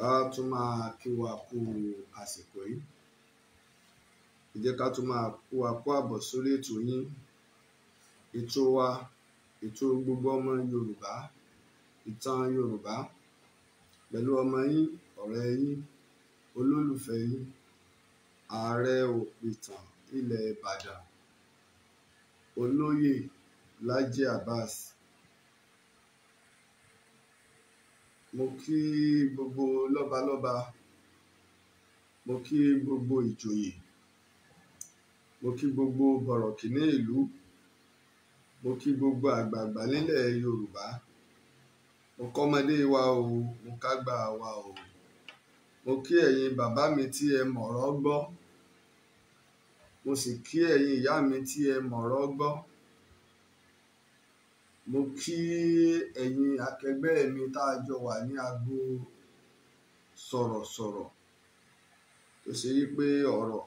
ká tún máa kí wa kú àsìkò yìí ẹ jẹ́ ká tún máa kú wa kú àbọ̀ sórí ètò yín ètò wa ètò gbogbo ọmọ Yorùbá ìtàn Yorùbá pẹ̀lú ọmọ yín ọ̀rẹ́ yín olólùfẹ́ yín ààrẹ òpìtàn ilẹ̀ Ìbàdàn olóyè Laji abas. mo kí gbogbo lọ́balọ́ba mo kí gbogbo ìjòyè mo kí gbogbo bọ̀rọ̀kìnní ìlú mo kí gbogbo àgbààgbà nílẹ̀ yorùbá mo kọ́mọdé wa o mo kágbà wa o mo kí ẹ̀yin bàbá mi tí ẹ mọ̀rọ̀ gbọ́ mo sì kí ẹ̀yin ìyá mi tí ẹ mọ̀rọ̀ gbọ́ mo kí ẹ̀yin akẹgbẹ́ mi tá a jọ wà ní agbo sọ̀rọ̀sọ̀rọ̀ tó ṣe yí pé ọ̀rọ̀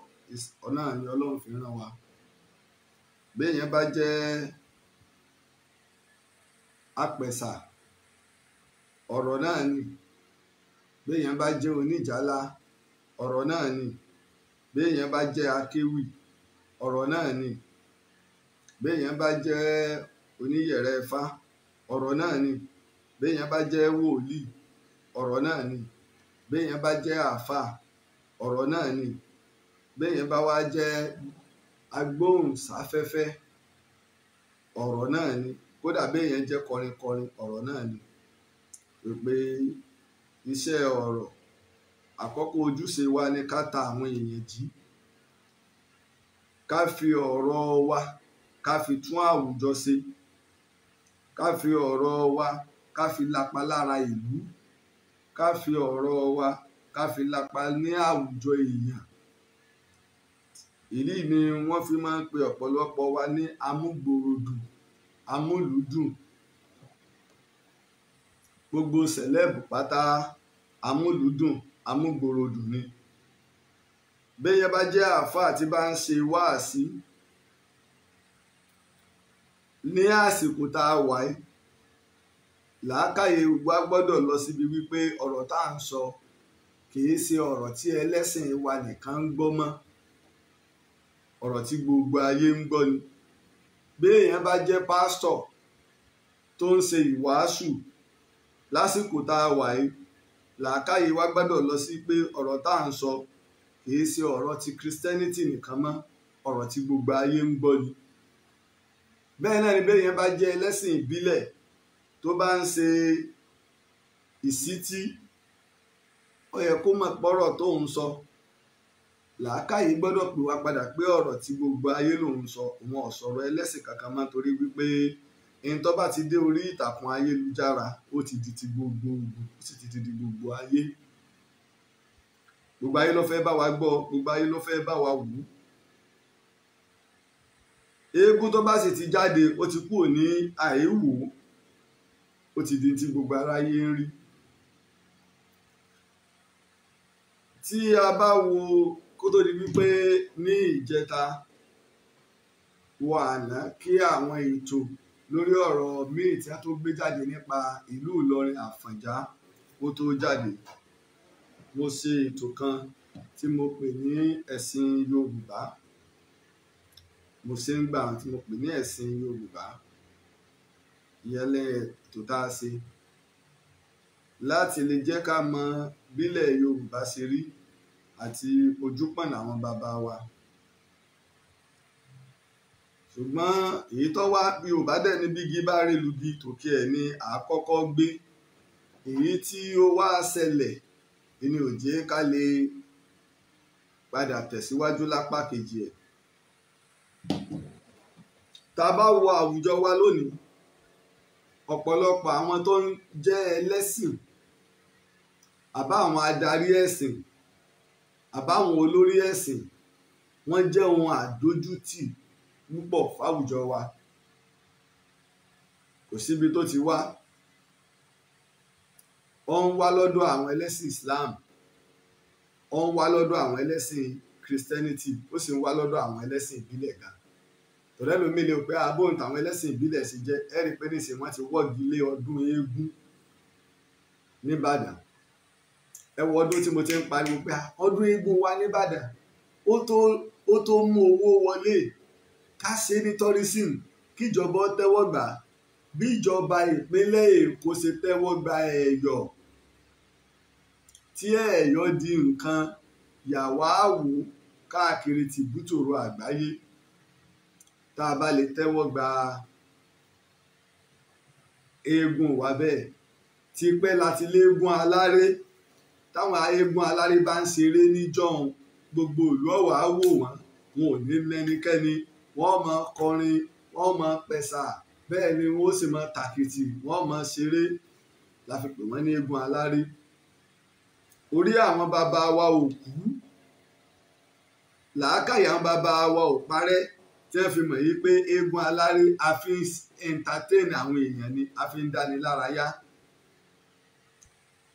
náà ni ọlọ́run fi ràn wá béèyàn bá jẹ́ apẹ̀sà ọ̀rọ̀ náà ni béèyàn bá jẹ́ oníjàlá ọ̀rọ̀ náà ni béèyàn bá jẹ́ akéwì ọ̀rọ̀ náà ni béèyàn bá jẹ́ oníyẹrẹ fa ọ̀rọ̀ náà ni béèyàn bá jẹ́ wòlíì ọ̀rọ̀ náà ni béèyàn bá jẹ́ àáfàá ọ̀rọ̀ náà ni béèyàn bá wá jẹ́ agbóhùnsáfẹ́fẹ́ ọ̀rọ̀ náà ni kódà béèyàn jẹ́ kọrinkọrin ọ̀rọ̀ náà ni ojúṣe wa ni ká fi ọ̀rọ̀ wa ká fi lapa lára ìlú ká fi ọ̀rọ̀ wa ká fi lapa ní àwùjọ èèyàn ìdí ni wọ́n fi máa ń pe ọ̀pọ̀lọpọ̀ wa ní amúgbòròdù amúlùúdùn gbogbo sẹ̀lẹ́bù pátá amúlùúdùn amúgbòròdù ni bẹ́yẹ bá jẹ́ àáfàá tí bá ń ṣe wáàsí ní àsìkò tá a wà yìí làákàyè wa gbọ́dọ̀ lọ síbi wípé ọ̀rọ̀ tá à ń sọ kìí ṣe ọ̀rọ̀ tí ẹlẹ́sìn wa nìkan ń gbọ́ mọ́ ọ̀rọ̀ tí gbogbo ayé ń gbọ́ ni béèyàn bá jẹ́ pásítọ̀ tó ń ṣe ìwàásù lásìkò tá a wà yìí làákàyè wa gbọ́dọ̀ lọ sí pé ọ̀rọ̀ tá à ń sọ kìí ṣe ọ̀rọ̀ ti Christianity nìkan mọ́ ọ̀rọ̀ tí gbogbo ayé ń gbọ́ ni bẹ́ẹ̀ náà ni bẹ́ẹ̀ yẹn bá jẹ́ ẹlẹ́sìn ìbílẹ̀ tó bá ń ṣe ìsítí ó yẹ kó mọ̀ pọ́rọ̀ tó ń sọ làákàyè gbọ́dọ̀ pè wá padà pé ọ̀rọ̀ tí gbogbo ayé lòun sọ òun ọ̀sọ̀rọ̀ ẹlẹ́sìn kankan máa torí wípé ẹni tó bá ti dé orí ìtàkùn ayélujára ó ti di ti gbogbo ó sì ti di gbogbo ayé gbogbo ayé ló fẹ́ bá wa gbọ́ gbogbo ayé ló fẹ́ bá wa wù ú eégún tó bá sì ti jáde ó ti kúrò ní àìwò ó ti di ti gbogbo aráyé ń rí tí a bá wo kó tó di wípé ní ìjẹta wọ àná kí àwọn ètò lórí ọ̀rọ̀ míì tí a tó gbé jáde nípa ìlú Ìlọrin Àfọ̀njá kó tó jáde mo ṣe ètò kan tí mo pè ní ẹ̀sìn Yorùbá mo ṣe ń gbà tí mo pè ní ẹ̀sìn Yorùbá ìyẹn lẹ́yìn tó tá a ṣe láti lè jẹ́ ká mọ bílẹ̀ Yorùbá ṣe rí àti ojúpọ̀nà àwọn bàbá wa ṣùgbọ́n èyí tó wá bí ò bá dẹ̀ níbi igi bá rí lugi tòkí ẹ̀ ni àkọ́kọ́ gbé èyí tí ó wá ṣẹlẹ̀ ni ò jẹ́ ká lè padà tẹ̀síwájú lápá kejì ẹ̀ tá a bá wo àwùjọ wa lónìí ọ̀pọ̀lọpọ̀ àwọn tó ń jẹ́ ẹlẹ́sìn àbá àwọn adarí ẹ̀sìn àbá àwọn olórí ẹ̀sìn wọ́n jẹ́ ohun àdójútì púpọ̀ fáwùjọ wa kò síbi tó ti wá ó ń wá lọ́dọ̀ àwọn ẹlẹ́sìn Islam ó ń wá lọ́dọ̀ àwọn ẹlẹ́sìn christianity ó sì ń wá lọ́dọ̀ àwọn ẹlẹ́sìn ìbílẹ̀ gan tọ́lẹ́ lómi lè pé abóhùn ah, táwọn ẹlẹ́sìn ìbílẹ̀ ṣe jẹ́ ẹ̀rí pé níṣẹ́ wọ́n ti wọ́gi lé ọdún eégún nìbàdàn ẹ ọdún tí mo ti ń pariwo pé ah, ọdún eégún wa nìbàdàn ó tó ó tó mú owó wọlé ká ṣe ní tourism kíjọba tẹ́wọ́ gbà bí ìjọba ìpínlẹ̀ èkó ṣe tẹ́wọ́ gba ẹ̀yọ̀ tí ẹ̀yọ̀ di nǹkan yà wá wò káàkiri tìbútòrò àgbáyé tá a bá lè tẹ́wọ́ gba eégún wa bẹ́ẹ̀ tipẹ́ láti léégún aláré táwọn eégún aláré bá ń ṣeré níjọ́un gbogbo ìlú ọ̀wà wò wọ́n wọn ò ní lẹ́nikẹ́ni wọ́n máa kọrin wọ́n máa pẹ̀sà bẹ́ẹ̀ ni wọ́n sì máa tàkìtì wọ́n máa ṣeré la pè wọ́n ní eégún aláré orí àwọn bàbá wa ò kú làákàyà àwọn bàbá wa ò parẹ́ tí wọ́n fi mọ̀ yí pé eégún aláré a fi ń entertain àwọn èèyàn ni a fi ń dáni lárayá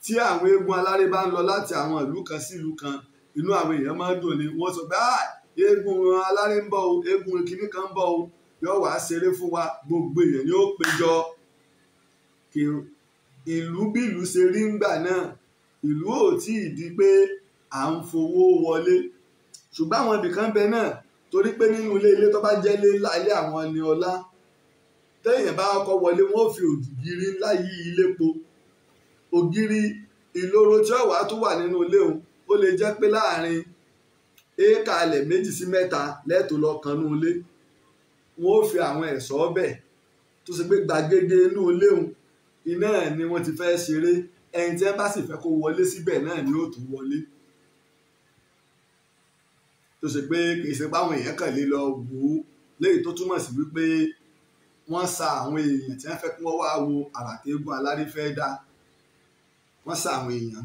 tí àwọn eégún aláré bá ń lọ láti àwọn ìlú kan sí ìlú kan inú àwọn èèyàn máa ń dùn ni wọ́n sọ pé ah aláré ń bọ̀ o eégún kìíní kan ń bọ̀ o yóò wá ṣeré fún wa gbogbo èèyàn ni ó péjọ ìlú bí ìlú ṣe rí ńgbà náà ìlú ò tí ì di pé à ń fowó wọlé ṣùgbọ́n àwọn ibìkan bẹ náà torí pé nínú ilé ilé tó bá jẹ́ ilé ńlá àwọn ni ọlá téèyàn bá kọ́ wọlé wọn fi ògiri ńlá yí ilé po ògiri ìloro tí ọ̀wá tó wà nínú ilé òun ó lè jẹ́ pé láàrin éékà ilẹ̀ méjì sí mẹ́ta lẹ́ẹ̀tọ́ lọ kan nínú ilé wọn fi àwọn ẹ̀ṣọ́ bẹ̀ tó ṣe pé gbàgede inú ilé òun iná ni wọ́n ti fẹ́ ṣeré ẹni tí ẹ bá sì fẹ́ kó wọlé síbẹ̀ náà ni ó tún wọlé tó ṣe pé kì í ṣe báwọn èèyàn kàn lè lọ wò ó léyìí tó túmọ̀ sí wípé wọ́n sa àwọn èèyàn tí wọ́n fẹ́ kí wọ́n wá wo àràtégún alárífẹ́ dá wọ́n sa àwọn èèyàn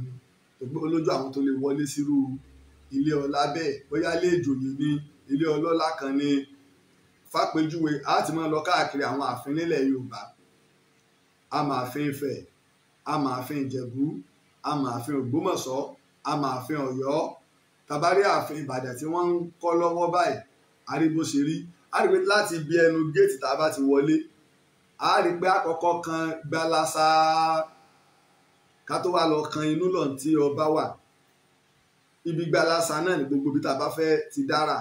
tó gbé olójú àwọn tó lè wọlé sírú ilé ọlá bẹ́ẹ̀ bóyá ilé ìjòyè ni ilé ọlọ́lá kan ni fàpèjúwe a ti máa lọ káàkiri àwọn ààfin nílẹ̀ Yorùbá a máa fi ń fẹ́ ẹ̀ amààfin ìjẹ̀bú amààfin ògbómọ̀ṣọ́ amààfin ọ̀yọ́ tabari ààfin ìbàdàn tí wọ́n ń kọ́ lọ́wọ́ báyìí arígbóṣerí a rí pé láti ibi ẹnu géètì tá a bá ti wọlé a rí kan gbalasa ká tó wá lọ kan inú lọ tí ọba wà ibi gbalasa náà ní gbogbo ibi tá a bá fẹ́ ti dára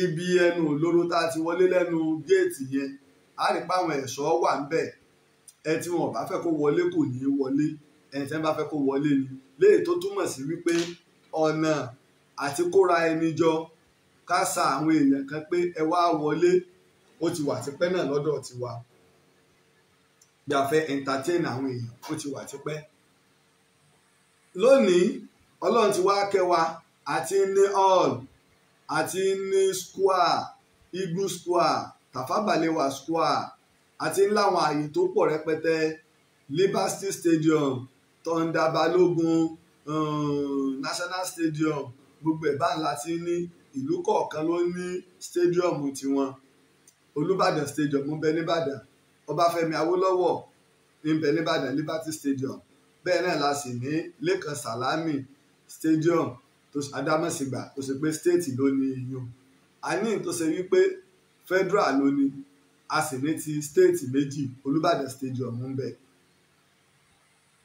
ibi ẹnu olóró tá a ti wọlé lẹ́nu géètì yẹn a àwọn ẹ̀ṣọ́ wà ń bẹ̀ ẹni tí wọn bá fẹ́ kó wọlé kò ní í wọlé ẹni wọn bá fẹ́ kó wọlé ni léyìí tó túmọ̀ sí wípé ọ̀nà àti kóra ẹni jọ ká sa àwọn èèyàn kan pé ẹ wá wọlé ó ti wà tipẹ́ náà lọ́dọ̀ tiwa bí a fẹ́ entertain àwọn èèyàn ó ti wà tipẹ́ lónìí ọlọ́run ti wá kẹwa àti ní hall àti ní square igu square tàfàbàlẹ̀wà square àti láwọn ààyè tó pọ̀ rẹpẹtẹ Liberty Stadium Thunder Balogun um, National Stadium gbogbo ẹ̀ báyìí láti ní ìlú kọ̀ọ̀kan ló ní stadium tiwọn Olúbàdàn Stadium ń bẹ nìbàdàn Ọbáfẹ́mi Awólọ́wọ̀ ń bẹ nìbàdàn Liberty Stadium bẹ́ẹ̀ náà la sì ní Lẹ́kan Sàlámì Stadium tó adámọ̀sìgbà tó ṣe pé state ló ní iyùn a ní tó ṣe wípé federal ló ní a sì retí stéètì méjì Olúbàdàn stadium ń bẹ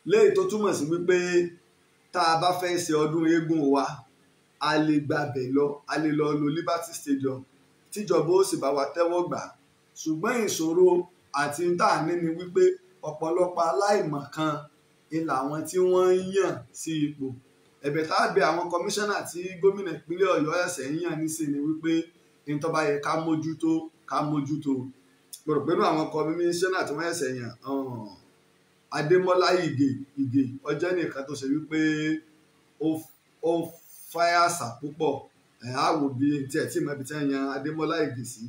léyìí tó túmọ̀ sí wípé tá a bá fẹ́ ṣe ọdún eégún wa a lè gbàbẹ̀ lọ a lè lọ lo Liberty Stadium tíjọba ó sì bá wa tẹ́wọ́ gbà ṣùgbọ́n ìṣòro àti tá a ní ni wípé ọ̀pọ̀lọpọ̀ aláìmọ̀kan ni làwọn tí wọ́n ń yàn sí ipò ẹ̀bẹ̀ tá a bẹ àwọn kọmíṣánná tí gómìnà ìpínlẹ̀ Ọ̀yọ́ ẹ̀sẹ̀ ń yàn níṣẹ́ ni wípé ní yẹ ká mójútó ká mójútó mo rò pé inú àwọn kọmíṣánná tí wọ́n ẹ̀sẹ̀ yàn adémọ́lá ìgè ìgè ọjọ́ nìkan tó ṣe wípé ó fáyàsà púpọ̀ á wò bí tí ẹ̀ tí mo ibi tí wọ́n yan adémọ́lá ìgè sí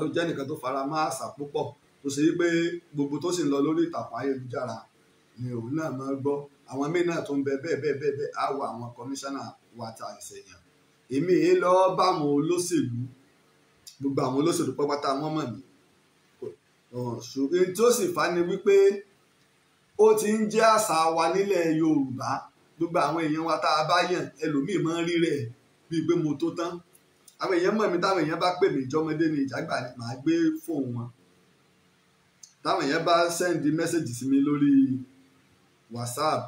ọjọ́ nìkan tó fara má àṣà púpọ̀ tó ṣe wípé gbogbo tó sì ń lọ lórí ìtàkùn ayélujára ni òun náà máa gbọ́ àwọn míì náà tó ń bẹ bẹ́ẹ̀ bẹ́ẹ̀ bẹ́ẹ̀ bẹ́ẹ̀ á àwọn kọmíṣánná wa ta ẹ̀sẹ̀ yàn èmi èé bá àwọn olóṣèlú gbogbo àwọn olóṣèlú pápátá wọn mọ̀ mí ṣùgbọ́n tí ó sì fà ni wípé ó ti ń jẹ́ àṣà wa nílẹ̀ Yorùbá gbogbo àwọn èèyàn wa tá a bá yàn ẹlòmíì máa ń rí rẹ̀ bíi pé mo tó tán àwọn èèyàn mọ̀ mí táwọn èèyàn bá pè mí ìjọmọdé ni ìjàgbà màá gbé fóònù wọn táwọn èèyàn bá sẹ́ndí mẹ́sẹ̀gì sí mi lórí WhatsApp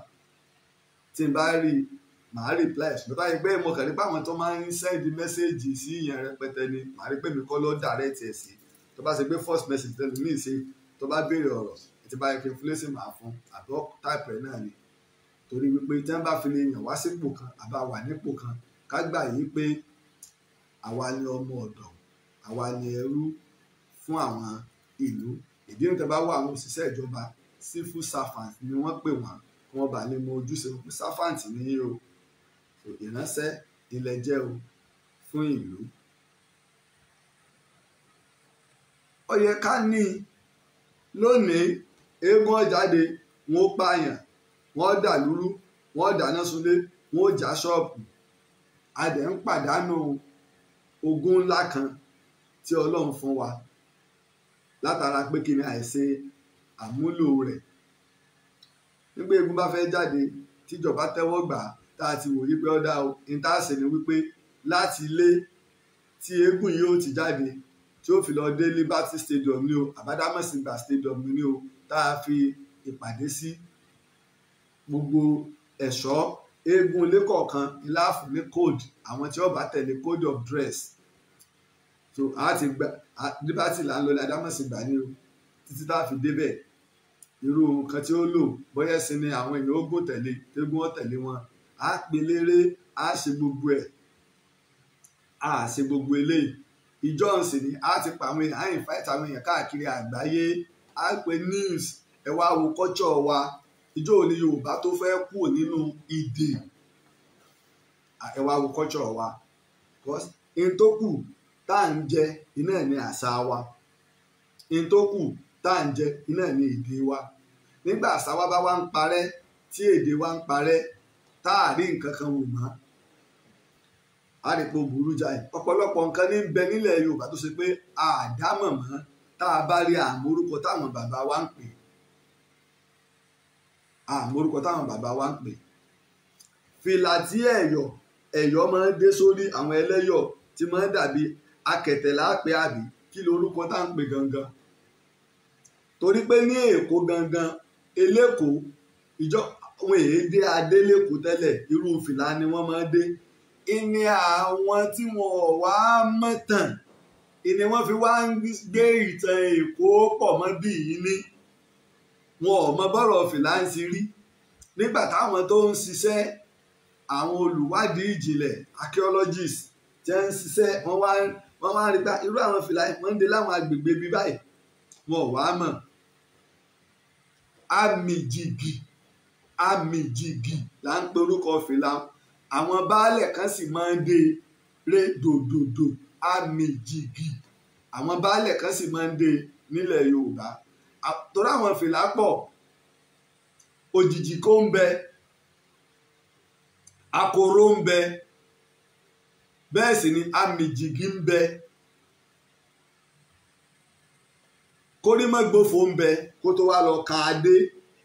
tí n bá rí i màá reply ṣùgbọ́n báyìí pé mo kàn rí pé àwọn tó máa ń send message sí ìyẹn rẹpẹtẹ ni màá rí pé mi kọ́ ló direct ẹ̀ sí tó bá ṣe pé first message tẹ́lẹ̀ mí ṣe tó bá béèrè ọ̀rọ̀ ẹ̀ ti báyìí kí n fúlé sí màá fún àbí type ẹ̀ náà ni torí wípé tí wọ́n bá fi lè yàn wá sípò kan àbá wà nípò kan ká gbà yí pé àwa ni ọmọ ọ̀dọ̀ àwa ni ẹrú fún àwọn ìlú ìdí nìkan bá wà àwọn òṣìṣẹ́ ìjọba civil servant ni wọ́n pè wọ́n kí wọ́n bá lè mọ ojúṣe wọn pé servant ni yín o ìránṣẹ́ ilẹ jẹ́ o fún ìlú ó yẹ ká ní i lónìí eégún ọ̀jáde wọn ó pààyàn wọn ó dàlúrú wọn ó dáná sunlé wọn ó já ṣọ́ọ̀bù a dẹ̀ ń pàdánù ogún ńlá kan tí ọlọ́run fún wa látara pé kí ni àìṣe àmúlò rẹ̀ nígbà eégún bá fẹ́ jáde tíjọba tẹ́wọ́ gbà á tá a ti wò wípé ọ̀dà ìtaàsì ni wípé láti ilé tí eégún yìí ó ti jáde tí ó fi lọ dé Liberty Stadium ni o àbádámọ̀sìgbà Stadium ni o tá a fi ìpàdé sí gbogbo ẹ̀ṣọ́ eégún ilé kọ̀ọ̀kan ìláàfù ní code àwọn tí ó bá tẹ̀lé code of dress so a ti gba Liberty là ń lọ ládámọ̀sìgbà ni o títí tá a fi débẹ̀ irú nǹkan tí ó lò bóyá sí ni àwọn èèyàn ó gùn tẹ̀lé tégún ó tẹ̀lé wọn a pelére a ṣe gbogbo ẹ̀ ṣe ni a ti pa àwọn èèyàn á invite àwọn èèyàn káàkiri àgbáyé pe news ẹ wá wo culture wa ìjọ òní Yorùbá tó fẹ́ kú nínú ìdè ẹ wá wo culture wa because tó kù tá à ń jẹ iná ẹ̀ ní àṣà wa tó nígbà bá ń parẹ́ tá a rí nǹkan kan wò mọ́ a rí pé ó burú jáì ọ̀pọ̀lọpọ̀ nǹkan ní bẹ nílẹ̀ Yorùbá tó ṣe pé àdámọ̀ mọ́ tá a bá rí àmórúkọ táwọn bàbá wa ń pè àmórúkọ táwọn bàbá wa ń pè fìlà tí ẹ̀yọ̀ ẹ̀yọ̀ máa ń dé sórí àwọn ẹlẹ́yọ̀ tí máa ń dàbí akẹ̀tẹ̀ láàpẹ àbí kí lorúkọ tá à ń pè gangan torí pé ní Èkó gangan eléko ìjọ àwọn èédé adélèkùn tẹ́lẹ̀ irú fìlà ni wọ́n máa dé ìní àwọn tí wọn ò wá mọ̀tàn ìní wọ́n fi wá ń gbé ìtàn èkó pọ̀ mọ́ bí yìí ní wọn ò mọ bọ́rọ̀ fìlà ń sì rí nígbà táwọn tó ń ṣiṣẹ́ àwọn olùwádìí ìjìnlẹ̀ archaeologists ti ń ṣiṣẹ́ wọ́n wá wọ́n wá rí gbá irú àwọn fìlà wọ́n ń dé láwọn agbègbè bíi báyìí wọn ò wá mọ̀ àmì jìgì àmìjìgì là ń pe orúkọ fìlà àwọn baálẹ̀ kan sì máa ń dé re dòdòdò àmìjìgì àwọn baálẹ̀ kan sì máa ń dé nílẹ̀ Yorùbá torí àwọn fìlà pọ̀ òjìjì kó ń bẹ akoro ń bẹ bẹ́ẹ̀ sì ni àmìjìgì ń bẹ kórímọ́gbòfò ń bẹ kó tó wá lọ ka adé.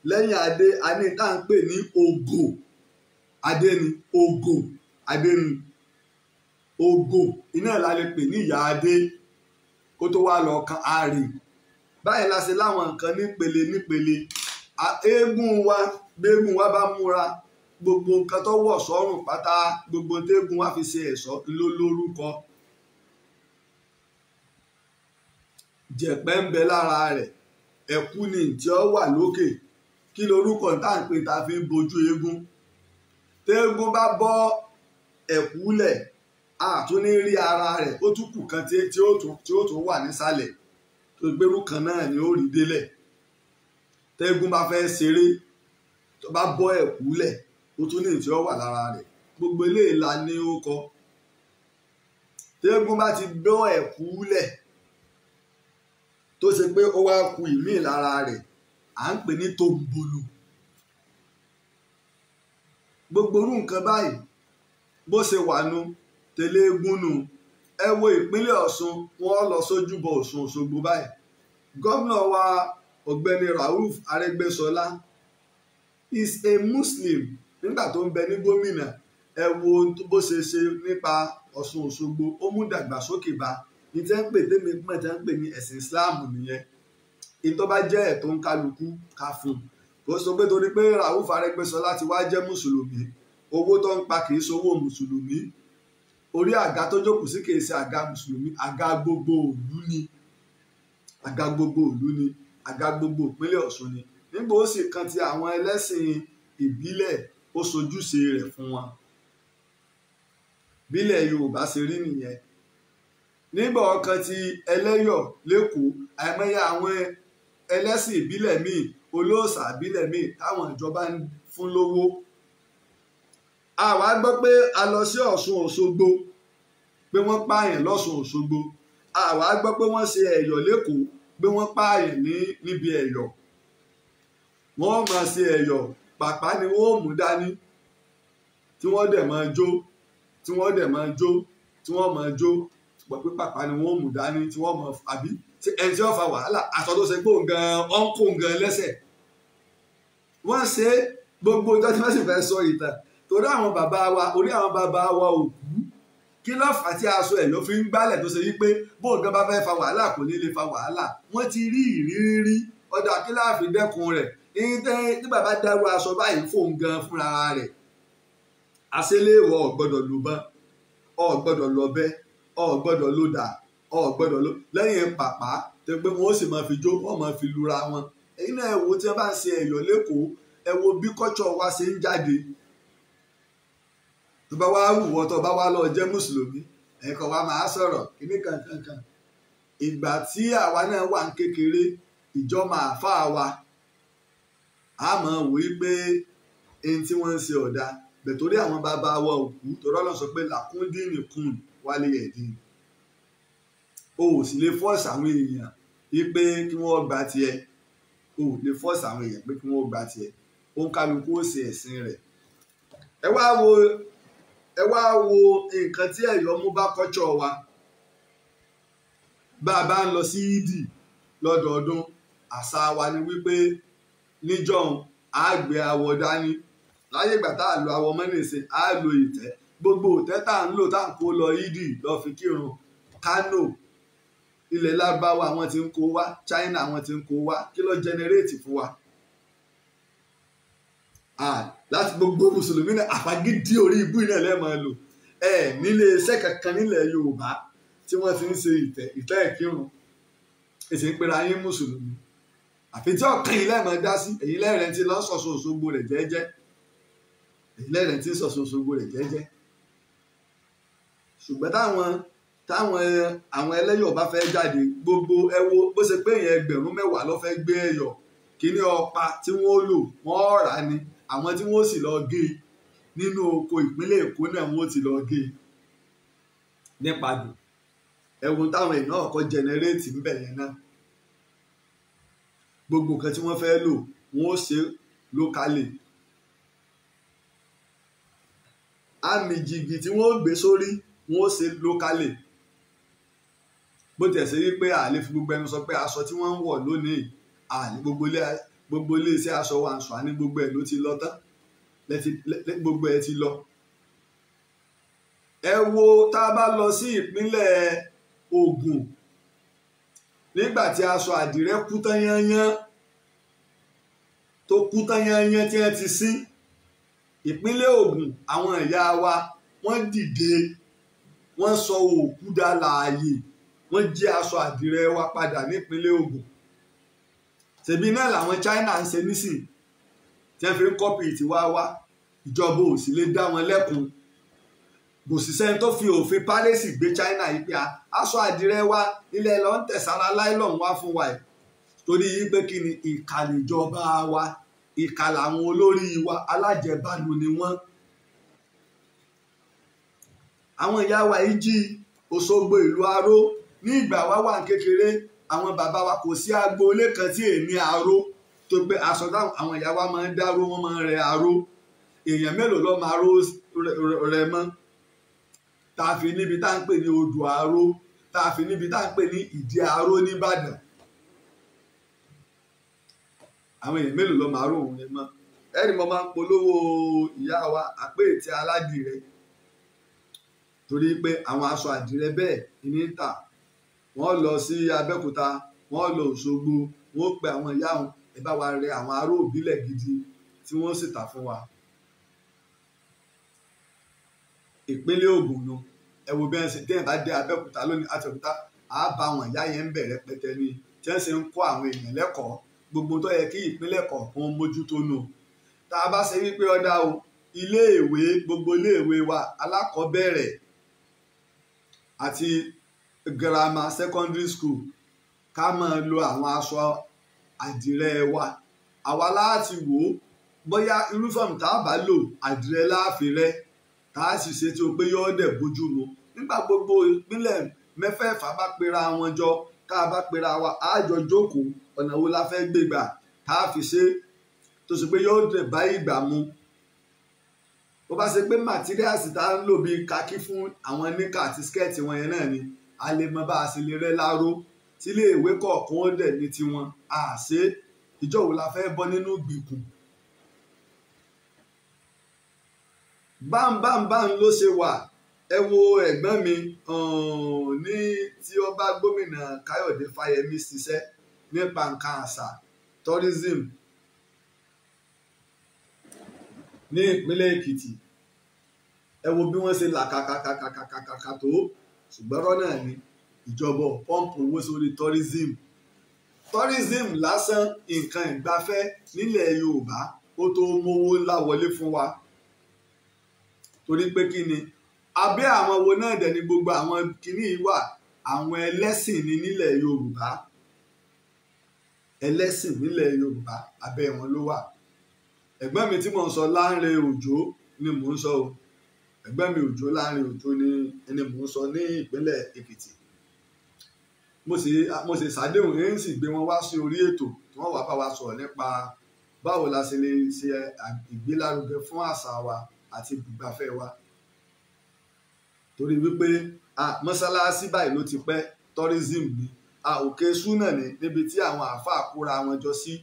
lẹ́yìn adé a ní tá à ń pè ní ògo adé ni ògo adé ni ògo iná la lè pè ní ìyá adé kó tó wá lọ kan ààrẹ báyìí la ṣe láwọn nǹkan nípele nípele eégún wa gbégún wa bá múra gbogbo nǹkan tó wọ̀ sọ́rùn pátá gbogbo tégún wa fi ṣe ẹ̀ṣọ́ ló lórúkọ jẹ̀pẹ́ ń bẹ lára rẹ̀ ẹ̀kú ni tí wà lókè kí lorúkọ tá n pè tá a fi ń bojú eégún téégún bá bọ́ ẹ̀kúlẹ̀ àtúní rí ara rẹ̀ ó tún kù kan tí ó tún wà nísàlẹ̀ tó gbérú kan náà ni ó rí délẹ̀ téégún bá fẹ́ ṣeré tó bá bọ́ ẹ̀kúlẹ̀ ó tún ní ìtí ó wà lára rẹ̀ gbogbo eléyìí la ní ó kọ téégún bá ti bọ́ ẹ̀kúlẹ̀ tó ṣe pé ó wá ku ìmí lára rẹ̀ à ń pè ní tòǹbòlò gbogbo orú nǹkan báyìí bó ṣe wà nu tẹ̀lé eégún nu ẹ wo ìpínlẹ̀ Ọ̀ṣun wọ́n lọ sójúbọ Ọ̀ṣun Òṣogbo báyìí gómìnà wa ọ̀gbẹ́ni Rauf Arẹ́gbẹ́ṣọlá is a Muslim nígbà tó ń bẹ ní gómìnà ẹ wo bó ṣe ṣe nípa Ọ̀ṣun Òṣogbo ó mú dàgbàsókè bá ní tẹ́ ń pè tẹ́ ń pè ní ẹ̀sìn Islam nìyẹn ìtọ́ bá jẹ́ ẹ̀ tó ń kálukú ká fún un ó sọ pé torí pé Rauf Arẹ́gbẹ́ṣọlá ti wá jẹ́ mùsùlùmí owó tó ń pa kì í sowó mùsùlùmí orí àga tó jókòó sí kì í ṣe àga mùsùlùmí àga gbogbo òlú ni àga gbogbo òlú ni àga gbogbo ìpínlẹ̀ Ọ̀ṣun ni nígbà ó sì kan ti àwọn ẹlẹ́sìn ìbílẹ̀ ó sojúṣe rẹ̀ fún wọn bílẹ̀ Yorùbá ṣe rí nìyẹn nígbà ọkàn ti ẹlẹ́yọ̀ lẹ́kọ̀ọ́ àìmọye àwọn ẹlẹ́sìn ìbílẹ̀ míì olóòṣà ìbílẹ̀ míì táwọn ìjọba ń fún lówó a wá gbọ́ pé a lọ sí ọ̀ṣun òṣogbo pé wọ́n pààyàn lọ́ṣun òṣogbo a wá gbọ́ pé wọ́n ṣe ẹ̀yọ̀ lẹ́kọ̀ọ́ pé wọ́n pààyàn ní níbi ẹ̀yọ̀ wọ́n máa ṣe ẹ̀yọ̀ pàpà ni wọ́n mú dání tí wọ́n dẹ̀ máa jó tí wọ́n dẹ̀ máa jó tí wọ́n máa jó pọ̀ pé pàpà ni wọ́n mú dání tí wọ́n máa àbí ẹni tí wàhálà aṣọ tó ṣe lẹ́sẹ̀ wọ́n ṣe gbogbo ìjọ tí wọ́n sì fẹ́ sọ ìtàn torí àwọn bàbá wa orí àwọn bàbá wa ò kú kí lọ́ọ̀fà tí aṣọ ẹ̀ ló fi ń gbálẹ̀ tó ṣe wípé bóun bá fẹ́ fa wàhálà kò ní lè fa wàhálà wọ́n ti rí ìrírí rí ọjà kí láàfin dẹ́kun rẹ̀ ní bàbá dárú aṣọ báyìí fóun gan fúnra rẹ̀ àṣeléèwọ̀ ọ̀gbọ́dọ̀ lùbọ́n ọ̀gbọ́dọ̀ lọ́bẹ ọ̀gbọ́dọ̀ lódàá ọ̀ gbọ́dọ̀ ló lẹ́yìn pàpà tó pé wọ́n sì máa fi jó wọ́n máa fi lura wọn ẹ̀yin náà ẹ wo tí wọ́n bá ń ṣe ẹ̀yọ̀ lẹ́kọ̀ọ́ ẹ wo bí kọ́tsọ̀ wa ṣe ń jáde tó bá wá wù wọ́n tó bá wá lọ jẹ́ mùsùlùmí ẹ̀kọ́ wa máa sọ̀rọ̀ kíní kankankan ìgbà tí àwa náà wà ń kékeré ìjọba àfáà wa a máa wò í pé ẹni tí wọ́n ń ṣe ọ̀dà bẹ̀tọ́rí àwọn bàbá wa òkú tó rọ́lọ́ pé làkúndínì wálé ẹ̀dín o ò sì lè fọ́ọ̀sì àwọn èèyàn wípé kí wọ́n gba tiẹ̀ o ò lè fọ́ọ̀sì àwọn èèyàn pé kí wọ́n gba tiẹ̀ ó ń kálukú ó ṣe ẹ̀sìn rẹ̀ ẹ wá wo ẹ wá wo nǹkan tí ẹ̀yọ́ mú bá kọ́jọ́ wa bá a bá ń lọ sí ìdì lọ́dọọdún àṣà wa ni wípé níjọ́un a gbé awọ dání láyé ìgbà tá a lo awọ mọ́nìsìn a lo ìtẹ́ gbogbo ìtẹ́ tá à ń lò tá à kó lọ ìdì lọ fi kírun kánò ilẹ̀ lábáwá àwọn tí ń kó wá China àwọn tí ń kó wá kí ló jẹnẹrétì fún wa. láti gbogbo mùsùlùmí náà àfagídí orí ibú iná lẹ́ẹ̀mọ́ lò ẹ nílé iṣẹ́ kankan nílẹ̀ Yorùbá tí wọ́n ti ń ṣe ìtẹ́ ìtẹ́ ìkírun èsì ń pera yín mùsùlùmí àfi tí ọ̀kan yìí lẹ́ẹ̀mọ́ dá sí èyí lẹ́rẹ̀ẹ́ ti lọ́ sọ̀sọ̀ òṣogbo rẹ̀ jẹ́jẹ́ èyí lẹ́rẹ̀ẹ́ ti sọ̀sọ̀ òṣogbo rẹ̀ jẹ́jẹ́ ṣùgbọ́n táwọn táwọn àwọn ẹlẹ́yọ̀ bá fẹ́ jáde gbogbo ẹ wo bó ṣe pé èèyàn ẹgbẹ̀rún mẹ́wàá ló fẹ́ gbé ẹ̀yọ̀ kíní ọ̀pá tí wọ́n lò wọ́n rà ni àwọn tí wọ́n sì lọ gé e. nínú oko ìpínlẹ̀ Èkó náà wọ́n ti lọ gé e. nípa dùn ẹ̀wọ̀n táwọn èèyàn ọ̀kọ́ jẹnẹrétì ń bẹ̀ yẹn náà gbogbo nǹkan tí wọ́n fẹ́ lò wọ́n ṣe lókàlè àmì jìgì tí wọ́n gbé sórí wọ́n ṣe lókàlè bó tiẹ̀ ṣe wípé a lè fi gbogbo ẹnu sọ pé aṣọ tí wọ́n ń wọ̀ lónìí a lè gbogbo ilé iṣẹ́ aṣọ wa ń sọ àní gbogbo ẹ̀ ló ti lọ tán gbogbo ẹ̀ ti lọ. ẹ wo tá a bá lọ sí ìpínlẹ̀ Ògùn nígbà tí aṣọ àdìrẹ kú tán yányán tó kú tán yányán tí wọ́n ti sin ìpínlẹ̀ Ògùn àwọn ìyá wa wọ́n dìde wọ́n sọ òkú dá láàyè wọ́n jí aṣọ àdìrẹ wa padà nípínlẹ̀ Ògùn ṣèbí náà làwọn China ń ṣe nísìn tí wọ́n fi ń kọ́pì tiwa wá ìjọba ò sì lè dá wọn lẹ́kun kò sì sẹ́ni tó fi òfin pálẹ́sì gbé China yìí pé aṣọ àdìrẹ wa ilẹ̀ lọ ń tẹ̀sára láìlọ́n wá fún wa torí yìí pé kí ni ìkànnìjọba wa ìkà làwọn olórí wa alájẹbánu ni wọ́n àwọn ìyá wa yìí jí Òṣogbo ìlú Aró ní ìgbà wá wà ní kékeré àwọn bàbá wa kò sí agboolé kan tí èmi aró tó gbé aṣọ táwọn àwọn ìyá wa máa ń dáró wọn máa ń rẹ aró èèyàn mélòó ló máa ró rẹ mọ́ tá a fi níbi tá à ń pè ní odò aró tá a fi níbi tá à ń pè ní ìdí aró nìbàdàn àwọn èèyàn mélòó ló máa ró òun rẹ mọ́ ẹni mo máa ń polówó ìyá wa àpéètì aládìrẹ torí pé àwọn aṣọ àdìrẹ bẹ́ẹ̀ ní ń wọ́n lọ sí abẹ́òkúta wọ́n lọ òṣogbo wọ́n pe àwọn ìyá wọn ẹ bá wa rẹ àwọn ará òbílẹ̀ gidi tí wọ́n sì tà fún wa. ìpínlẹ̀ Ògùn nu ẹ wo bí wọ́n ṣe déyìn bá dé abẹ́òkúta lónìí àtẹ̀kúta á bá àwọn ìyá yẹn ń bẹ̀rẹ̀ pẹtẹ ni tí wọ́n ṣe ń kọ́ àwọn èèyàn lẹ́kọ̀ọ́ gbogbo tó yẹ kí ìpínlẹ̀ kọ̀ọ̀kan mójútó nù tá a bá ṣe wípé ọ̀dà o iléèwé gbogbo iléèwé wa alákọ̀ọ́bẹ̀rẹ̀ àti grammar secondary school ká máa lo àwọn aṣọ àdìrẹ wa àwa láti wò ó bóyá irúfọ̀mù tá a bá lò àdìrẹ láàfin rẹ tá a sì ṣètò pé yóò dẹ̀ bójú mu nígbà gbogbo ìpínlẹ̀ mẹ́fẹ̀ẹ̀fà bá pera wọn jọ tá a bá pera wa á jọ jókòó ọ̀nà wo la fẹ́ gbé gbà tá a fi ṣe tó ṣe pé yóò dẹ̀ bá ìgbà mu bó bá ṣe pé materials tá a ń lò bíi kakí fún àwọn níkà àti skẹ́ẹ̀tì wọn yẹn náà ni a lè mọ bá a sì lè rẹ́ láró tílé ìwé kọ̀ọ̀kan ó dẹ̀ ní tiwọn a ṣe ìjọ wo la fẹ́ bọ́ nínú gbìkùn. bámbámbám ló ṣe wà ẹ wo ẹ̀gbọ́n mi ní tí ó bá gómìnà Káyọ̀dé Fáyẹmí ṣiṣẹ́ nípa nǹkan àṣà tourism ní ìpínlẹ̀ Èkìtì ẹ wo bí wọ́n ṣe là kàkàkàkàkàkà tó ṣùgbọ́n rọ́nà ni ìjọba pọ́ǹpù owó sórí tourism tourism lásán nǹkan ìgbafẹ́ nílẹ̀ Yorùbá ó tó mówó ńlá wọlé fún wa torí pé kí ni abẹ́ àwọn wo náà dẹ̀ ni gbogbo àwọn kinní yìí wà àwọn ẹlẹ́sìn ni nílẹ̀ Yorùbá ẹlẹ́sìn nílẹ̀ Yorùbá abẹ́ wọn ló wà ẹ̀gbọ́n mi tí mò ń sọ Láńre Òjó ni mò ń sọ o ẹgbẹ́ mi òjò láàrin òjò ni ẹni mò ń sọ ní ìpínlẹ̀ Èkìtì mo sì ṣàdéhùn èyí sì gbé wọn wá sí orí ètò tí wọ́n wàá bá wa sọ̀rọ̀ nípa báwo la ṣe lè ṣe ìgbélárugẹ fún àṣà wa àti ibùgbàfẹ́ wa torí wípé mọ́ṣáláṣí báyìí ló ti pẹ́ tourism ni òkè súnà ni níbi tí àwọn àáfàá kóra wọn jọ sí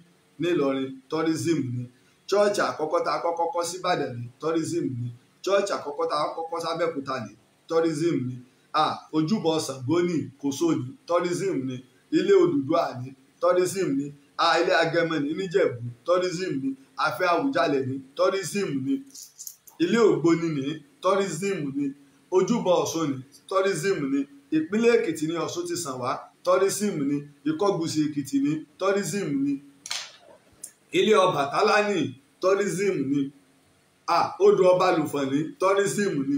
nílọrin tourism ni chọ́ọ̀chì àkọ́kọ́ tá a kọ́kọ́ kọ́ síbàdàn ni tourism ni church àkọ́kọ́ tá a kọ́kọ́ sábẹ́kúta ni tourism ni ah ojúbọ Ṣàngó ni Kòso ni tourism ni ilé Odùduwà ni tourism ni ah ilé Agẹmọ ni níjẹ̀bú tourism ni afẹ́ Àwùjalẹ̀ ni tourism ni ilé Ògbóni ni tourism ni ojúbọ Ọ̀ṣun ni tourism ni ìpínlẹ̀ Èkìtì ni Ọ̀ṣun ti sàn wá tourism ni Ìkọgùsì Èkìtì ni tourism ni ilé Ọbàtálá ni tourism ni ah odò ọba lùfọ̀nì tọ́nísìmù ni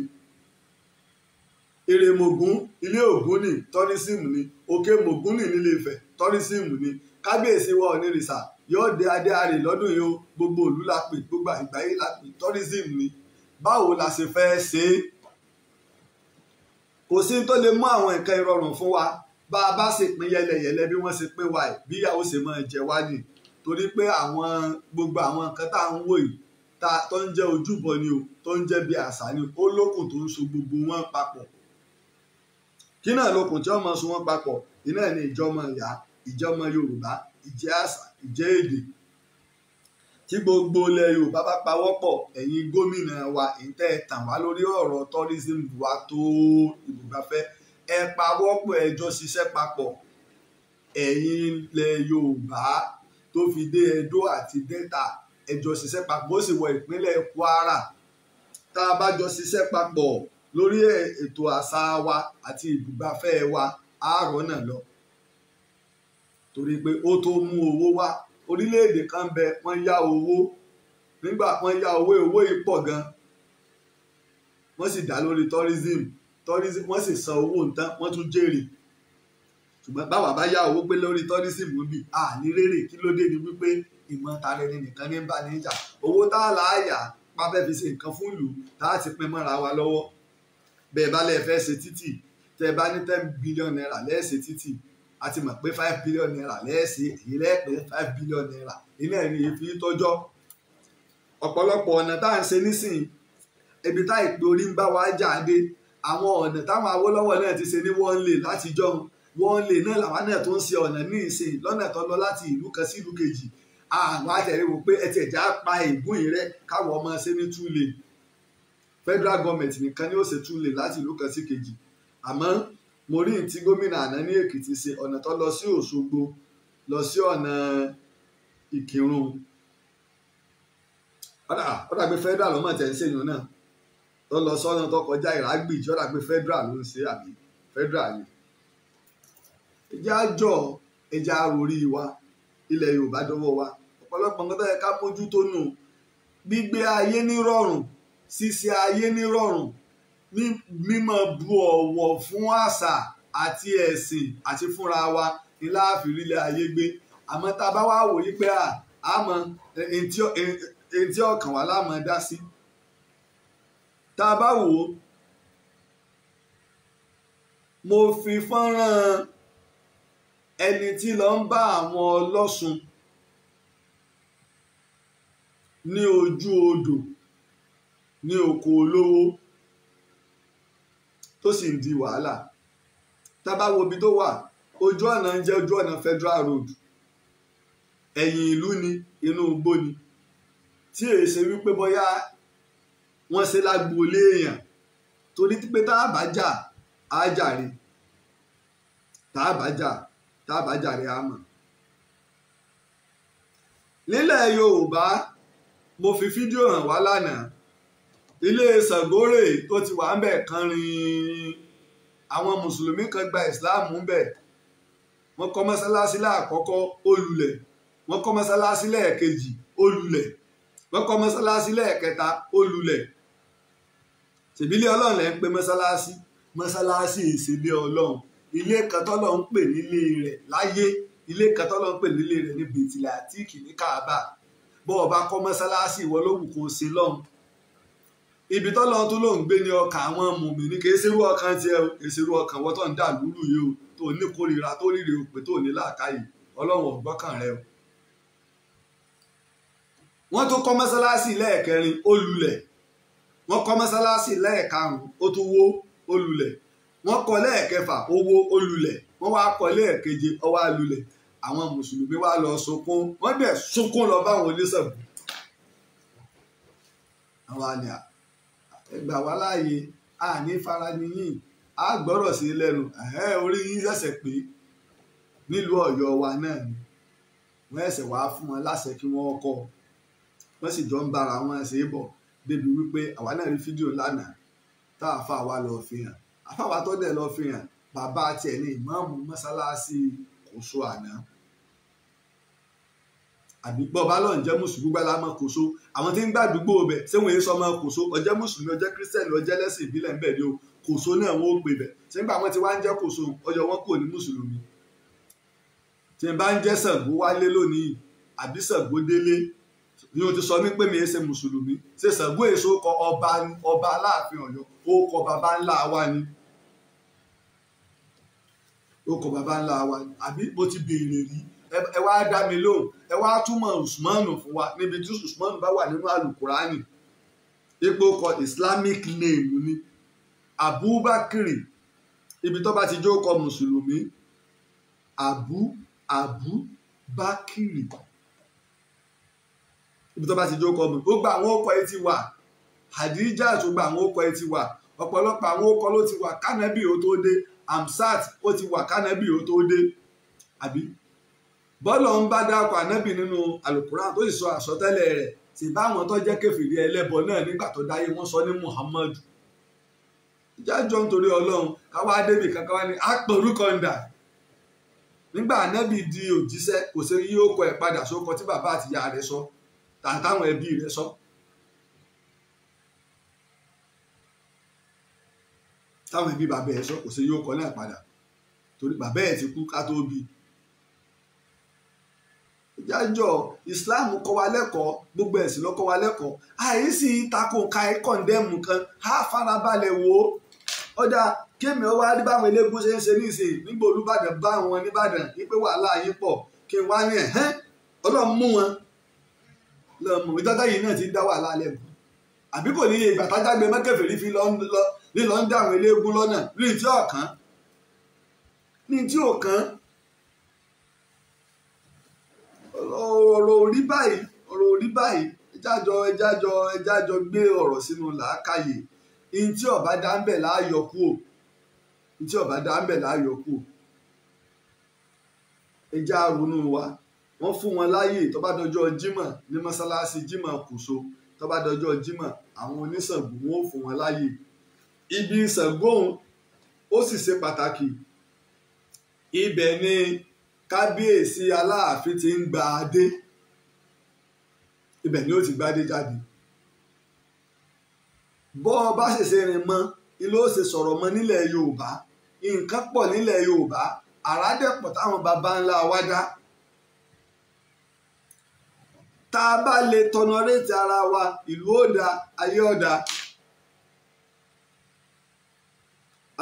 èrèmọ̀gún ilé ògún ni tọ́nísìmù ni òkè mọ̀gún ni nílé Ifẹ̀ tọ́nísìmù ni kábíyèsí wa onírìṣà yóò dé adé àrè lọ́dún yìí ó gbogbo ìlú la pè gbogbo àgbáyé la pè tọ́nísìmù ni báwo la ṣe fẹ́ ṣe é kò sí tó lè mú àwọn nǹkan ìrọ̀rùn fún wa bá a bá sì pín yẹlẹyẹlẹ bí wọ́n ṣe pín wa ẹ̀ bí ìyàwó ṣe máa jẹ wá nì torí pé àwọn gbogbo àwọn nǹkan tá à ń wò yìí tá tó ń jẹ́ ojúbọ ni o tó ń jẹ́ bí àṣà ni ó lókùn tó ń so gbogbo wọn papọ̀ kí náà lókùn tí wọ́n máa so wọn papọ̀ iná ní ìjọmọ ìyá ìjọmọ Yorùbá ìjẹ́ àṣà ìjẹ́ èdè tí gbogbo ilẹ̀ Yorùbá bá pawọ́pọ̀ ẹ̀yin gómìnà wa ìtẹ́ ẹ̀ tàn wá lórí ọ̀rọ̀ tourism wa tó ibùgbafẹ́ ẹ pawọ́pọ̀ ẹjọ́ ṣiṣẹ́ papọ̀ ẹ̀yin ilẹ̀ Yorùbá tó fi dé Ẹdó àti Delta ẹjọ ṣiṣẹ́ papọ̀ ó sì wọ ìpínlẹ̀ Kwara tá a bá jọ ṣiṣẹ́ papọ̀ lórí ètò àṣà wa àti ibùgbafẹ́ wa àárọ̀ náà lọ torí pé ó tó mú owó wá orílẹ̀ kan bẹ wọ́n yá owó nígbà wọ́n yá owó owó yìí pọ̀ gan wọ́n sì dá lórí tourism tourism wọ́n sì san owó nǹkan wọ́n tún jèrè ṣùgbọ́n báwa bá yá owó pé lórí tourism ń bì à ní rèrè kí ló dé ni wípé ìmọ̀ tara ẹni nìkan ní bá ní ìjà owó tá a là á yà pábẹ́ fi ṣe nǹkan fún ìlú tá a ti pín mọ́ra wa lọ́wọ́ bẹ́ẹ̀ bá lè fẹ́ ṣe títì tẹ́ ẹ bá ní ten billion naira lẹ́ẹ̀ṣẹ̀ títì a ti mọ̀ pé five billion naira lẹ́ẹ̀ṣẹ̀ èyí lẹ́ẹ̀pẹ́ five billion naira ilé ẹ̀rí fi tọ́jọ́ ọ̀pọ̀lọpọ̀ ọ̀nà tá à ń ṣe nísìnyí ibi tá ìpè orí ń bá wa jáde àwọn ọ̀nà táwọn Awólọ́wọ̀ náà ti ṣe ní wọ́n lè látijọ́ wọn lè náà làwọn náà tó ń ṣe ọ̀nà ní ìsìn lọ́nà tó lọ láti ìlú kan sí ìlú kejì àwọn àtẹ̀lé wò pé ẹtì ẹ̀já pa ègún yìí rẹ káwọn ọmọ ṣe ní two federal government nìkan ni ó ṣe two lane láti ìlú kan sí kejì àmọ́ mo rí ti gómìnà àná ní èkìtì ṣe ọ̀nà tó lọ sí òṣogbo lọ sí ọ̀nà ìkírun ọ̀dà pé federal lọ́mọ tẹ̀ ń ṣèyàn náà tó lọ sọ́nà tó kọjá ìrágbìjì ọ̀dà pé federal ló ń ṣe àbí federal ni ẹjẹ́ àjọ ẹjẹ́ àròrí wa ilẹ̀ yorùbá dọ́wọ́ wa ọ̀pọ̀lọpọ̀ nǹkan tó yẹ ká mójútó nù gbígbé ayé nírọ̀rùn ṣíṣe ayé nírọ̀rùn mímọ bu ọ̀wọ̀ fún àṣà àti ẹ̀sìn àti fúnra wa ni láàfin ilé ayé gbé àmọ́ tá a bá wá wòye pé àmọ́ etí ọkàn wà láàmọ́ dá sí tá a bá wò ó mo fi fọ́nrán ẹni tí lọ ń bá àwọn ọlọ́sùn ní ojú odò ní oko olówó tó sì ń di wàhálà tábà wo ibi tó wà ojú ọ̀nà ń jẹ́ ojú ọ̀nà federal road ẹ̀yìn ìlú ni inú igbó ni tí èyí ṣe wípé bóyá wọ́n ṣe lágboolé èèyàn torí pé tá a bá jà á jàre tá a bá jà tá a bá jàre á mọ̀ nílẹ̀ Yorùbá mo fi fídíò hàn wá lánàá ilé sàgórè tó ti wà ń bẹ̀ kánrin àwọn mùsùlùmí kan gba ìsìláàmù ń bẹ̀ wọ́n kọ́ mọ́sálásí láàkọ́kọ́ ó lulẹ̀ wọ́n kọ́ mọ́sálásí lẹ́ẹ̀kejì ó lulẹ̀ wọ́n kọ́ mọ́sálásí lẹ́ẹ̀kẹta ó lulẹ̀ ṣèbílẹ̀ ọlọ́run lẹ́ ń pe mọ́sálásí mọ́sálásí ìṣèlé ọlọ́run ilé katọ́lọ́ ń pè nílé rẹ̀ láyé ilé katọ́lọ́ ń pè nílé rẹ̀ ní bìtìlẹ̀ àtíkì ní káàbà bọ́ ọba kọ́ mọ́sálásí ìwọ ló wù kó ṣe lọ́hùn ibi tọ́lọ́ tó ló ń gbé ní ọkàn àwọn mùmí ní kìí ṣerú ọkàn tiẹ̀ o kìí ṣerú ọkàn wọ́n tó ń dà lúlù yìí o tó ní kórìíra tó ríre òpè tó ní làákàyè ọlọ́run ọ̀gbọ́kàn rẹ o. wọ́n tún kọ́ mọ́sálásí lẹ́ẹ̀kẹrin ó lulẹ̀ wọ́n kọ́ mọ́sálásí lẹ́ẹ̀karùn-ún ó tún wó ó lulẹ̀ wọ́n kọ́ lẹ́ẹ̀kẹfà ó wó ó lulẹ̀ wọ́n wá kọ́ lẹ́ẹ̀keje ó wá lulẹ̀ àwọn mùsùlùmí wa lọ sunkún wọ́n dẹ̀ sunkún lọ bá àwọn oníṣègùn àwọn àlẹ́ ẹgbà wá láàyè àní faraniyìn á gbọ́rọ̀ sí lẹ́nu orí yín ṣẹ̀ṣẹ̀ pé nílùú Ọ̀yọ́ wa náà ni wọ́n ẹ̀sẹ̀ wá fún wọn láṣẹ kí wọ́n kọ́ wọ́n sì jọ ń bára wọn ṣe é bọ̀ débi wípé àwa náà rí fídíò lánàá tá a fa àwa lọ fi hàn àfàwà tó dẹ̀ lọ fi hàn bàbá tiẹ̀ ní ìmáàmù mọ́sálásí kóso àná àdúgbò balọ̀ ń jẹ́ mùsùlùmí gbala mọ́ kóso àwọn tí ń gbà àdúgbò bẹ̀ ṣé wọ́n yé sọ mọ́ kóso ọjẹ́ mùsùlùmí ọjẹ́ kírísítẹ́nì ọjẹ́ lẹ́sìn ìbílẹ̀ ńbẹ̀ ni o kóso náà wọ́n ó gbé bẹ̀ ṣé nígbà wọn ti wá ń jẹ́ kóso ọjọ́ wọn kò ní mùsùlùmí tí n bá ń jẹ́ Ṣàngó wálé lónìí àbí Ṣàngó délé ni o ti sọ mí pé mi ṣe mùsùlùmí ṣe Ṣàngó èso kọ ọba ọba aláàfin Ọ̀yọ́ ó kọ baba ńlá wa ni okò bàbá ńlá wa àbí mo ti béèrè rí ẹ wá dá mi lóhùn ẹ wá túmọ̀ usmanu fún wa níbi tí usmanu bá wà nínú alukurani ipò kọ islamic name ni abubakiri ibi tó bá ti jó kọ mùsùlùmí abu abu bakiri ibi tó bá ti jó kọ mùsùlùmí ó gba àwọn ọkọ etí wa hadija tó gba àwọn ọkọ etí wa ọ̀pọ̀lọpọ̀ àwọn ọkọ ló ti wà kánẹ́bì ó tó dé amsat ó ti wà kánábì ó tó dé àbí bọ́lọ̀ ń bá dákọ̀ ànábì nínú alukuran tó sì sọ àsọtẹ́lẹ̀ rẹ̀ sì bá àwọn tó jẹ́ kẹfìrí ẹlẹ́bọ náà nígbà tó dáyé wọ́n sọ ní muhammadu jájọ́ nítorí ọlọ́run káwá débì kankan wá ní àpòrúkọ ńdà nígbà ànábì di òjíṣẹ́ kò sí yí ó kọ ẹ̀ padà sókọ tí bàbá àtìyá rẹ̀ sọ tàtàwọn ẹbí rẹ̀ sọ. So táwọn ẹbí bàbá ẹ sọ kò sí yóò kọ náà padà torí bàbá ẹ ti kú ká tó bí jájọ islam kọ́ wa lẹ́kọ̀ọ́ gbogbo ẹ̀sìn ló kọ́ wa lẹ́kọ̀ọ́ àìsí tako ka ẹ kọ̀ǹdẹ́mù kan á farabalẹ̀ wò ó ọjà kémi ọwọ́ adé báwọn eléégún ṣe ń ṣe nísìnyí nígbà olùbàdàn bá wọn nìbàdàn wípé wàhálà yìí pọ̀ kí n wá ní ẹ̀ hẹ́n ọlọ́run mú wọn lọ́mọ ìdájọ́ yìí náà ti dá wàhálà lẹ́kọ̀ọ́ àbí kò ní ìgbà tájágbe mẹ́kẹ́fẹ́ rí fi lọ́ lílọ ń dàrún eléégún lọ́nà ní tí ọ̀kan ní tí ọ̀kan ọ̀rọ̀ orí báyìí ọ̀rọ̀ orí báyìí ẹjájọ ẹjájọ ẹjájọ gbé ọ̀rọ̀ sínú làákàyè ní tí ọ̀bá dá ń bẹ̀ láàyọ̀ kú ò ní tí ọ̀bá dá kú ò ẹjá ronú wa wọ́n fún wọn láàyè tó bá dọjọ́ jímọ̀ ní mọ́sálásí jímọ̀ kùsọ tó bá dọjọ́ àwọn oníṣàngùn wọn ò fún wọn láàyè ibi ṣàngóhùn ó sì ṣe pàtàkì ibẹ̀ ni kábíyèsí aláàfin ti ń gba adé ibẹ̀ ni ó ti gbadé jáde bọ́ ọ bá ṣèṣe rìn mọ́ ilé ó ṣe sọ̀rọ̀ mọ́ nílẹ̀ Yorùbá nǹkan pọ̀ nílẹ̀ Yorùbá àràádẹ́pọ̀ táwọn baba ńlá wa dá tá a bá lè tọnọrétì ara wa ìlú ó da ayé ó da.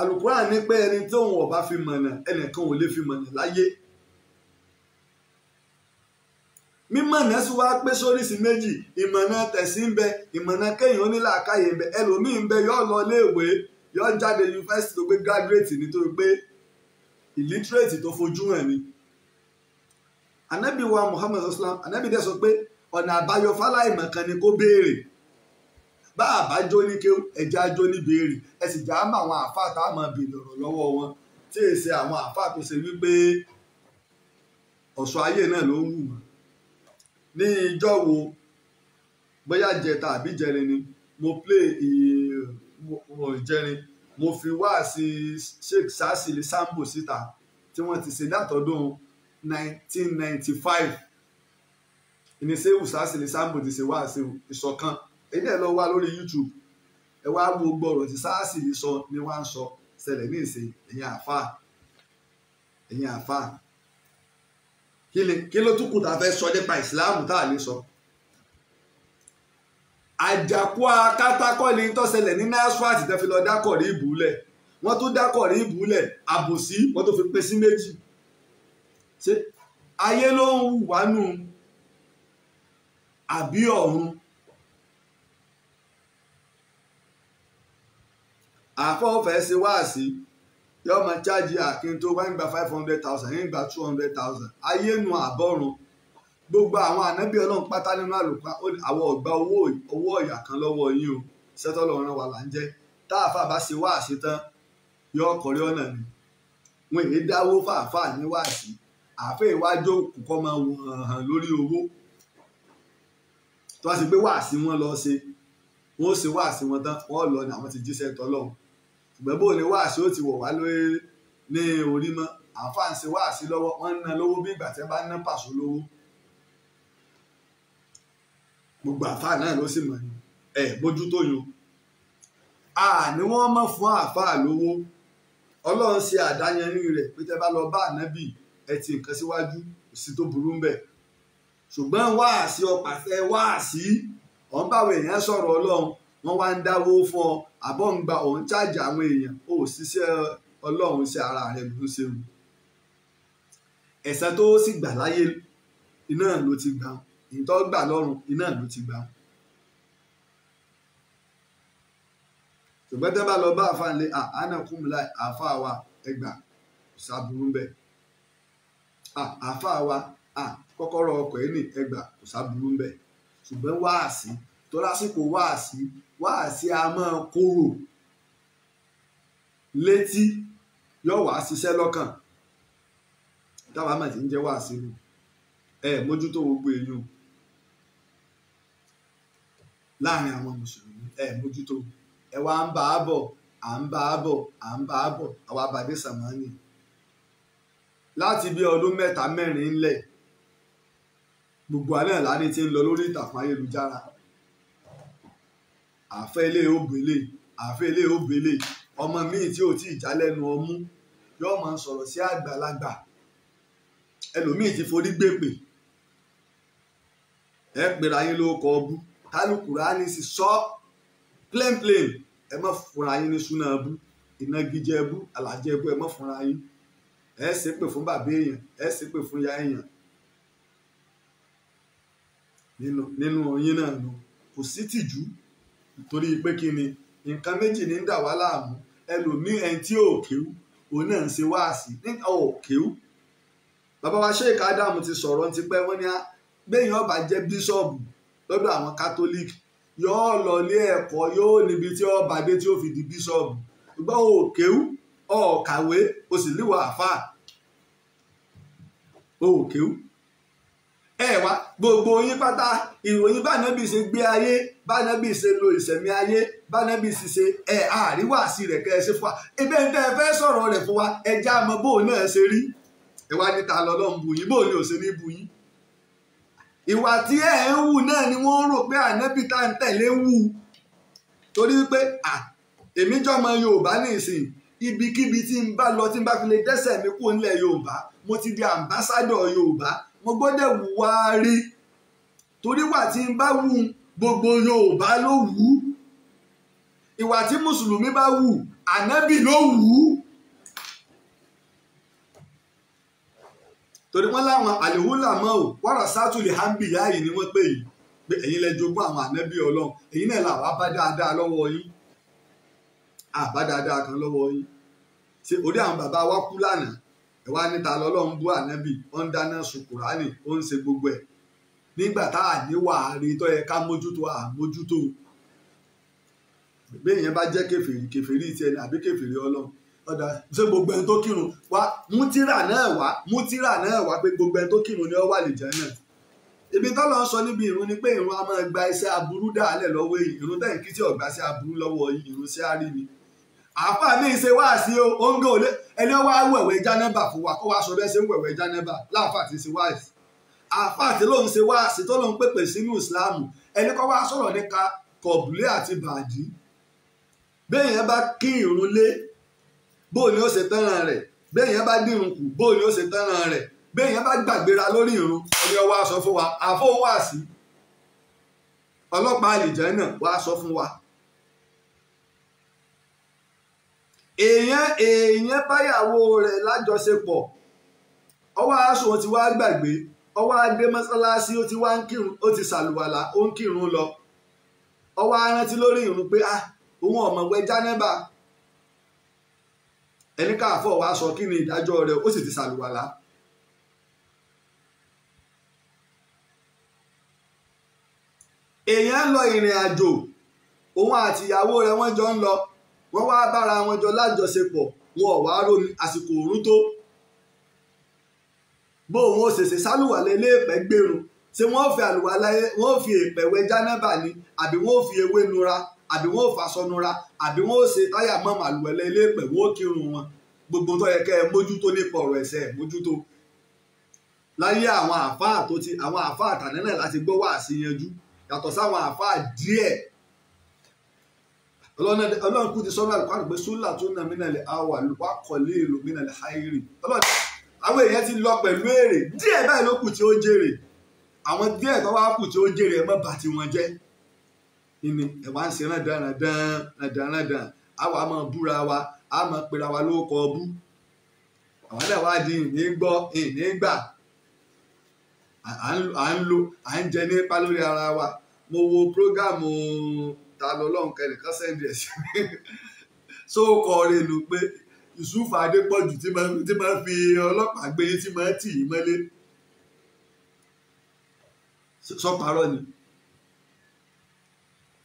àlùkùránì ní pé ẹni tí òun ọba fi mọ̀nà ẹnìkan ò lè fi mọ̀nà láyé mímọ̀nà sì wá pé sóríṣi méjì ìmọ̀nà tẹ̀sí ń bẹ ìmọ̀nà kéèyàn onílàákàyè ń bẹ ẹlòmíín bẹ yọ lọ léèwé yọ jáde yunifásitì tó gbé gírádúrétì nítorí pé ìlítírèètì tó fojú hàn ni anabi wa muhammed sallam anabi dẹ sọ pé ọ̀nà àbáyọ fáláìmọ̀ kan ni kó béèrè bá a bá jó ní kéwù ẹja jó ní béèrè ẹ sì já mọ àwọn àáfàá tá a máa béèrè ọ̀rọ̀ lọ́wọ́ wọn tí è ṣe àwọn àáfàá tó ṣe wípé ọ̀ṣọ́ ayé náà ló ń wù wọ́n ní ìjọ́ wo bóyá jẹta àbí jẹrin ni mo play ìjẹrin mo fi wá sí Sheikh Sasili Sambo síta tí wọ́n ti ṣe látọdún 1995 ìníṣẹ́ ìwùsàsílẹ̀ Sambo ti ṣe wá sí ìṣọ̀kan èyí náà lọ wá lórí YouTube ẹ wá wo gbọrọ tí SARS ní sọ ni wọn sọ ṣẹlẹ̀ ní ìsìn ẹ̀yin àáfàá ẹ̀yin àáfàá kí ló tún kù tá a fẹ́ sọ nípa ìsìláàmù tá a lè sọ. àjàkú akátákọ́ ni tó ṣẹlẹ̀ ní NASFAT tẹ́ fi lọ dákọ̀rí ìbúlẹ̀ wọ́n tún dákọ̀rí ìbúlẹ̀ àbòsí wọ́n tó fi pín sí méjì. ṣé ayé ló ń wù wá nù àbí ọ̀run àfọwọ́fẹ́ ṣe wáàsí yóò máa chájì àkíntó wọ́n ń gba five hundred thousand yín gba two hundred thousand ayé nu àbọ̀run gbogbo àwọn ànábì ọlọ́run pátá nínú àlùkò àwọn ọ̀gbà owó owó ọ̀yà kan lọ́wọ́ yín o sẹ́tọ́ lọ́run wà là ń jẹ́ tá àfa bá ṣe wáàsí tán yóò kọrí ọ̀nà ni wọn èyí dáwó fàáfà ní wáàsí àfẹ́ ìwájú òkú kọ́ máa wọ̀n hàn lórí owó tó wá sí pé wáàsí wọn lọ ṣe wọn ó ṣe wáàsí wọn tán wọn lọ ni àwọn ti jíṣẹ́ tọ́lọ́run ṣùgbọ́n bó ni wáàsí ó ti wọ̀ wá ní orí mọ́ àǹfààní ṣe wáàsí lọ́wọ́ wọ́n ń ná lówó bí ìgbà tí wọ́n bá ń ná pàṣọ lówó gbogbo àfa náà ló sì mọ ẹ bójútó yun a ní wọ́n mọ̀ fún àfa lówó Ọlọ́run ṣe àdáyanrí rẹ̀ pé tẹ́ bá lọ bá ànábì ẹ ti nǹkan síwájú kò sí tó burú ń bẹ ṣùgbọ́n wáàsí ọpàṣẹ wáàsí ọ̀nbàwọ̀ èèyàn sọ̀rọ̀ Ọlọ́run wọ́n wá ń dáwó fún ọ àbọ̀ ń gba òun chájà àwọn èèyàn ó ṣiṣẹ́ ọlọ́run ṣe ara rẹ̀ ló ṣe rù ẹ̀san tó sì gbà láyé iná ló ti gbà ìtọ́ gbà lọ́run iná ló ti gbà. ṣùgbọ́n tẹ́ bá lọ bá àfa ńlẹ̀ àánàkùnmùlá ẹgbà ṣàbùrú bẹ́ẹ̀ àfa wa kọ́kọ́rọ́ ọkọ̀ ẹ̀ ní ẹgbà kò ṣàbùrú bẹ́ẹ̀ ṣùgbọ́n wáàsí tó lásìkò wáàsí wáàsí a máa kóró létí yóò wá ṣiṣẹ́ lọkàn táwa mà ti ń jẹ́ wáàsí nù ẹ mójútó gbogbo èèyàn láàrin àwọn mùsùlùmí ẹ mójútó ẹ wá ń bá a bọ̀ à ń bá a bọ̀ à ń bá a bọ̀ àwa bàdé sàmánì láti bí ọdún mẹta mẹrin ńlẹ̀ gbogbo àná ìlànà ti ń lọ lórí ìtàkùn ayélujára àfẹ́ ilé òbèlè àfẹ́ ilé òbèlè ọmọ míì tí ò tí ì jálẹ́nu ọmú yóò máa sọ̀rọ̀ sí àgbàlagbà ẹlòmíì ti forí gbèpè ẹ pèrà yín lóko ọbú kálukùránì sì sọ plain plain ẹ má fúnra yín ní súná bú ìnagijẹ bú àlàjẹ bú ẹ má fúnra yín ẹ ṣépè fún bàbá èèyàn ẹ ṣépè fún ya èèyàn nínú yín náà nù kò sí tìjú torí pé kí ni nǹkan méjì ní ń dà wá láàmú ẹlòmíì ẹni tí ò kéwú òun náà ń ṣe wáàsí ní ò kéwú bàbá wa Sheikh Adamu ti sọ̀rọ̀ ti pẹ́ wọ́n ní gbẹ̀yìn ah, ọba jẹ́ bíṣọ̀bù lọ́dọ̀ àwọn kátólíìkì yóò lọ ilé ẹ̀kọ́ yóò níbi tí ọba dé tí ó fi di bíṣọ̀bù ṣùgbọ́n ò kéwú ò kàwé o sì líwọ̀ àfáà ò kéwú ẹ wá gbogbo yín pátá ìròyìn bánábì ṣe gbé ayé bánábì ṣe lo ìṣẹ̀mí ayé bánábì sì ṣe ẹ àríwáàsí rẹ̀ kẹ́ ẹ ṣe fún wa ibẹ̀ ń tẹ́ ẹ fẹ́ sọ̀rọ̀ rẹ̀ fún wa ẹ já mọ bóun náà ṣe rí ẹ wá níta lọ́lọ́run bù yín bóun ni ò ṣe ní bù yín ìwà tí ẹ ń wù náà ni wọ́n rò pé ànábì tá ń tẹ̀lé wù torí wípé à èmi jọmọ Yorùbá ní ìsìn ibikíbi tí ń bá lọ tí ń bá fi lè dẹ́sẹ̀ mi kúrò nílẹ̀ Yorùbá mo ti di àmbásádọ̀ Yorùbá mo gbọ́dọ̀ wùwà rí torí wà tí n bá wù gbogbo Yorùbá ló wù ú ìwà tí mùsùlùmí bá wù ànábì ló wù ú torí wọn láwọn àlèhùlàmọ ò wàrà sátúlì hàǹbì yáàyè ni wọn pè yìí pé ẹ̀yin lẹ jogún àwọn ànábì Ọlọ́run ẹ̀yin náà làwọn bá dáadáa lọ́wọ́ yín àbá dáadáa kan lọ́wọ́ yín ṣe orí àwọn bàbá wa kú lánàá ẹ wá níta lọ́lọ́run bú ànábì ó ń dáná sun kùránì ó ń ṣe gbogbo ẹ̀ nígbà tá à ní wàárí tó yẹ ká mójútó à mójútó béèyàn bá jẹ́ kèfèrí kèfèrí tiẹ̀ ní àbí kèfèrí ọlọ́run ọ̀dà ṣé gbogbo ẹni tó kírun wá mútírà náà wá mútírà náà wá pé gbogbo ẹni tó kírun ni ó wà lè jẹ́ náà ibi tọ́lọ́ ń sọ níbi ìrun ni pé ìrun a máa gba iṣẹ́ aburú dàálẹ̀ lọ́wọ́ èyí ìrun tẹ̀yìn kí tí ọ̀gbà iṣẹ́ aburú lọ́wọ́ ìrun sí àárín ni àáfàá mi ṣe wá sí o oúnjẹ òlé ẹni wá wẹ̀wẹ̀ jánẹ́bà fún wa kó wá sọ bẹ́ẹ̀ ṣe ń wẹ̀wẹ̀ jánẹ́bà láàfàá ti ṣe wá sí àáfàá tí lóun ṣe wá sí tó lóun pèpè sínú ìsìláàmù ẹni kọ́ wá sọ̀rọ̀ nípa kọ̀bùlé àti bàdí bẹ́ẹ̀ yẹn bá kí ìrun lé bó ni ó ṣe tẹ́ràn rẹ̀ bẹ́ẹ̀ yẹn bá dìrun kù bó ni ó ṣe tẹ́ràn rẹ̀ bẹ́ẹ̀ yẹn bá gbàgbéra lórí ìrun ẹni ọwọ́ aṣọ fún wa àfọwọ́ wá sí ọlọ́pàá àlìjẹ́ náà wá sọ fún wa èèyàn èèyàn báyàwó rẹ̀ lájọṣepọ̀ ọwọ́ aṣọ ti wá gbàgbé ọwọ́ adé mọ́sálásí ó ti wá ń kírun ó ti ṣàlùwàlà ó ń kírun lọ ọwọ́ arántí lórí ìrun pé ah òun ọmọ wẹ jánẹ́bà ẹni káàfọ́ wa sọ kí ni ìdájọ́ rẹ̀ ó sì ti ṣàlùwàlà. èèyàn lọ ìrìn àjò òun àtìyàwó rẹ̀ wọ́n jọ ń lọ wọ́n wá bára wọn jọ lájọṣepọ̀ wọn ò wá rómi àsìkò òórùn tó bó wọn ò ṣèṣe sálùwàlẹ̀ ilé ìpẹ́ gbèrò ṣé wọ́n fi àlùwàlẹ̀ wọ́n fi èèpẹ̀ wẹ jánábà ni àbí wọ́n fi ewé nura àbí wọ́n ò faṣọ nura àbí wọ́n ò ṣe táyà mọ́mọ́ àlùwàlẹ̀ ilé ìpẹ́ wọ́n ò kírun wọn gbogbo tó yẹ kẹ́ ẹ mójútó nípa ọ̀rọ̀ ẹ̀sẹ̀ mójútó láyé àwọn àáfàá tó ti àwọn àáfàá àtànẹ́lẹ̀ láti gbọ́ wá sí yàtọ̀ sáwọn àáfàá díẹ̀ ọlọ́run kú ti sọ́nà àlùkò pé sólà tó nà mínàlẹ̀ àwà wà kọ̀lé èlò mínàlẹ̀ háírì ọlọ́run àwọn èèyàn ti lọ pẹ̀lú èrè díẹ̀ báyìí ló kù tí ó jèrè àwọn díẹ̀ tó wá kù tí ó jèrè ẹ̀ mọ́ bà tí wọ́n jẹ́ ìní ẹ̀ wá ń ṣe rádaràdán rádaràdán àwa máa búra wa a máa pera wa lóko ọbú àwọn náà wá di ìní gbọ́ ìní gbà à ń lo à ń jẹ nípa lórí ara wa mo wo prógámù ta lọ lọ́hùn kẹ́nìkan sẹ́ndì ẹ̀ sí mi so kọ rẹ nu pé Yusuf Adépọ̀jù tí máa fi ọlọ́pàá gbé yín tí máa tì yín mọ́lé sọ́parọ́ ni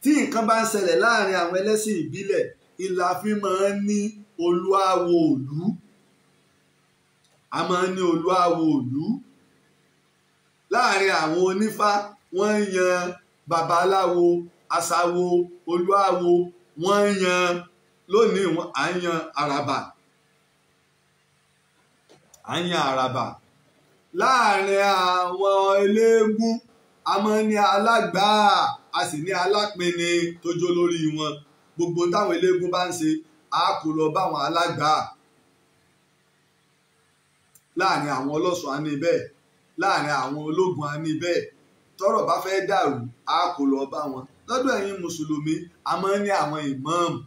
tí nǹkan bá ń ṣẹlẹ̀ láàrin àwọn ẹlẹ́sìn ìbílẹ̀ ìlà fi máa ń ní olúawo òlú a máa ń ní olúawo òlú láàrin àwọn onífá wọ́n ń yan babaláwo Asawo olúawo wọ́n ń yan lónìí à ń yan àràbà à ń yan àràbà láàrin àwọn eléégún a máa ń ní alágbàá a sì ní alápinni tó jó lórí wọn gbogbo táwọn eléégún bá ń ṣe a kò lọ báwọn alágbàá láàrin àwọn ọlọ́sùn á ní bẹ́ẹ̀ láàrin àwọn ológun á ní bẹ́ẹ̀ tọ́rọ̀ bá fẹ́ dàrú a kò lọ bá lọ́dọ̀ ẹ̀yin mùsùlùmí a máa ń ní àwọn ìmáàmù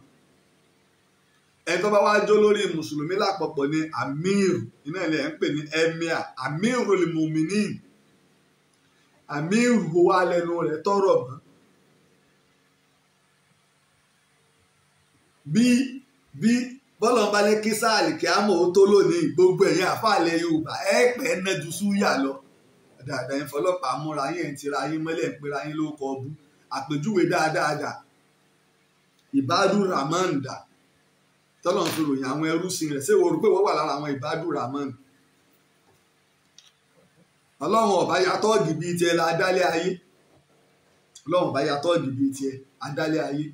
ẹni tó bá wá jó lórí mùsùlùmí lápapọ̀ ní amir iná ilẹ̀ ń pè ní emir amirul muminin amir huwa lẹ́nu rẹ̀ tọrọ mọ́ bí bí bọ́lá ń bá ní kí sáàlì kí á mọ̀ ó tó lónìí gbogbo ẹ̀yin àfàlẹ́ yorùbá ẹ pẹ́ náà ju súyà lọ dáadáa ìfọlọ́pàá múra yín ẹ̀ ń tira yín mọ́lẹ̀ ń pera yín ló ọdún àpèjúwe dáadáa dà ìbádùn rahman dà tọ́lọ̀ ń fi ròyìn àwọn ẹrú sí rẹ̀ ṣé o rò pé wọ́n wà lára àwọn ìbádùn rahman ọlọ́run ọ̀bá yàtọ̀ gidi tiẹ̀ la dálé ayé ọlọ́run ọ̀bá yàtọ̀ gidi tiẹ̀ adálé ayé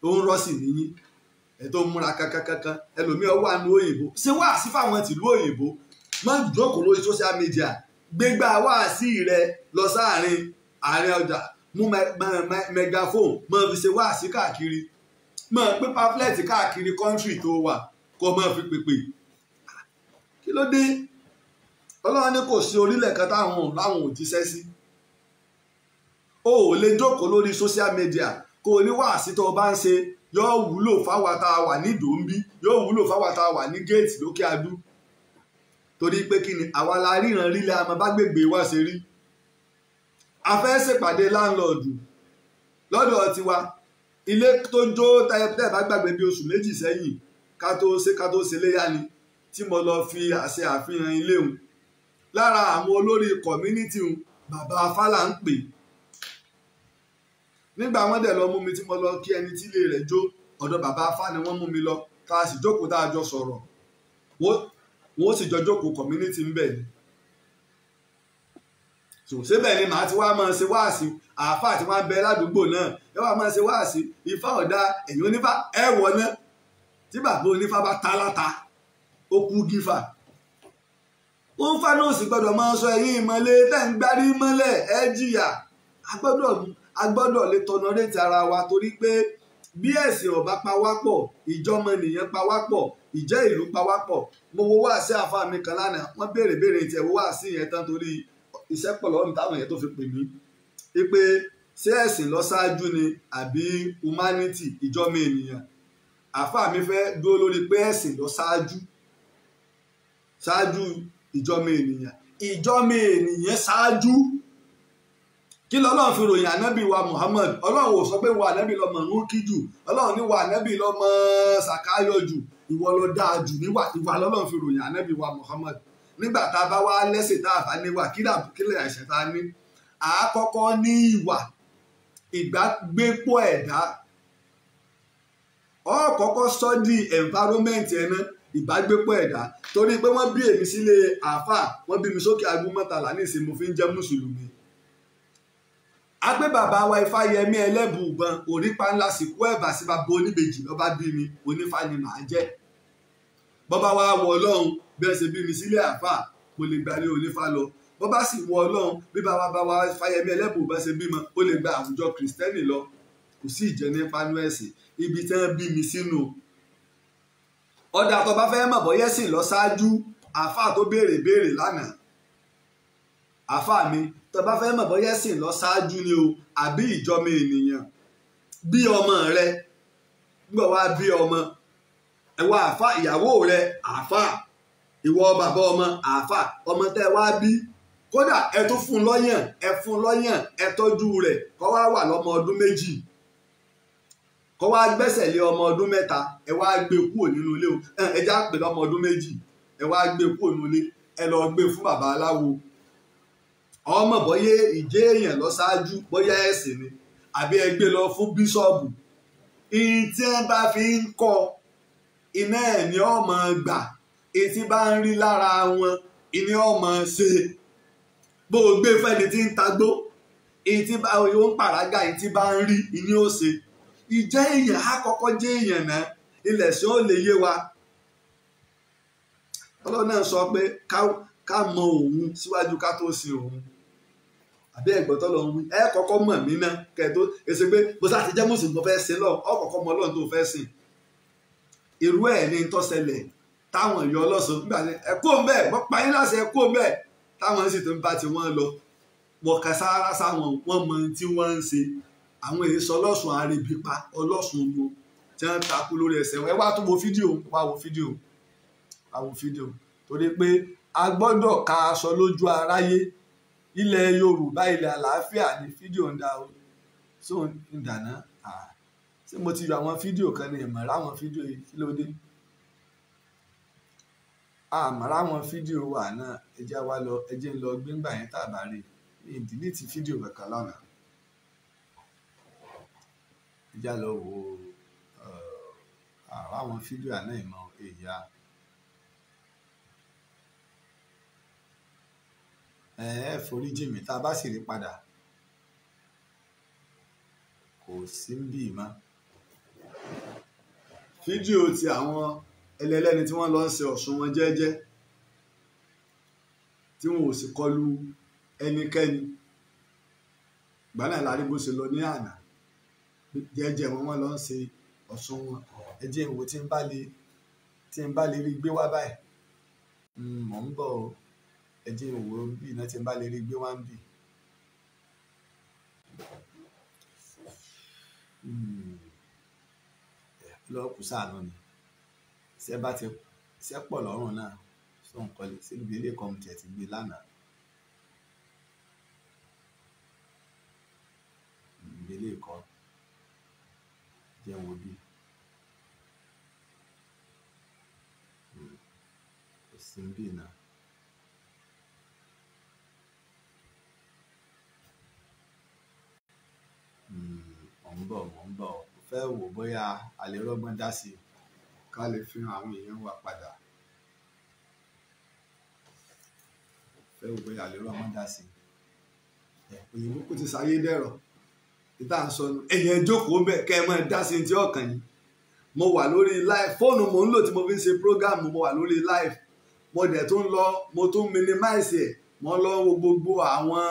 tó ń rọ́ọ̀sì nìyí ẹ̀ tó ń múra kankankankan ẹlòmíì ọwọ́ àánú òyìnbó ṣé wàá sí fáwọn tìlú òyìnbó máa ń jókòó lórí social media gbégbá wàá sí rẹ lọ sáàrin àárín ọjà mú megaphone máa fi ṣe wáàsí káàkiri máa pé pamphlet káàkiri kọ́ńtírì tó wà kó máa fi pèpè kí ló dé ọlọ́run ní kò sí orílẹ̀ kan táwọn láwọn ò jíṣẹ́ sí o ò lè jókòó lórí social media kó o ní wáàsí tó o bá ń ṣe yóò wúlò fáwa tá a wà ní dòńbí yóò wúlò fáwa tá a wà ní géètì lókè adú torí pé kí ni àwa la ríran rílẹ̀ amọ̀ bá gbègbè wá ṣe rí a fẹ́ ṣèpàdé láńlọ́ọ̀dù lọ́dọ̀ tiwa ilé tó jó tẹ́ẹ̀ bá gbàgbé bí oṣù méjì sẹ́yìn ká tó ṣe ká tó ṣe léyà ni tí mo lọ fi àṣẹ àfihàn ilé òun lára àwọn olórí kọ̀mínítì òun bàbá fálà ń pè nígbà wọn dẹ̀ lọ mú mi tí mo lọ kí ẹni tí ilé rẹ̀ jó ọ̀dọ̀ bàbá fá ni wọ́n mú mi lọ ká sì jókòó tá a jọ sọ̀rọ̀ wọ́n sì jọ jókòó kọ̀mínítì ń bẹ̀ ni so síbẹ̀ ni màá ti wá máa ṣe wáàsí àáfàá tí wọ́n bẹ ládùúgbò náà ẹ wá máa ṣe wáàsí ifá ọ̀dà ẹ̀yìn onífá ẹ wọ̀ náà tí bàbá onífá bá ta láta ó kú gífà ó ń fáná òsì gbọ́dọ̀ máa sọ ẹ̀yìn ìmọ̀lẹ́ tẹ̀ ń gbárí mọ́lẹ̀ ẹ jìyà agbọ́dọ̀ lè tọ̀nà rétí ara wa torí pé bí ẹ̀sìn ọ̀bá pawápọ̀ ìjọmọ nìyẹn pawápọ̀ ìjẹ́ ìlú pawápọ̀ mo wo wá sí àfa mi kan lánàá wọ́n béèrè béèrè tiẹ̀ wo wá sí yẹn tán torí iṣẹ́ pọ̀ lọ́wọ́ mi táwọn èèyàn tó fi pè mí pé ṣé ẹ̀sìn lọ ṣáájú ni àbí humanity ìjọ́mọ ènìyàn àáfàá mi fẹ́ dúró lórí pé ẹ̀sìn lọ ṣáájú ṣáájú ìjọ́mọ ènìyàn ìjọ́mọ ènìyàn ṣáájú kí lọ́lọ́run fi ròyìn ànábì wa Muhammad ọlọ́run ò sọ pé wà ànábì lọ́mọ rúkì jù ọlọ́run ní wà ànábì lọ́mọ sàkáyọ̀ jù ìwọ ló dáa jù níwà ìwà lọ́lọ́run fi ròyìn ànábì wa Muhammad nígbà tá a bá wá lẹ́sìn tá a bá níwà kílà kílà ẹ̀ṣẹ̀ tá a ní àákọ́kọ́ ní ìwà ìgbàgbépọ̀ ẹ̀dá ọ kọ́kọ́ sọ di environment ẹ̀ náà ìbágbépọ̀ ẹ̀dá torí pé wọ́n bí èmi sílé àáfàá wọ́n bí mi sókè aago mọ́tàlá ní ìsìn mo fi ń jẹ́ mùsùlùmí. a pé bàbá wa Ifáyẹmí ẹlẹ́bùúbọn òrípa ńlá sìnkú ẹ̀bà sí bàbá oníbejì lọ́ba bí mi onífà ni màá jẹ́ bọ́bá wá wọ ọlọ́run bí ẹ ṣe bí mi sílé àfà mo lè gbà ní onífà lọ bọ́bá sì wọ ọlọ́run bí bàbá bá wá fáyẹmí ẹlẹ́bùn bá ṣe bímọ ó lè gba àwùjọ kìrìsìtẹ́nì lọ kò sí ìjẹ nípa nú ẹ̀sìn ibi tí wọ́n bí mi sínú ọ̀dà tó bá fẹ́ mọ̀ bọ́yẹ́sìn lọ ṣáájú àfà tó béèrè béèrè lánàá àfà mi tó bá fẹ́ mọ̀ bọ́yá ẹ̀sìn lọ ṣáájú ni o àbí ìjọmọ ènìyàn bí ọmọ rẹ gbọ́ wá bí ọmọ ẹwọ àfa ìyàwó rẹ àfa ìwọ bàbá ọmọ àfa ọmọ tẹ wá bí kódà ẹ tún fún un lọ́yàn ẹ fún un lọ́yàn ẹ tọ́jú rẹ̀ kó wá wà lọ́mọ ọdún méjì kó wá gbẹ́sẹ̀ lé ọmọ ọdún mẹ́ta ẹ wá gbé kúrò nínú ilé o ẹ já pè lọ́mọ ọdún méjì ẹ wá gbé kúrò nínú ilé ẹ lọ gbé fún bàbá aláwo ọmọ bọ́yé ìjẹ́ èèyàn lọ ṣáájú bóyá ẹ̀sìn ni àbí ẹ gbé lọ fún bíṣọ̀bù ìyìn tí ẹ bá fi ń kọ́ iná ẹ̀mí ọmọ gbà etí bá ń rí lára wọn iná ọmọ ṣe bó o gbé fẹ́ni tí ń tagbó etí bá o ń pàrágà etí bá ń rí iná ó ṣe ìjẹ́ èèyàn á kọ́kọ́ jẹ́ èèyàn náà ilẹ̀ sí ó lè yé wa ọlọ́run náà sọ pé ká mọ òun síwájú ká tó sin òun àbí ẹ̀gbọ́n tó lọ ń wí ẹ kọ́kọ́ mọ̀ mí náà kẹ́ẹ̀ èsì pé bó sá ti jẹ́ mùsùlùmí tó fẹ́ sin lọ ọ kọ́kọ́ mọ ọlọ́run tó fẹ́ sìn irú ẹ̀ ní tó ṣẹlẹ̀ táwọn ìyọ ọlọ́sọ nígbà tí ẹ kó ń bẹ́ẹ̀ wọ́n pa yín láṣẹ ẹ kó ń bẹ́ẹ̀ táwọn sì tó ń bá ti wọ́n lọ wọ́n kà sára sáwọn wọ́n mọ tí wọ́n ń ṣe àwọn èyí sọ ọlọ́sùn àrèbí pa ọlọ́sùn lu tí wọ́n takú lórí ẹsẹ̀ ẹ wá tún wo fídíò wá wo fídíò wá wo fídíò torí pé a gbọ́dọ̀ ka aṣọ lójú aráyé ilẹ̀ Yorùbá ilẹ̀ àlàáfíà ní fídíò ń da o so ń dáná ṣé mo ti yọ àwọn fídíò kan ní ìmọ̀ láwọn fídíò yìí kí ló dé àmọ́ láwọn fídíò wà náà ẹjẹ́ wa lọ ẹjẹ́ ń lọ gbéńgbà yẹn tàbá rè ní ìdílítì fídíò kankan lánàá ẹjẹ́ lọ wo àwọn fídíò àná ìmọ̀ èyà. ẹ ẹ forí jì mí tá a bá sì rí padà kò sí ń bì mọ́ fídíò ti àwọn ẹlẹ́lẹ́ni tí wọ́n lọ ń ṣe ọ̀ṣun wọn jẹ́ẹ́jẹ́ tí wọn ò sì kọlu ẹnikẹ́ni gbaná ìlàrí bó ṣe lọ ní àná jẹ́ẹ́jẹ́ wọn wọ́n lọ ń ṣe ọ̀ṣun wọn ẹjẹ́ ìwò tí ń bá lè tí ń bá lè rí gbé wá báyìí mọ̀ hmm, ń bọ̀ ẹjẹ́ ìwò bí iná tí ń bá lè rí gbé wá ń bì. Mm lọ kù sáànù ni iṣẹ́ bá ti iṣẹ́ pọ̀ lọ́rùn náà sọ nǹkan lè ṣe gbélé kan tiẹ̀ ti gbé lánàá gbélé kan jẹun bí hmm. kò sí bí náà. Hmm, mò ń bọ̀ mò bọ̀ o fẹ́ wò bóyá a lè rọ́gbọ́n dá sí i ká lè fi hàn àwọn èèyàn wa padà fẹ́ wò bóyá a lè rọ́gbọ́n dá sí òyìnbó kò ti sáyé dẹ̀rọ̀ títà ń sọnù èèyàn jókòó bẹ́ẹ̀ kẹ́ ẹ máa dá sí i tí yìí mo wà lórí live fóònù mo ń lò tí mo fi ń ṣe program mo wà lórí live mo dẹ̀ tún lọ mo tún minimize ẹ̀ mo lọ wo gbogbo àwọn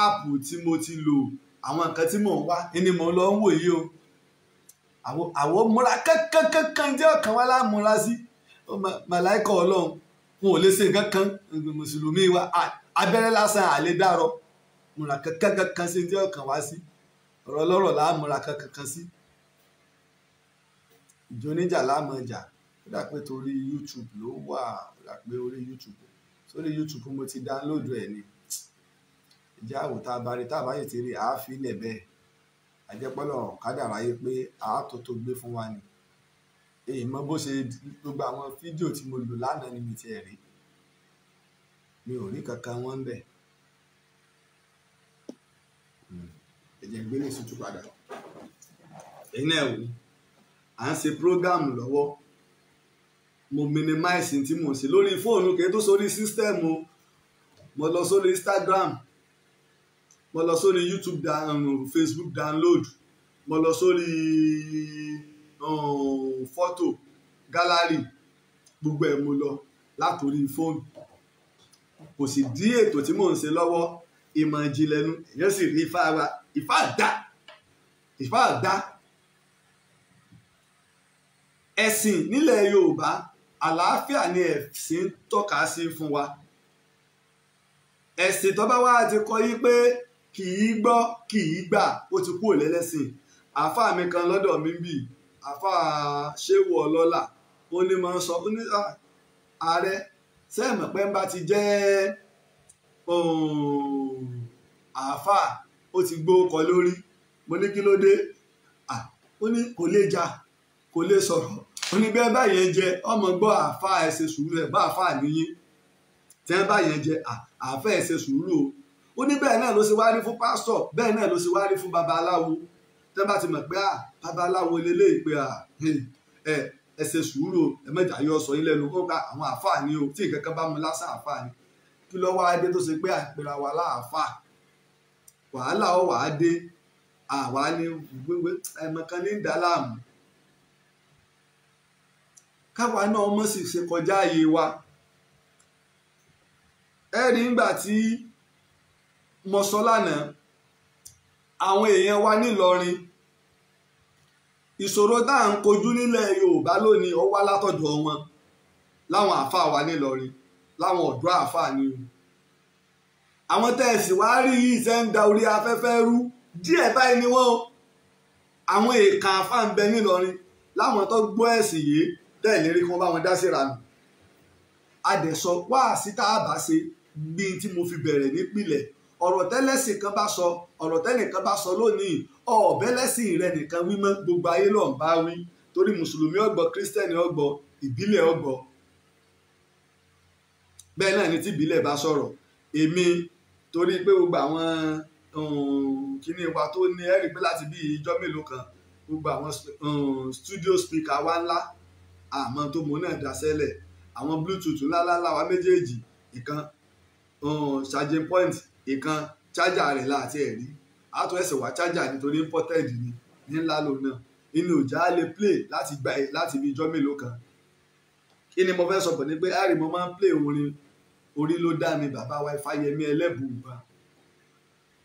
áàpù tí mo ti lò àwọn nǹkan tí mò ń wá ni mo lọ ń wò yìí o àwọn àwọn múra kankankankan jẹ́ ọ̀kan wá láàmúra sí màláìkà ọlọ́run wọn ò lè ṣe nǹkan kan mùsùlùmí wa abẹ́rẹ́ lásán àlè dárọ̀ múra kankankankan ṣe jẹ́ ọ̀kan wá sí ọ̀rọ̀ ọlọ́rọ̀ láàmúra kankankan sí ìjọ oníjà láàmọ̀jà ó dà pé torí YouTube ló wà ó dà pé orí YouTube sórí YouTube mo ti download ẹ̀ ni ìjà àwòtá abarí tá a bá yìí ti rí àáfíì lẹ̀ bẹ́ẹ̀ àjẹpọ́lọ̀ kádàrá yé pé àátótó gbé fún wa ni èyí mọ bó ṣe gbogbo àwọn fídíò tí mo lò lánàá ni mi ti ẹ̀ rí mi ò rí kankan wọn bẹ̀ ẹ̀jẹ̀ hmm. gbé ní ìsútú padà ẹ̀yin náà wò à ń ṣe prógámù lọ́wọ́ mo minimize tí mo ń ṣe lórí fóònù kí n tó sórí sísítẹ́ẹ̀mù mo lọ sórí Instagram mo lọ sórí youtube down um, facebook download mo lọ sórí fọ́tò um, gallery gbogbo ẹ̀ mo lọ látòrí fóònù kò sì dí ètò tí mò ń ṣe lọ́wọ́ ìmọ̀ ìjìnlẹ̀ nu èèyàn sì rí ifá wa ifá àdá ifá àdá ẹ̀sìn nílẹ̀ yorùbá àlàáfíà ni ẹ̀sìn tọ́ka sí fún wa ẹ̀sìn tó bá ti kọ́ yí pé kì í gbọ́ kì í gbà ó ti kúrò lẹ́lẹ́sìn àáfàá mi kan lọ́dọ̀ mi ń bì àáfàá ṣéwù ọlọ́lá ó ní máa ń sọ ó ní ààrẹ sẹ́ẹ̀mọ̀ pé ń bá ti jẹ́ àáfàá ó ti gbó kọ lórí mo ní kí ló dé ó ní kò lè jà kò lè sọ̀rọ̀ ó ní bẹ́ẹ̀ báyẹn jẹ ọmọ gbọ́ àáfàá ẹ̀ ṣe sùúrù ẹ̀ bá àáfàá nìyí tẹ́ báyẹn jẹ àáfàá ẹ̀ ṣe sùúrù o ó ní bẹ́ẹ̀ náà ló ṣe wá rí fún pásítọ̀ bẹ́ẹ̀ náà ló ṣe wá rí fún babaláwo tẹ́ bá ti mọ̀ pé à ah, babaláwo lélẹ́yìí pé à ah, ẹ ẹ ṣe sùúrù ẹ mẹ́ta yọ sọ yín lẹ́nu kópa ah, àwọn àáfàá ni o tí ìkankan bá mu lásán àáfàá ni kí lọ́wọ́ adé tó ṣe pé àpèrà wà láàfàá wàhálà ó wàá dé àwa ni gbégbé ẹ̀mọ̀kan ní ìdáláàmú káwa náà mọ̀ sí ṣe kọjá ààyè wa ẹ̀rí ńgbà tí mo sọ lánàá àwọn èèyàn wa nílọrin ìṣòro tá à ń kojú nílẹ̀ yorùbá lónìí ó wá látọ̀dọ̀ wọn láwọn àáfàá wa nílọrin láwọn ọ̀dọ́ àáfàá ni o àwọn tẹ̀sí wá rí yìí ṣe ń da orí afẹ́fẹ́ rú díẹ̀ báyìí ni wọ́n àwọn èèkà àáfàá ń bẹ nílọrin láwọn tó gbọ́ ẹ̀sìn yìí tẹ̀lé rí kí wọ́n bá wọn dá síra nù adẹ̀sọ wáàsí tá a bá ṣe gbin tí mo fi bẹ̀rẹ̀ nípìnlẹ̀ ọ̀rọ̀ tẹ́lẹ̀sìn kan bá sọ ọ̀rọ̀ tẹ́nìkan bá sọ lónìí ọ̀ọ́bẹ́lẹ́sìn rẹ nìkan wí mọ́ gbogbo ayé lọ́n bá wí torí mùsùlùmí ọgbọ kírísítẹ́nì ọgbọ ìbílẹ̀ ọgbọ bẹ́ẹ̀ náà ni tí ìbílẹ̀ bá sọ̀rọ̀ èmi torí pé gbogbo àwọn um, kíní wa tó ní ẹ̀rí pé láti bí ijọ́ mélòó kan gbogbo àwọn um, studio speaker wa ńlá àmọ́ tó mọ náà daṣẹ́lẹ̀ àwọn bluetooth ńláńlá wa méjèèjì ìkan charging um, point ìkan chájà rẹ̀ láti ẹ̀ rí àtún ẹsẹ̀ wá chájà nítorí imported ni ní ńlá lòun náà inú ìjà á lè play láti gba láti ibi ijọ́ mélòó kan kí ni mo fẹ́ sọ pọ̀ ní pé àárín mo máa ń play orin orí ló dá mi bàbá wa Ifáyẹmí ẹlẹ́bùn bá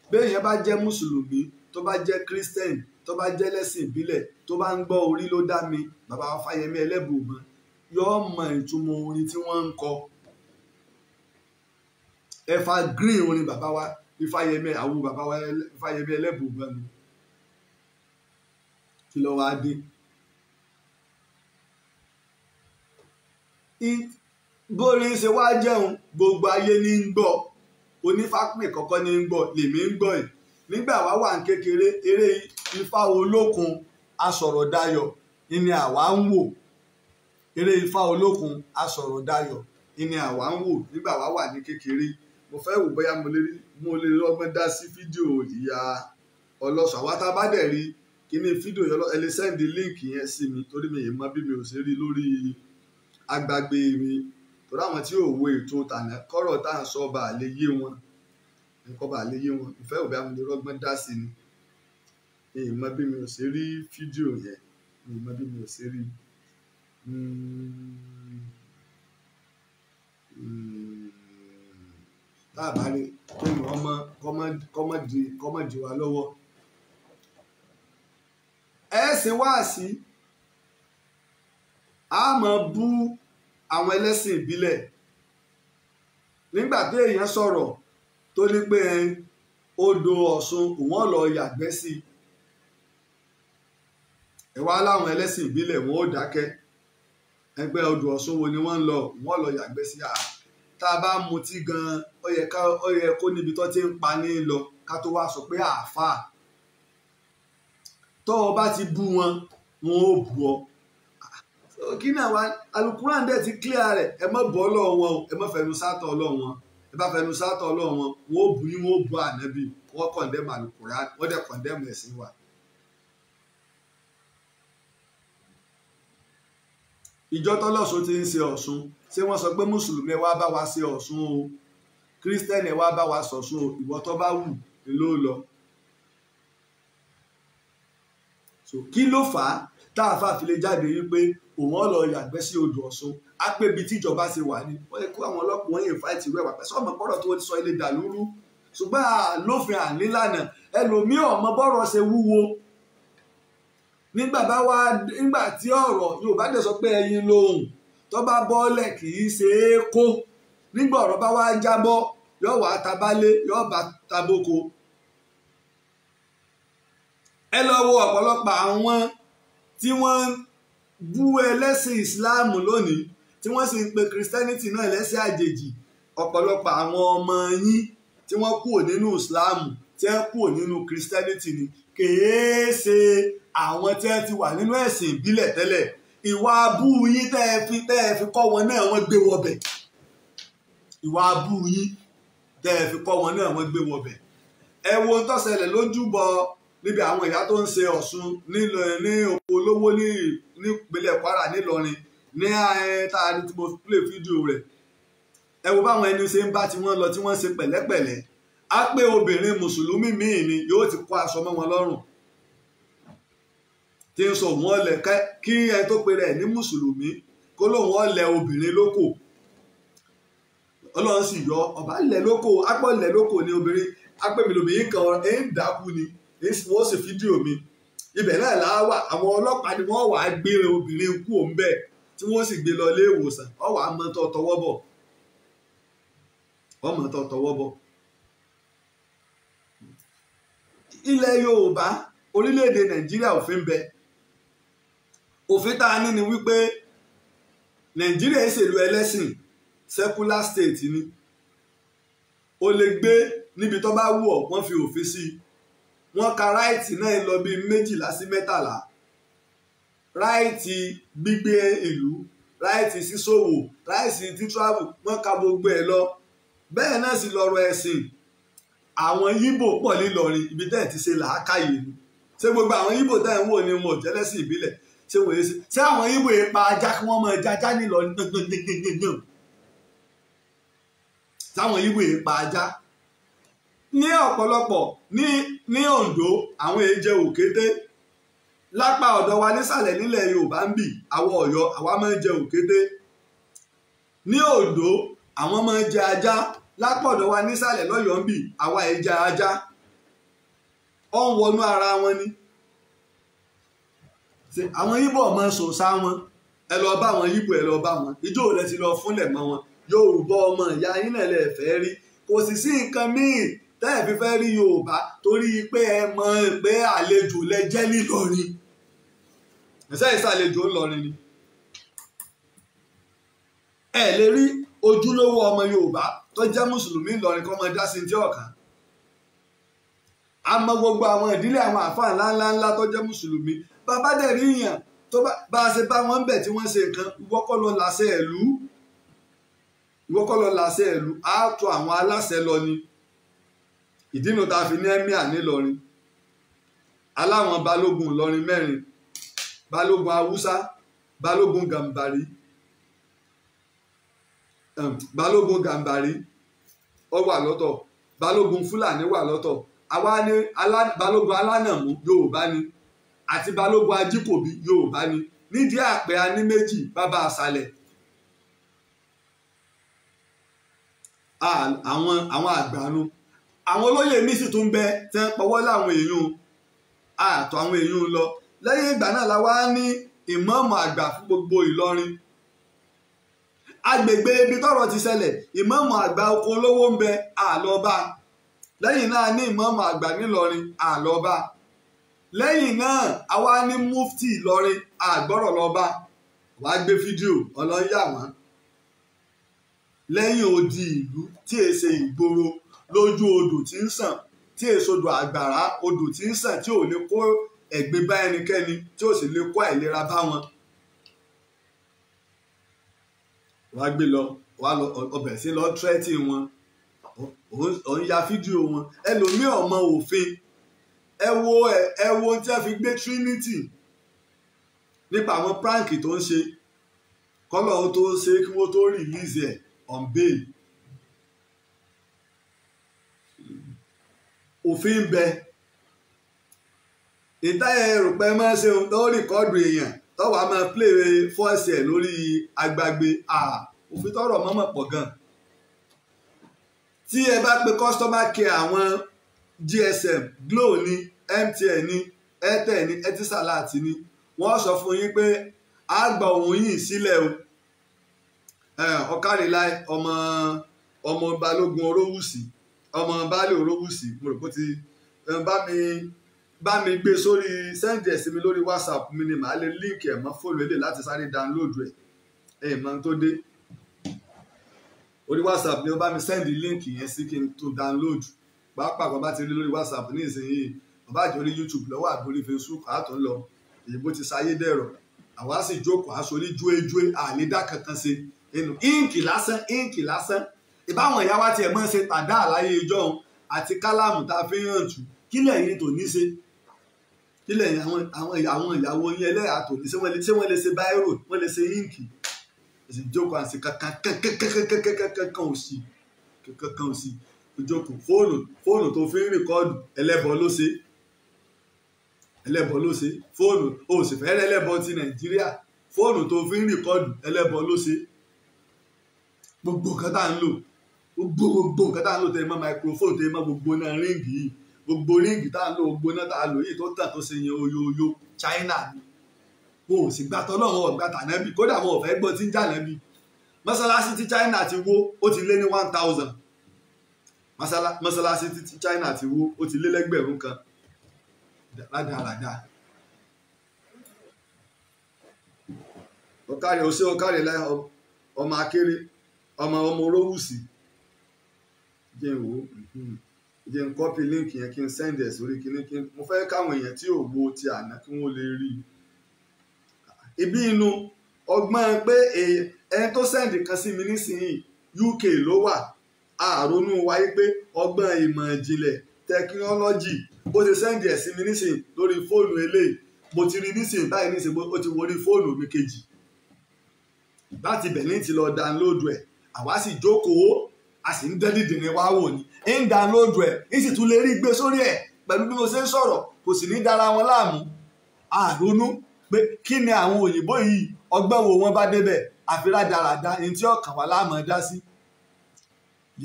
béèyàn bá jẹ́ mùsùlùmí tó bá jẹ́ christian tó bá jẹ́ lẹ́sìn ìbílẹ̀ tó bá ń gbọ́ orí ló dá mi bàbá wa Ifáyẹmí ẹlẹ́bùn bá yọ ọ́ mọ ìtumọ̀ orin tí wọ́n ń kọ ẹ̀fà green orin baba wa ifáyẹmí àwọn baba wa ifáyẹmí ẹlẹ́bùn gan ni kí ló wáá dé. bórin ṣe wá jẹun gbogbo ayé ní ń gbọ́ onífàpè kọ́kọ́ ní ń gbọ́ lèmi ń gbọ́ yìí nígbà wá wà ń kékeré eré ifá olókun asọ̀rọ̀dayọ̀ ìní àwa ń wò eré ifá olókun asọ̀rọ̀dayọ̀ ìní àwa ń wò nígbà wá wà ní kékeré mo fẹ́ wò bóyá mo lè rí mo lè lọ́gbọ́n dá sí fídíò ìyá ọlọ́sọ̀ àwa tá a bá dẹ̀ rí kíní fídíò yẹn ẹ lè sẹ́ndì líǹkì yẹn sí mi torí mi yìí mọ bí mi ò ṣe rí lórí agbágbé mi torí àwọn tí ò wo ètò tànà kọ́rọ̀ tá à ń sọ bá lè yé wọn nǹkan bá lè yé wọn ìfẹ́ òbí àwọn olórọ́gbọ́n dá sí ni mi ì mọ bí mi ò ṣe rí fídíò yẹn mi ì mọ bí mi ò ṣe rí. Hmm. Hmm tá a bá rí kéèyàn ọmọ kọ́mọ̀dì kọ́mọ̀dì wa lọ́wọ́ ẹ ṣe wáàsí a máa bú àwọn ẹlẹ́sìn ìbílẹ̀ nígbà tí èèyàn sọ̀rọ̀ tó ní pé odò Ọ̀ṣun òun lọ yàgbẹ́ sí ẹ wá láwọn ẹlẹ́sìn ìbílẹ̀ wọn ò dákẹ́ ẹgbẹ́ odò Ọ̀ṣun wo ni wọ́n ń lọ òun lọ yàgbẹ́ sí àá tá a bá mutí gan-an ó yẹ ká ó yẹ kó níbi tó ti ń pa ní lọ ká tó wá sọ pé àáfàá tó o bá ti bú wọn wọn ò bú ọ kí náà wá alukuran dẹ̀ ti clear rẹ̀ ẹ má bọ́ lọ́wọ́ wọn ẹ má fẹnu sátọ̀ lọ́wọ́ wọn ẹ bá fẹnu sátọ̀ lọ́wọ́ wọn wọn ò bú yín wọn ò bú ànábì wọ́n kọ̀ndẹ́mù alukuran wọ́n dẹ̀ kọ̀ndẹ́mù ẹ̀sìn wa. ìjọ tọ́lọ́sùn ti ń ṣe Ọ̀ṣun ṣé wọ́n sọ pé mùsùlùmí wá bá wa ṣe ọ̀ṣun o kírísítẹ́nì wá bá wa ṣọ̀ṣun o ìwọ tó bá wù ni ló lọ. so kí ló fà á tá a fà fi lè jáde wípé òun ọ̀lọ́ yàgbẹ́ sí odò ọ̀ṣun á pé ibi tíjọba ṣe wà ní wọ́n lè kó àwọn ọlọ́pàá wọ́n yè fáìtì rẹ̀ wà pẹ̀sọ́ ọmọ bọ́rọ̀ tó sọ ilé dàlúrú ṣùgbọ́n àlófin ànílànà ẹlòmíì ọmọ bọ́rọ̀ ṣe wúwo nígbà tí ọ̀rọ̀ Yorùbá dẹ̀ sọ pé ẹyin lóhùn tó bá bọ́ọ̀lẹ̀ kì í ṣe é kó nígbà ọ̀rọ̀ bá wá jábọ́ yóò wá tabálé yóò bá taboko. ẹ lọ wo ọ̀pọ̀lọpọ̀ àwọn tí wọ́n bú ẹlẹ́sìn Islam lónìí tí wọ́n sì ń pe Christianity náà ẹlẹ́sìn àjèjì ọ̀pọ̀lọpọ̀ àwọn ọmọ yín tí wọ́n kúrò nínú Islam tí wọ́n kúrò nínú Christianity ni kèé ṣe àwọn tí wọ́n ti wà nínú ẹ̀sìn ìbílẹ̀ tẹ́lẹ̀ ìwà abú yín tẹ́ ẹ fi tẹ́ ẹ fi kọ́ wọn náà wọ́n gbé wọ bẹ̀ ìwà abú yín tẹ́ ẹ fi kọ́ wọn náà wọ́n gbé wọ bẹ̀ ẹ wo ohun tó ṣẹlẹ̀ lójúbọ níbi àwọn ìyá tó ń ṣe ọ̀ṣun ní oko olówó ní ìpínlẹ̀ kwara nílọrin ní ta ni tí mo play fídíò rẹ̀ ẹ wo báwọn ẹni ṣe ń bá tiwọn lọ tí wọ́n ṣe pẹ̀lẹ́pẹ̀lẹ́ á pé obìnrin mùsùlùmí míì ni yóò ti kó aṣọ mọ́ wọn lọ́rùn tí ń sọ wọn lẹ kí ẹni tó pe ẹ ní mùsùlùmí kó lóun ọlẹ obìnrin lóko Ọlọ́run sì yọ ọba lẹ lóko apọ ni obìnrin apẹmi lóbìnrin kan ẹ ń dákú ni wọ́n sì fídíò mi ibẹ̀ náà làá wà àwọn ni wọ́n wàá gbé obìnrin kú òun tí sì gbé lọ ilé ìwòsàn wàá mọ mọ òfin tá a ní ni wípé nàìjíríà ìṣèlú ẹlẹ́sìn secular state ni o lè gbé níbi tó bá wù ọ́ wọ́n fi òfin sí i wọ́n ka ráìtì náà lọ bíi méjìlá sí mẹ́tàlá ráìtì gbígbé ìlú ráìtì sísòwò ráìtì títúrààbù wọ́n ka gbogbo ẹ̀ lọ bẹ́ẹ̀ náà sì lọ́rọ̀ ẹ̀sìn àwọn yíbò pọ̀ nílọrin ibi tẹ́ ẹ̀ ti ṣe làákàyè ni ṣé gbogbo àwọn yíbò tẹ́ ẹ̀ ń wò ni wọn ò jẹ́lẹ́sìn ìbílẹ̀ ṣé wọ́n sí ṣé àwọn ibo yẹn ajá kí wọ́n máa já ajá nílọ gbọ̀ngbọ̀ngbọ̀ngbọ̀n táwọn ibo yẹn ajá ní ọ̀pọ̀lọpọ̀ ní ní Ondo àwọn èyí òkété lápá ọ̀dọ̀ wa nísàlẹ̀ nílẹ̀ Yorùbá ń bì àwọn Ọ̀yọ́ àwa máa ń jẹ òkété ní Ondo àwọn máa ń jẹ ajá lápá ọ̀dọ̀ wa nísàlẹ̀ lọ́yọ̀ọ́ ń bì àwa ẹ̀ jẹ ajá ọ̀ ń wọnú ara wọn ni àwọn Ìgbò ọmọ sòsá wọn ẹ lọ bá àwọn Ìgbò ẹ lọ bá wọn ìjọ òun lẹ ti lọ fúnlẹ̀ mọ́ wọn Yorùbá ọmọ ìyá yín náà lẹ fẹ́ rí kò sì sí nǹkan míì tẹ́ ẹ̀ fi fẹ́ rí Yorùbá torí pé ẹ mọ̀ pé àlejò lẹ jẹ́ nílọrin ẹ̀sẹ̀ ìsàlejò ńlọrin ni ẹ lè rí ojúlówó ọmọ Yorùbá tó jẹ́ mùsùlùmí ńlọrin kọ́ mọ dá sí ti ọ̀kan gbogbo àwọn ìdílé àwọn àfáà ńláńláńlá tó jẹ́ mùsùlùmí bàbá dẹ̀ rí yàn tó bá a ṣe bá wọn bẹ̀ tí wọ́n ṣe nǹkan ìwọ kọ́ lọ làṣẹ ìlú ìwọ kọ́ lọ làṣẹ ìlú á tó àwọn aláṣẹ lọ ni ìdínà tá a fi ní ẹ́míà nílọrin aláwọn balógun ìlọrin mẹ́rin balógun haúsá balógun gàmbàrí um, balógun gàmbàrí ó wà lọ́tọ̀ balógun fúlàní wà lọ́tọ̀ àwa ni balógun alánàmú yorùbá ni. Balógun àti balógun ajíkòbí yorùbá ni nídìí àpẹ aní méjì bàbá àṣàlẹ̀ àwọn àwọn àgbàánu àwọn olóyè mi sì tún bẹ tẹ́ ń pọwọ́ láwọn èèyàn àtọ̀ àwọn èèyàn lọ lẹ́yìn ìgbà náà la wá ní ìmáàmù àgbà fún gbogbo ìlọrin agbègbè ibi tọ́rọ̀ ti ṣẹlẹ̀ ìmáàmù àgbà oko olówó ń bẹ àlọ́ba lẹ́yìn náà ní ìmáàmù àgbà nílọrin àlọ́ba lẹ́yìn náà àwa ní mufti Ìlọrin àgbọ̀rọ̀ lọ́ba wàá gbé fídíò ọlọ́yà wọn lẹ́yìn odi ìlú tí è ṣe ìgboro lójú odò tí ń sàn tí è sodò àgbàrá odò tí ń sàn tí ò lè kó ẹ̀gbin bá ẹnikẹ́ni tí ò sì lè kó àìlera bá wọn. wàá gbé lọ wàá lọ ọbẹ̀ sí lọ tírẹ́tì wọn òun ya fídíò wọn ẹlòmíì ọmọ òfin ẹ wo ẹ wo ohun tí ẹ fi gbé Trinity nípa àwọn prank tó ń ṣe kọ́lọ̀ ohun tó ń ṣe kí wọ́n tó release ẹ̀ on bail òfin ń bẹ ìtayẹ rògbẹ máa ṣe ohun tó rìkọ́dù èèyàn tọ́wọ́ a máa play fọ́ọ̀sì ẹ̀ lórí agbágbé òfin tọrọ mọ́mọ́ pọ̀ gan tí ẹ bá pe customer care àwọn GSM Glo ní MTN ní Airtel ní Etisalat ní wọ́n sọ fún yín pé a gba òun yìí sílẹ̀ o ọ̀kàrìlá ọmọ ọmọ balógun orówùsì ọmọ baálé orówùsì mo rò pé ti bá mi bá mi gbé sórí sẹ́ǹdì ẹ̀sìn mi lórí WhatsApp mi ni màá lè líǹkì ẹ̀ mọ́ fóònù eléyìí láti sáré dáńlóòdù ẹ̀ ẹ̀ mọ́ tó dé orí WhatsApp ni ó bá mi sẹ́ǹdì líǹkì yẹn sí kí n tó dáńlóòdù pàápàá kan bá ti rí lórí whatsapp ní ìsinyìí bàbá àjọ orí youtube lọ́wọ́ àgbórí facebook àtọ̀ ń lọ èyíbó ti sayé dẹ̀rọ̀ àwa sì jókòó aṣorí juejue àlédá kankan ṣe nínú íǹkì lásán íǹkì lásán ìbáwọn ìyá wa tiẹ̀ mọ́ ṣe tàdá àláyé ìjọ́un àti kálámù tá a fi hàn jù kílẹ̀ yìí tò ní ṣe kílẹ̀ yìí àwọn ìyàwó yín ẹlẹ́yà tò ní ṣe wọ́n lè ṣe báírò wọ́n lè ṣe íǹkì ìsìnjókòó àti kankan kankan kankan kankan kankan òsì kankan òsì ìjókòó fóònù fóònù tó fi ń rìkọ́ọ̀dù ẹlẹ́bọ ló ṣe ẹlẹ́bọ ló ṣe fóònù o sì fẹ́ ẹlẹ́bọ ti nàìjíríà fóònù tó fi ń rìkọ́ọ̀dù ẹlẹ́bọ ló ṣe gbogbo nǹkan tá à ń lò gbogbo gbogbo nǹkan tá à ń lò tẹ́ ẹ mọ́ microphone tẹ́ ẹ mọ́ gbogbo náà ríǹgì yìí gbogbo ríǹgì tá à ń lò gbogbo náà tá à ń lò yìí tó tà tó ṣe yẹn oyoyo China ni o sì gbà tọ́ náà wọn ò gbà tànẹ́bì kódà wọn ò fẹ́ gbọ́ tí ń jà nẹ́bì mọ́sálásí tí China ti wó ó ti lé ní one thousand mọ́sálásí China ti wó ó ti lé lẹ́gbẹ̀rún kan ládàládà. ọ̀kàrẹ̀ ọ̀sẹ̀ láyà ọmọ akéré ọmọ ọmọ olówùsì jẹ ìwò jẹ́ ń kọ́pì líǹkì kí n sẹ́ndì ẹ̀ sórí n kí mo fẹ́ káwọn èèyàn tí ò wo ti àná kí wọ́n lè rí i. ibi inú ọgbọ́n pé eh, ẹni tó kan sí mi nísìnyí UK ló wà àrònú wáyé pé ọgbọ́n ìmọ̀ ìjìnlẹ̀ tẹkinọ́lọ́jì bó ṣe sẹ́ǹdì ẹ̀ sí mi nísìn lórí fóònù eléyìí mo ti rí nísìn báyìí nísìn ó ti wọlé fóònù mi kejì láti Berlin ti lọ dánlóòdù ẹ̀ àwa sì jókòó a sì ń dẹ́dìdì ní wá wò ní ń dánlóòdù ẹ̀ ń sì tún lè rí gbé sórí ẹ̀ pẹ̀lú bí mo ṣe ń sọ̀rọ̀ kò sì ní dára wọn láàmú àrònú pé kí ni àwọn òyìnbó yìí ọgbọ́n wo wọn bá débẹ̀ àfi rádaràda ẹni tí ọkàn wà láàmú dá sí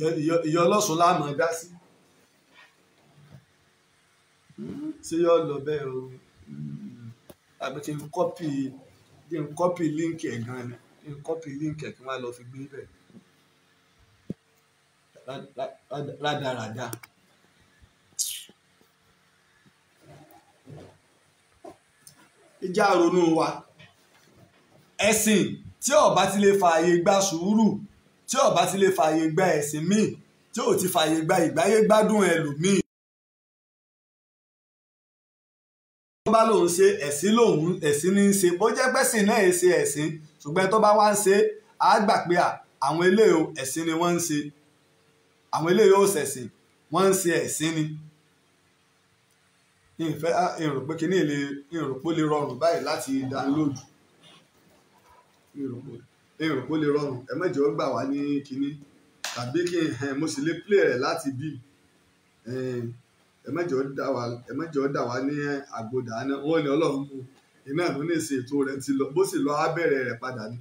ìyọ ọlọ́sùn láàmú dá sí ṣé yọ lọ bẹ́ẹ̀ o àbí kí n kọ́pì kí n kọ́pì líǹkì ẹ̀ gan ni kí n kọ́pì líǹkì ẹ̀ kí n wá lọ fi gbé bẹ̀ rádaràda. ìjà ronú wa ẹ̀sìn tí ọba ti lè fààyè gba sùúrù tí ọba ti lè fààyè gba ẹ̀sìn míì tí ò ti fààyè gba ìgbáyé gbádùn ẹlòmíì. tó bá lòun ṣe ẹ̀sìn lòun ẹ̀sìn ní í ṣe bó jẹ́ pẹ́sìn náà ṣe ẹ̀sìn ṣùgbọ́n tó bá wá ń ṣe á gbà pé àwọn eléyò ẹ̀sìn ni wọ́n ń ṣe àwọn eléyò ṣẹ̀sìn wọ́n ń ṣe ẹ̀sìn ni. ìfẹ́ èrò pé kíní lè rọrùn báyìí láti download èrò kó lè rọrùn ẹ mẹ́jọ ó gbà wá ní kínní tàbí kí n mo sì lè play rẹ̀ láti bí ẹ mẹ́jọ dà wá ẹ mẹ́jọ dà wá ní àgbòdà náà wọ́n ní ọlọ́run mú iná ìlú ní ìsìn ètò rẹ̀ ti lọ bó sì lọ á bẹ̀rẹ̀ rẹ̀ padà ní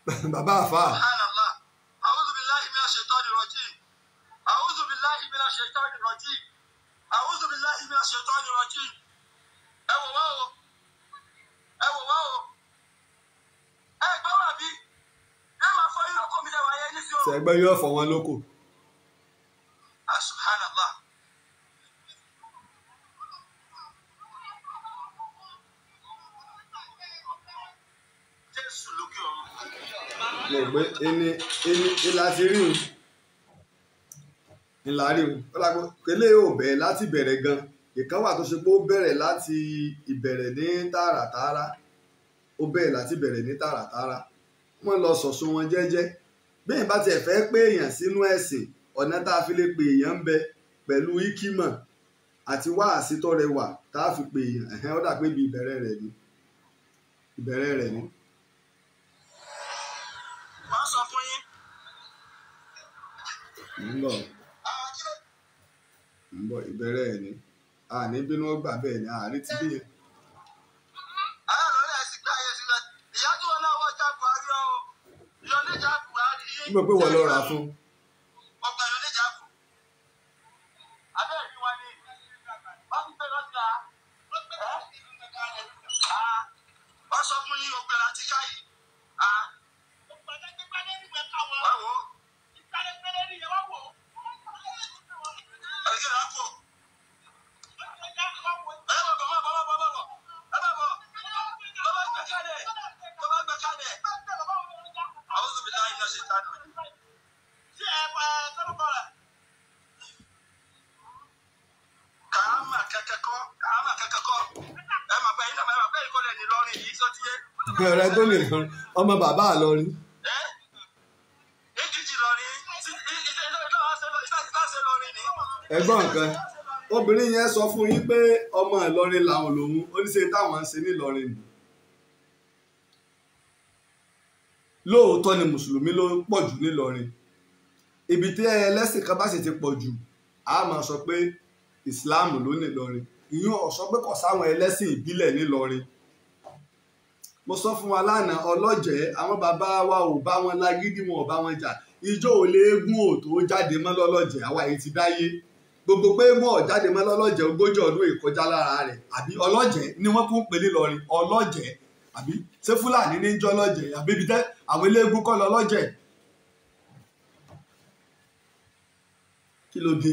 bàbá àfa. A'udhu billahi minash shaitani rajim. A'udhu billahi minash shaitani rajim. A'udhu billahi minash shaitani rajim. ẹ wò wá o ẹ wò wá o ẹ gbọ́ yóò fọ wọn lóko. mo gbé ẹni ẹni ìlà ti rí un ńlá rí un ó lágbó kélé ò bẹ̀rẹ̀ láti bẹ̀rẹ̀ gan ìkan wà tó ṣe pé ó bẹ̀rẹ̀ láti ìbẹ̀rẹ̀ ní tààràtààrà ó bẹ̀rẹ̀ láti bẹ̀rẹ̀ ní tààràtààrà wọ́n lọ sọ̀sùn wọn jẹ́jẹ́ bẹ́ẹ̀ bá tiẹ̀ fẹ́ pé èèyàn sínú ẹ̀sìn ọ̀nà tá a fi lè pè èèyàn ń bẹ pẹ̀lú ikímọ̀ àti wá àsìtọ́ rẹwà tá a fi pè èèyàn ẹ̀hẹ́n ó dà pé ibi ìbẹ̀rẹ̀ rẹ̀ ni ìbẹ̀rẹ̀ rẹ̀ ni. ń bọ̀ ń bọ̀ ìbẹ̀rẹ̀ ẹ̀ ni àní bínú ọgbà bẹ́ẹ̀ ni àárí ti gbogbo pé lọ fún. ọ̀rẹ́ gómìnà ọmọ bàbá àlọ́rí. ẹ̀gbọ́n nǹkan obìnrin yẹn sọ fún yín pé ọmọ Ìlọrin làwọn lòun oníṣẹ́ táwọn ń ṣe nílọrin nù. lóòótọ́ ni mùsùlùmí ló pọ̀ jù nílọrin ibi tí ẹlẹ́sìn kan bá sì ti pọ̀ jù a máa sọ pé ìsìláàmù ló nílọrin ìyún ọ̀sọ́ pé kò sáwọn ẹlẹ́sìn ìbílẹ̀ nílọrin mo sọ fún wa lánàá ọlọ́jẹ́ àwọn bàbá wa ò bá wọn lágídí wọn ò bá wọn jà ijó ò léegun ò tó jáde mọ́ lọ́lọ́jẹ́ àwa yìí ti dáyé gbogbo pé mọ́ ọ̀ jáde mọ́ lọ́lọ́jẹ́ ogójì ọdún ìkọjá lára rẹ̀ àbí ọlọ́jẹ́ ni wọ́n kún pèlè lọ́rin ọlọ́jẹ́ àbí ṣé fúlàní ní jọ́ lọ́jẹ́ àbí ibi tẹ́ àwọn eléégún kọ́ lọ́lọ́jẹ́ kí ló dé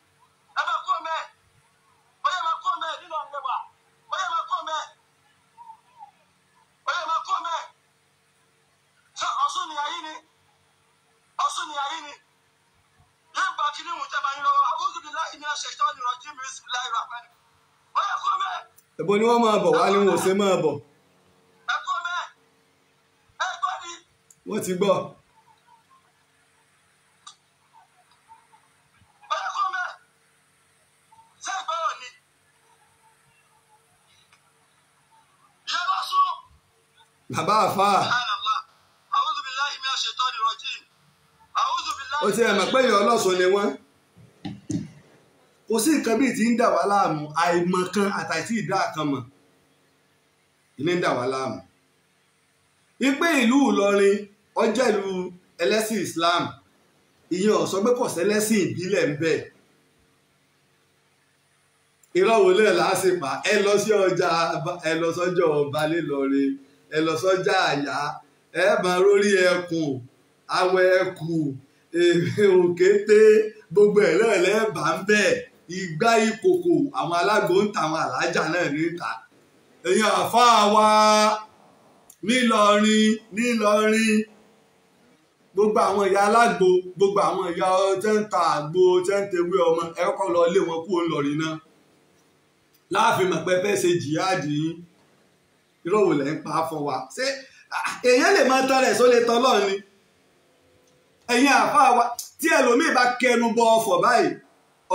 ẹ máa kó mẹ bóyá ẹ máa kó mẹ nínú ọ̀rẹ́ wa bóyá ẹ máa kó mẹ bóyá ẹ máa kó mẹ ṣé ọ̀ṣun ni ayé ni ọ̀ṣun ni ayé ni lẹ́yìn bá kí ni mo jẹ́ máa ń lọ àwùjọ ni láì wá ní wọn ò ṣe máa bọ̀. ẹ ti gbọ́. bàbá àfa. ó ti ẹ̀ mọ̀ pé èèyàn ọlọ́sùn ni wọ́n kò sí nǹkan bíi ti ń dà wá láàmú àìmọ̀kan àtàìtí ìdá kan mọ̀ ní ń dà wá láàmú. ipe ìlú Ìlọrin ọjọ́ ìlú ẹlẹ́sìn Islam ìyẹn ò sọ pé kò sẹ́lẹ́sìn ìbílẹ̀ ń bẹ. ìrọ̀wọ́lẹ̀ làásìpà ẹ lọ sí ọjà ẹ lọ sọ́jọ́ ọba lẹ́lọ́rin ẹ lọ sọ́jà àyà ẹ máa rórí ẹkùn àwọn ẹkùn òkété gbogbo ẹ̀ lẹ́ẹ̀lẹ́ bá ń bẹ̀ ìgbà ìkòkò àwọn alágbó ń ta àwọn àlájà náà níta èèyàn àfa wa nílọrin nílọrin gbogbo àwọn ìyá alágbo gbogbo àwọn ìyá tẹ́ ń ta àgbo tẹ́ ń tewé ọmọ ẹ kọ́kọ́ lọ lé wọn kúrò ńlọrin náà láàfin mọ̀pẹ́ fẹ́ ṣe jìhádì yín irọ́ wò lẹ́ ń pa fún wa ṣé èèyàn lè máa tán rẹ̀ sólè tán lọ́ọ̀ ni ẹ̀yin àfa wa tí ẹlòmíì bá kẹnu bọ ọfọ̀ báyìí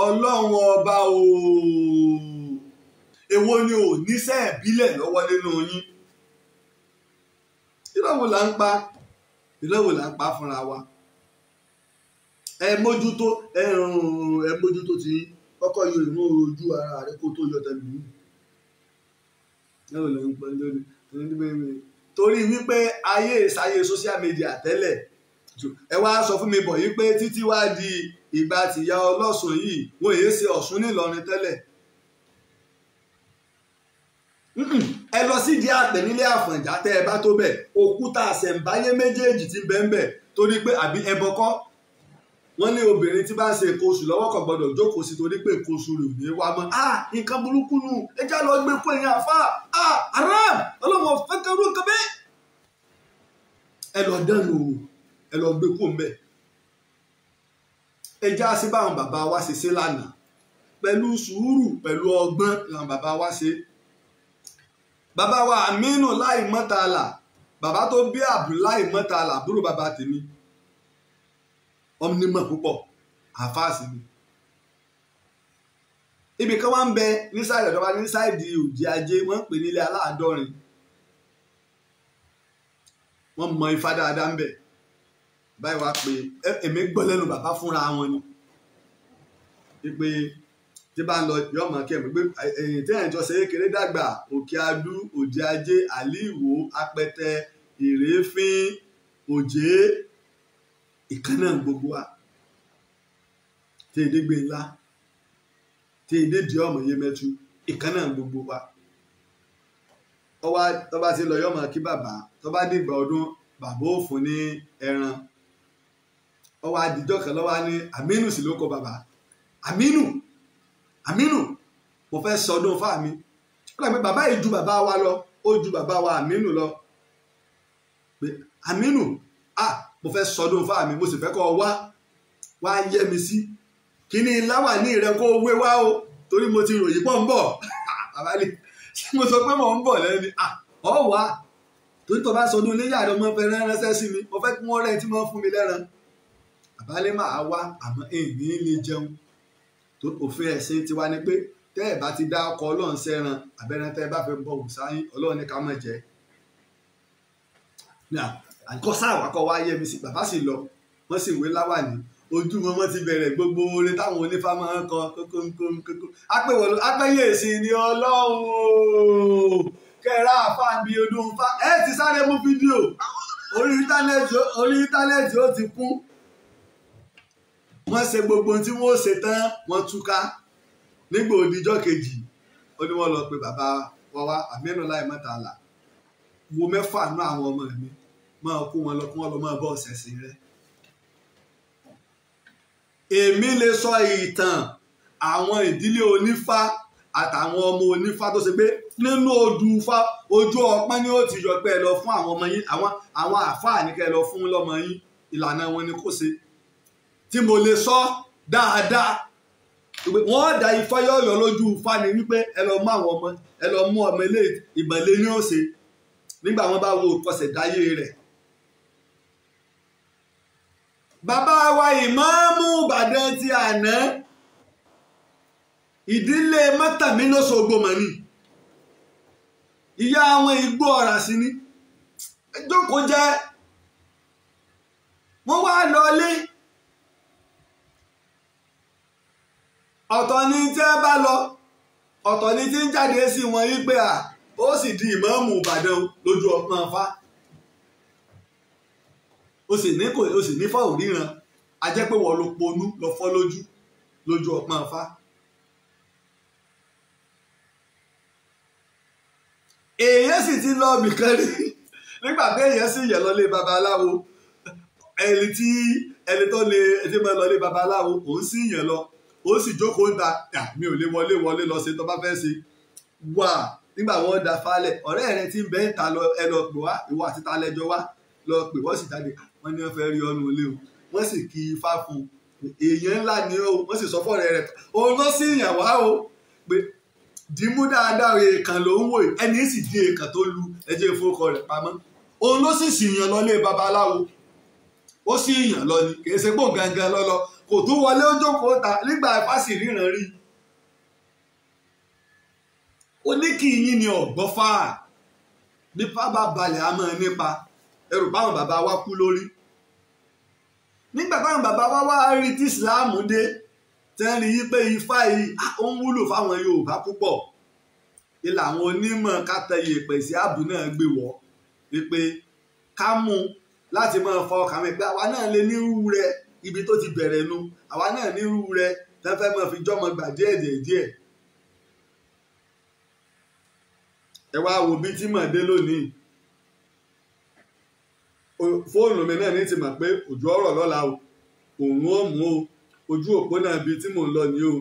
ọlọ́run ọba ooo èwo ni ò níṣẹ́ ìbílẹ̀ lọ́wọ́ nínú yín irọ́ wò là ń pa irọ́ wò là ń pa fúnra wa ẹ mójútó ẹ mójútó tí kọ́kọ́ yọ ìrún ojú ara rẹ kó tó yọ tẹ̀lé yìí náà ló ń pẹ́ lórí torí wípé ayé ìsáyé social media tẹ́lẹ̀ ẹ wá sọ fún mi bọ̀ yí pé títí wá di ìgbà tìyá ọlọ́sùn yìí wọn èyí ṣe ọ̀ṣun nílọrin tẹ́lẹ̀ ẹ lọ sí di àpẹ nílé àfọ̀njá tẹ́ ẹ bá tó bẹ̀ òkúta àṣẹ̀ǹbáyé méjèèjì ti bẹ́ẹ̀ bẹ́ẹ̀ torí pé àbí ẹbọ kọ́ wọ́n ní obìnrin tí bá ń ṣe èkó oṣù lọ́wọ́ kan gbọ́dọ̀ jókòó sí torí pé èkó oṣù rẹ̀ ò ní wá mọ́ nǹkan burúkú nù ẹ já lọ gbé kó èèyàn àfa aram ọlọ́wọ́ fẹ́kẹ́rú nǹkan bẹ́ẹ̀ ẹ lọ dánù o ẹ lọ gbé kó mbẹ ẹ já sí báwọn bàbá wa ṣe ṣe lánàá pẹ̀lú sùúrù pẹ̀lú ọgbọ́n làwọn bàbá wa ṣe bàbá wa Aminu Lai Murtala bàbá tó bí Abdullahi Murtala àbúrò bàbá tèmi onímọ̀ púpọ̀ àfáàsì ni ibì kan wá ń bẹ ní sáìdì ọ̀dọ́ wa ní òjì ajé wọ́n ń pè ní ilé aláàdọ́rin mọ ifá dáadáa ń bẹ báyìí wá pé èmi gbọ́ lẹ́nu bàbá fúnra wọn ni pípé tí bá ń lọ yọ ọmọ kẹmí pé èyí tí ẹ̀yìn tó ṣe kéré dàgbà òkè adú òjì ajé àlìwò apẹtẹ ìrèéfín òjé ìkan náà gbogbo wa tí èdè gbé ńlá tí èdè di ọmọ yé mẹtu ìkan náà gbogbo wa ọwá tọba ti lọ yọmọ kí bàbá tọba dìgbà ọdún bàbá ò fún ní ẹran ọwọ adìjọ kan lọwọ ní aminu sì ló kọ bàbá aminu aminu mo fẹ́ sọdún fáàmì ó dàbí bàbá yìí ju bàbá wa lọ ó ju bàbá wa aminu lọ pé aminu ah mo fẹ́ sọdún fáàmì mo sì fẹ́ kọ́ ọ wá wá yẹ mi sí kíní láwàní rẹ kó wé wá o torí mo ti ròyìn pọ̀ ń bọ̀ àbálẹ̀ mo sọ pé mò ń bọ̀ lẹ́ni ọ̀ wá torí tó bá sọdún iléyà rẹ mo fẹ́ ránṣẹ́ sí mi mo fẹ́ kí wọ́n rẹ̀ tí wọ́n fún mi lẹ́ran àbálẹ̀ máa wá àmọ́ èyí lè jẹun òfin ẹ̀sìn tiwa ni pé tẹ́ ẹ̀ bá ti dá ọkọ ọlọ́run sẹ́ran àbẹ́rẹ́ tẹ́ ẹ bá fẹ́ bọ̀ wù sáyín ọlọ́run ní ká mọ̀ jẹ́ àkọsá àwọn akọwá efcc bàbá sì lọ wọ́n sì wé láwàní ojú wọn wọ́n ti bẹ̀rẹ̀ gbogbo oore táwọn onífá máa ń kọ kókóńkóńkókó apẹwọlú apẹyẹsì ni Ọlọ́run kẹrẹ àfàǹbí ọdún fa ẹ ti sáré mú fídíò orí íńtánẹ́ẹ̀tì ó ti kún wọ́n ṣe gbogbo tí wọ́n ṣe tán wọ́n túká nígbà òdìjọ́ kejì ó ní wọ́n lọ pe bàbá wa wá àmínú láì mọ́ta là wo mẹ́fà nú àwọn ọmọ mi máa kó wọn lọ kó wọn lọ máa bọ́ ọ̀sẹ̀ sí rẹ. èmi lè sọ ìtàn àwọn ìdílé onífá àtàwọn ọmọ onífá tó ṣe pé nínú odù fa ojú ọpọ́n ni ó ti yọ pé ẹ lọ fún àwọn ọmọ yín àwọn àwọn àáfàá ní kẹ́ ẹ lọ fún lọ́mọ yín ìlànà wọn ni kò ṣe tí mo lè sọ dáadáa wọ́n da ifá yọ̀yọ̀ lójú ifá ni wípé ẹ lọ mú àwọn ọmọ ẹ lọ mú ọmọ ilé ìgbàlè ní òsè nígbà wọn bá wo ìkọsẹ̀ dáyé rẹ̀ bàbá wa ìmáàmù ìbàdàn ti àná ìdílé mọ́tàmílòsògbò mọ̀nì ìyá àwọn igbó ọ̀rà sí ni jókòó jẹ́ wọ́n wá lọlé ọ̀tọ̀ ni tí ẹ bá lọ ọ̀tọ̀ ni tí ń jáde sí wọn yí pé à ó sì di ìmáàmù ìbàdàn lójú ọpọ́n afá o sì ní kò o sì ní fáwọn ríran a jẹ́ pé wọ́n ló ponú lọ fọ́ lójú lójú ọpọ́n afá. èèyàn sì ti lọ mìkan rí nígbà pé èèyàn sì yẹ̀ lọlé babaláwo ẹni tí ẹni tó lè ẹni tó lọlé babaláwo òun sì yẹ̀ lọ òun sì jókòó ń ta mi ò lè wọlé wọlé lọ ṣe tó bá fẹ́ ṣe wà nígbà wọn da falẹ̀ ọ̀rẹ́ rẹ ti bẹ ta lọ ẹ lọ pè wá ìwọ àti ta wá lọ pè wọ́n sì jáde wọ́n ní wọ́n fẹ́ rí ọnù ilé o wọ́n sì kí ifá fún un èèyàn ńlá ni o wọ́n sì sọ fọ́ọ̀rẹ́ rẹ̀ òun lọ sí ìyàwó o pé dìímú dáadáa èèkàn ló ń wò yìí ẹni sì di èèkàn tó lu ẹjẹ ìfowókọ rẹ̀ pamọ́ òun ló sì ṣìyàn lọ lé babaláwo ó sì yàn lọ ni kì í ṣe pò gangan lọ́lọ́ kò tún wọlé ó jókòó ta nígbà ìfásì ríran rí ó ní kí yín ni ọ̀gbọ́fà nípa bá balẹ̀ a nípa ẹrù báwọn bàbá wa kú lórí nígbà táwọn bàbá wa wá rí tí ìsìláàmù dé tẹ́rin yí pé ifá yìí ah, ó ń wúlò fáwọn yorùbá púpọ̀ ilà àwọn onímọ̀ kátẹ́yẹ pèsè ààbò náà gbé wọ̀ wípé ká mú láti máa fọ mi pé àwa náà lè nírú rẹ ibi tó ti bẹ̀rẹ̀ nu àwa náà nírú rẹ tẹ́fẹ́ máa fi jọ́mọ gbà díẹ̀ díẹ̀ díẹ̀. ẹ wá wo bí tí mọ̀ dé lónìí fóònù mi náà ní ti mọ̀ pé òjò ọ̀rọ̀ o òun o ojú òpó náà bíi tí mò ń lọ o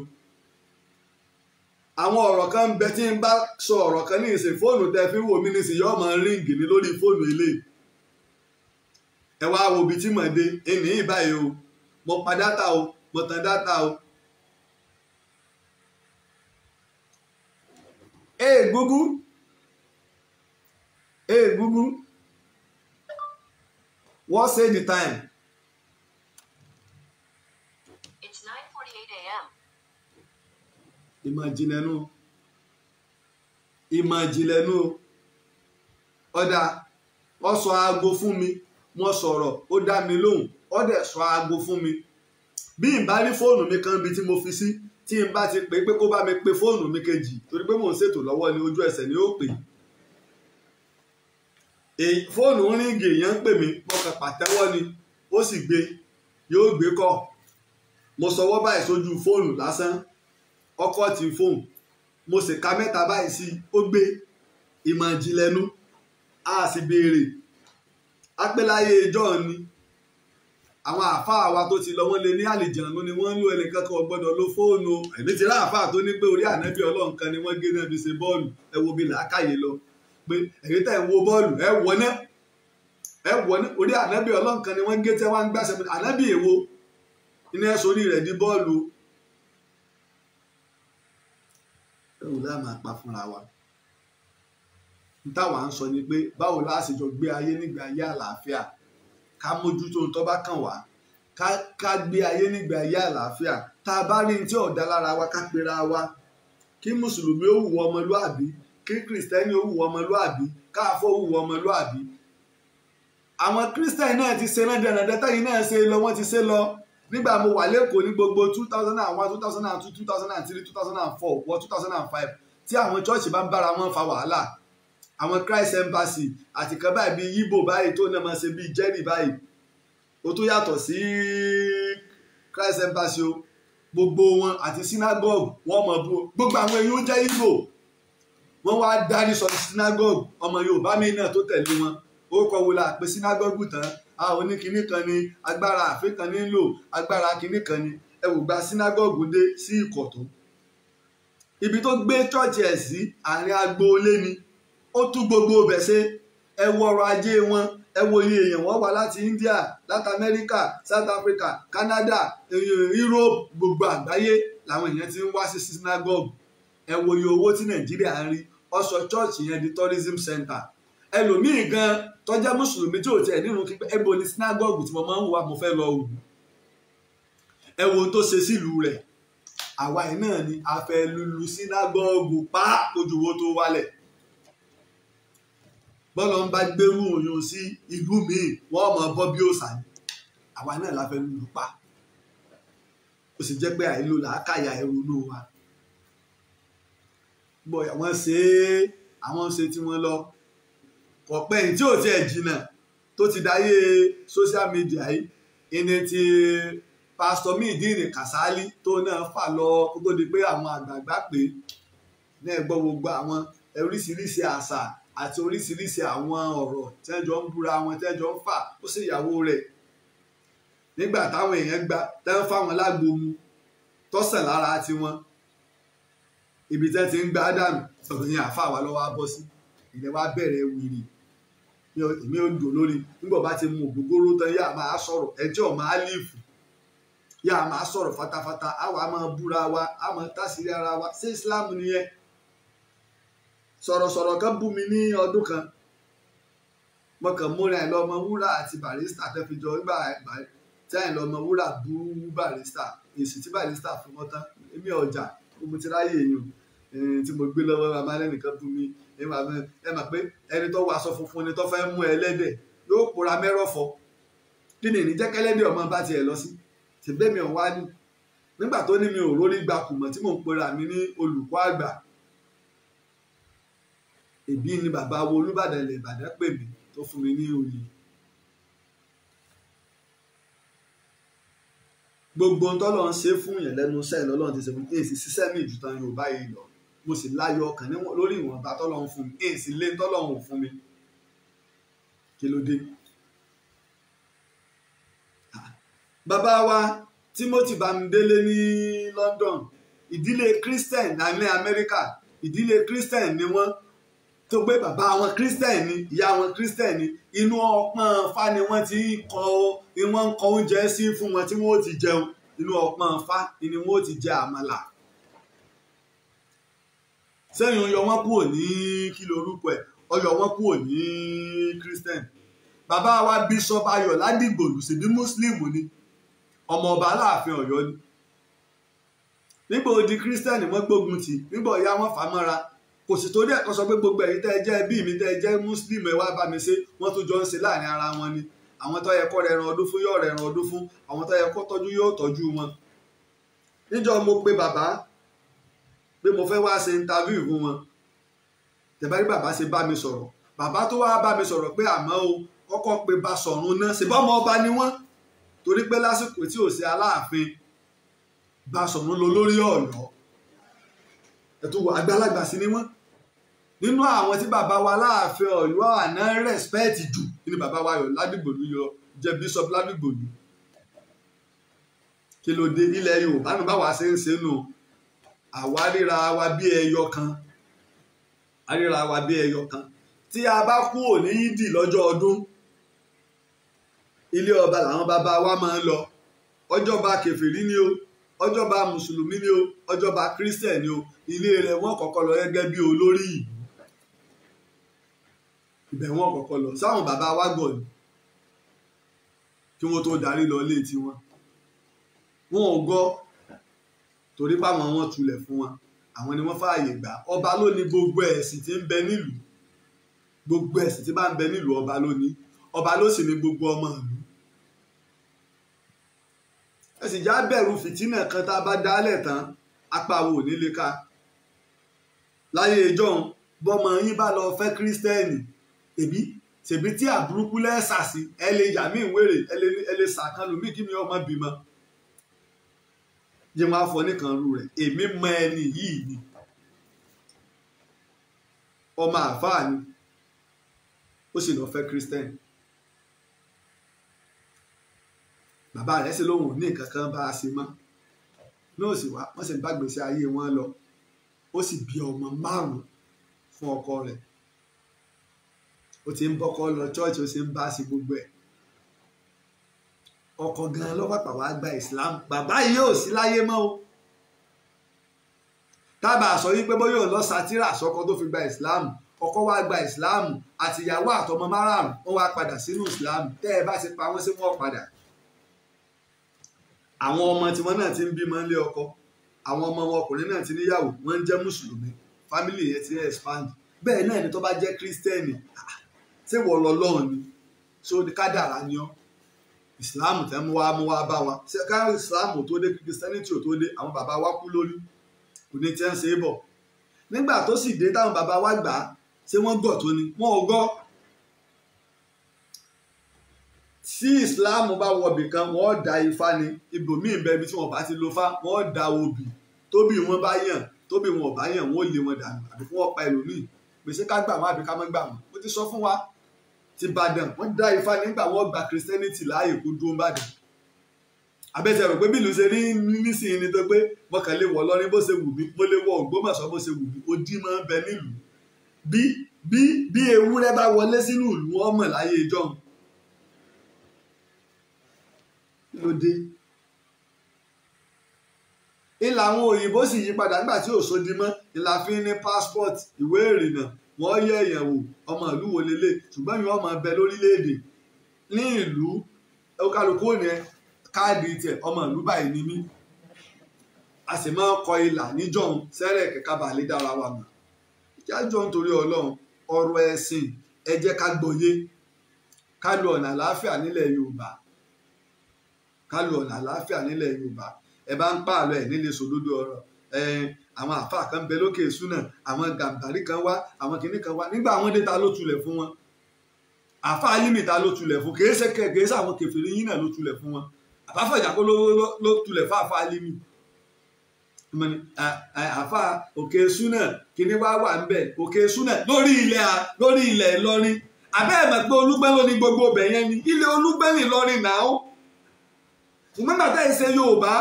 àwọn ọrọ kan ń bẹ tí ń bá sọ kan ní ìsìn fóònù tẹ fi wò mí ní ìsìn yóò máa ríǹgì ní lórí fóònù ilé ẹ wá wo ibi tí báyìí o mo pa o mo tan dátà o. ee ee What say the time? It's 9:48 a.m. Imagine, nù. Imagine, nù. Oda, wọ́n sọ aago fún mi, mo sọ̀rọ̀, ó dá mi lóhùn, ó dẹ̀ sọ aago fún mi. Bí n bá rí fóònù mi kan bí tí mo fi sí, tí n bá ti pè é pé kó bá mi pe fóònù mi kejì, torí pé mò ń ṣètò lọ́wọ́ ni ojú ẹsẹ̀ ni ó pè fóònù ríngì èèyàn ń pè mí mọ̀kàn pàtẹ́wọ́ ni ó sì gbé yóò gbé kọ́ mo sọwọ́ báyìí sójú fóònù lásán ọkọ̀ ti fóònù mo sì ka mẹ́ta báyìí sí ó gbé ìmọ̀ ìjìnlẹ̀nu a sì béèrè apẹ́láyé ìjọ́ ni àwọn àáfàá wa tó ti lọ wọ́n lé ní àlìjànú ni wọ́n ń lo ẹnìkan kan ọgbọ́dọ̀ ló fóònù ẹ̀mí ti rá àáfàá tó ní pé orí ànábì ọlọ́run kan ni wọ́n gé náà fi ṣe bọ́ọ̀lù ẹ wo bí làákàyè lọ pé ẹ̀yin tẹ̀ ń wo bọ́ọ̀lù ẹ wọ ná ẹ wọ ní orí ànábì ọlọ́nkan ni wọ́n ń gé tẹ́ wá ń gbàṣẹ ànábì èwo iná ẹ̀ sórí rẹ̀ di bọ́ọ̀lù ẹ̀rù láà máa pa fúnra wa táwa ń sọ ni pé báwo la ṣe jọ gbé ayé nígbà ayé àlàáfíà ká mójútó tó bá kàn wá ká gbé ayé nígbà ayé àlàáfíà tá a bá rí ní tí ọ̀dá lára wa ká pera wa kí mùsùlùmí ó wù ọmọlúàbí kí kìrìsìtẹ́nì ó wùwà ọmọlúàbí káàfó wùwà ọmọlúàbí àwọn kìrìsìtẹ́nì náà ti ṣe rẹ́ndẹ̀rẹ́ndẹ́ tẹ́yìn náà ṣe lọ wọ́n ti ṣe lọ nígbà mo wà lẹ́kọ̀ọ́ ní gbogbo two thousand and one two thousand and two two thousand and three two thousand and four wọ two thousand and five tí àwọn chọ́ọ̀chì bá ń bára wọn fa wàhálà àwọn Christ Embassy àti kan báyìí bíi Yíbò báyìí tó náà máa ṣe bíi jerry báyìí ó tó yàtọ̀ sí Christ Embassy o gbogbo wọn àti synagogue wọn mọ̀ bú gbogbo àwọn èèyàn ó jẹ́ Yíbò wọ́n wá dání sọ ní synagogue ọmọ yorùbá mi náà tó tẹ̀lé wọn orúkọ wo la pè synagogue tán a ò ní kinní kan ni agbára àfin kan ní lò agbára kinní kan ni ẹ wò gba synagogue dé sí ìkọ̀tún ibi tó gbé chọ́ọ̀chì ẹ̀ sí àárín agboolé ni ó tú gbogbo ọbẹ̀ ṣe ẹ wo ọrọ̀ ajé wọn ẹ wo iye èèyàn wọn wá láti India láti America South Africa Canada eh, Europe gbogbo àgbáyé làwọn èèyàn ti ń wá sí synagogue ẹ wo iye owó tí Nàìjíríà ń rí ọsọ church yẹn di tourism center ẹlòmíì gan tọjá mùsùlùmí tí ò tiẹ̀ nínú kíkẹ́ ẹbọ ní sinagogue tí mo máa ń wà mo fẹ́ lọ wù ẹ wo tó ṣe sílùú rẹ̀ àwa yìí náà ni a fẹ́ lulu sinagogue pa ojúwo tó wálẹ̀ bọ́lọ̀ ń bá gbérú òyìn sí ìlú míì wọ́n mọ̀ bọ́ bí òòsà ni àwa náà la fẹ́ lulu pa ó sì jẹ́ pé àìlò làákàyà ẹ̀rọ inú wa bọ̀yà wọ́n ṣe é àwọn ṣe tí wọ́n lọ kò pẹ́ ní tí ò tiẹ̀ jìnnà tó ti dáyé social media yìí ìní ti pásítọ̀ Muyideen Kasali tó náà fà lọ kó di pé àwọn àgbààgbà pé náà gbọ́ gbogbo àwọn oríṣiríṣi àṣà àti oríṣiríṣi àwọn ọ̀rọ̀ tẹ́jọ́ ń búra wọn tẹ́jọ́ ń fà ó sì ìyàwó rẹ̀ nígbà táwọn èèyàn gba tẹ́ ń fáwọn lágbo mu tọ́sàn lára tiwọn ibi tẹ́ ti ń gba ádámù sọ̀tún ní àáfàá wa lọ́wọ́ abọ́ sí ilẹ̀ wa bẹ̀rẹ̀ wìrì èmi ò dò lórí nígbà bá ti mu ògógóró tán yá máa sọ̀rọ̀ ẹjọ́ máa lífù yá máa sọ̀rọ̀ fatafata àwa máa búra wa a máa tásìrí ara wa ṣé Islam nìyẹn sọ̀rọ̀sọ̀rọ̀ kan bú mi ní ọdún kan mo kàn múra ẹ̀ lọ́mọ wúrà àti barista tó fi jọ nígbà tí àìlọ́mọ wúrà bú barista èsì tí barista fún mọ́tán èmi ọjà mo ti ráyè yìí o tí mo gbé lọ́wọ́ màmá lẹ́nìkan bú mi ẹ mà pé ẹni tó wàṣọ funfun ni tó fẹ́ mú ẹlẹ́dẹ̀ yóò pòórá mẹ́rọ̀fọ́ kí ni ìníjẹ́kẹ́lẹ́dẹ̀ ọmọ bá tiẹ̀ lọ sí tìbẹ́mi ọ̀wá ni nígbà tó ní mi ò rórí gba kùmọ̀ tí mò ń pera mi ní olùkọ́ àgbà èbí ni bàbá wo Olúbàdàn ilẹ̀ Ìbàdàn pè mí tó fún mi ní oyè gbogbo ohun tọ́lọ́ ń ṣe fún yẹn lẹ́nu iṣẹ́ lọ́lọ́run ti ṣe fún èsì ṣiṣẹ́ mi jù tán yorùbá yìí lọ mo sì láyọ̀ ọkàn lórí ìwọ̀nba tọ́lọ́ ń fún mi èsì lé tọ́lọ́ ń fún mi kí ló dé. bàbá wa Timothy Bamidele ní London ìdílé Christian ní Amẹ́ríkà ìdílé Christian ni wọ́n tó gbé bàbá wọn Christian ni ìyá wọn Christian ni inú ọpọ́n fani wọ́n ti ń kọ́ ọ́ ni wọ́n ń kọ oúnjẹ sí fún wọn tí wọ́n ó ti jẹun inú ọpọ́n fá ni wọ́n ó ti jẹ àmàlà sẹ́yìn ọyọ wọn kúrò ní kí lorúkọ ẹ̀ ọyọ wọn kúrò ní christian bàbá wa bishop ayọ̀ ládìgbòlù sì bí muslim ni ọmọ ọba aláàfin ọ̀yọ́ ni nígbà odi christian wọ́n gbógun tì nígbà ọyá wọ́n fà mọ́ra kò sì torí ẹ̀kọ́ sọ pé gbogbo ẹ̀yin tẹ́ ẹ jẹ́ ẹbí mi tẹ́ ẹ jẹ́ muslim ẹ wá bá mi ṣe wọ́n tún jọ ń ṣe láàrin ara wọn ni àwọn tó yẹ kó rẹran ọdún fún yóò rẹran ọdún fún àwọn tó yẹ kó tọ́jú yóò tọ́jú wọn níjọ mo pe bàbá pé mo fẹ́ wá ṣe interview fún wọn tẹ̀bá rí bàbá ṣe bá mi sọ̀rọ̀ bàbá tó wá bá mi sọ̀rọ̀ pé àmọ́ o kọ́kọ́ pe Basọ̀run náà ṣe bọ́mọ ọba ni wọ́n torí pé lásìkò tí ò sí aláàfin Basọ̀run lọ lórí Ọ̀yọ́ ẹ̀tún àgbàlagbà sí ni wọ́n nínú àwọn tí bàbá wa láàfin Ọ̀yọ́ àná rẹspẹẹtì jù nínú bàbá wa yọ ládìgbòlù yọ jẹ bíṣọpù ládìgbòlù kí ló dé ilẹ̀ Yorùbá nù báwa ṣe ń ṣe nù àwa ríra wa bí ẹyọ kan a ríra wa bí ẹyọ kan tí a bá kú òní yídì lọ́jọ́ ọdún ilé ọba làwọn bàbá wa máa ń lọ ọjọba kẹfìrí ni o ọjọba mùsùlùmí ni o ọjọba kírísítẹ̀ ni o ilé rẹ̀ wọ́n kọ́kọ́ lọ gẹ́gẹ́ bí olórí ìlú ibẹ̀ wọn kọ́kọ́ lọ sáwọn bàbá wa gọ̀ ni kí wọ́n tó darí lọ ilé tiwọn wọn ò gọ́ torí páwọn wọn tulẹ̀ fún wọn àwọn ni wọ́n fààyè gbà ọba ló ní gbogbo ẹ̀sìn tí ń bẹ nílùú gbogbo ẹ̀sìn tí bá ń bẹ nílùú ọba ló ní ọba ló sì ní gbogbo ọmọ ìlú ẹ sì já bẹ̀rù fìtínà kan tá a bá dálẹ̀ tán apáwo ò ní lè ka láyé ìjọ́un bọ́mọ yín bá lọ fẹ́ kírísítẹ́nì èbí ṣèbí tí àbúrúkú lẹ́ẹ̀sà sí ẹ lè yà mí ìwéèrè ẹ lè sàkánú mí kí mi ọmọ bímọ yé máa fọ nìkan ru rẹ èmi mọ ẹni yìí ni ọmọ àfáà ni ó sì lọ fẹ́ christian bàbá rẹ̀ sì lóhùn ní nǹkan kan bá a ṣe mọ́ náà sì wá wọ́n sì ń bá gbèsè ayé wọn lọ ó sì bí ọmọ márùn fún ọkọ rẹ̀ ó ti ń bọ́kọ́ lọ chọ́ọ̀chì ó ti ń bá sí gbogbo ẹ̀ ọkọ gan lọ́wọ́ pàwọ́ àgbà Islam bàbá yìí ò sí láyé mọ́ o tábà sọ wípé bóyá ò sátírà sọkọ tó fi gba Islam ọkọ wa gba Islam àtìyàwó àtọmọ márààrún wọn wá padà sínú Islam tẹ́ ẹ bá ti pa wọ́n sí wọn padà àwọn ọmọ tiwọn náà ti ń bímọ nílé ọkọ àwọn ọmọ wọn ọkùnrin náà ti níyàwó wọn ń jẹ́ mùsùlùmí fámìlì yẹn ti expand bẹ́ẹ̀ náà ni tó bá jẹ́ kírísítẹ́nì ah ṣé wọ́n lọ lọ́run ni ṣé ó ní kádàrá ni ọ́ ìsìláàmù tẹ́ mú wá mú wá bá wa ṣé ká ìsìláàmù tó dé kìrìsìtẹ́nìtì ò tó dé àwọn bàbá wa kú lórí kò ní tiẹ́ ń ṣe é bọ̀ nígbà tó sì dé táwọn bàbá wa gbà á ṣé wọ́n gọ̀ tó ni wọ́n ò gọ́ tí ìsìláàmù bá wọbì kan wọ́n da ifá ni ibòmíì bẹ ibi tí wọ́n bá ti lo fá wọ́n da obì tóbi wọn bá yàn tóbi wọn ò bá yàn wọ́n lé wọn dànù àbí fún ọ̀pá ẹlòmíì pèsè ká gbà wọn àbí ká má gbà wọn mo ti sọ fún wa ti Ìbàdàn wọ́n dá Ifá nígbà wọ́n gba Christianity láàyè kó dúró bàdàn abẹ́sẹ̀ rò pé bí ìlú ṣe rí nísìnyí ni tó pé mo kàn lè wọ̀ lọ́rin bó ṣe wù mí mo lè wọ Ògbómọ̀ṣọ́ bó ṣe wù mí odi máa ń bẹ nílùú bí bí bí ewúrẹ́ bá wọlé sínú ìlú wọn mọ̀ láyé ìjọ́un lóde ìlà àwọn òyìnbó sì yí padà nígbà tí òṣòdì mọ́ ìlà fi ní passport ìwé ìrìnnà wọ́n yẹ ìyẹ̀wò ọmọ ìlú wo lélẹ̀ ṣùgbọ́n ìyẹn ọmọ ẹbẹ lórílẹ̀‐èdè ní ìlú kálukú òní ẹ káàdì tiẹ̀ ọmọ ìlú báyìí ni mí a sì máa kọ ìlà níjọ̀hún sẹ́rẹ̀ kẹ̀kẹ́ balẹ̀ dára wa mọ̀ jájọ́ nítorí ọlọ́run ọ̀rọ̀ ẹ̀sìn ẹ̀jẹ̀ jẹ́ ká gbọ́yé ká lu ọ̀nà àlàáfíà nílẹ̀ yorùbá ká lu ọ̀nà àlàáfíà nílẹ̀ yorùbá ẹ bá ń pààlọ́ ẹ̀ nílé sòdodo ọ̀rọ̀ ẹ̀ àwọn àfa kan bẹ lókè ìsúná àwọn gàmbàrí kan wá àwọn kìnnì kan wá nígbà àwọn dé ta ló tulẹ̀ fún wọn àfa alímì ta ló tulẹ̀ fún kìí ṣe kẹ̀kẹ́ sàwọn kẹfìrí yín náà ló tulẹ̀ fún wọn àbáfọ̀jà kó ló tulẹ̀ fún àfa alímì àfa òkè ìsúná kìnnì wá wà ń bẹ òkè ìsúná lórí ilẹ̀ lórí ilẹ̀ Ìlọrin àbẹ́ ẹ̀mọ̀ pé olúgbẹ́ ló ní gbogbo ọbẹ̀ yẹn ni ilé olúgbẹ́ ní Ìlọrin náà ó ṣùgbọ́n bàtà ìṣe Yorùbá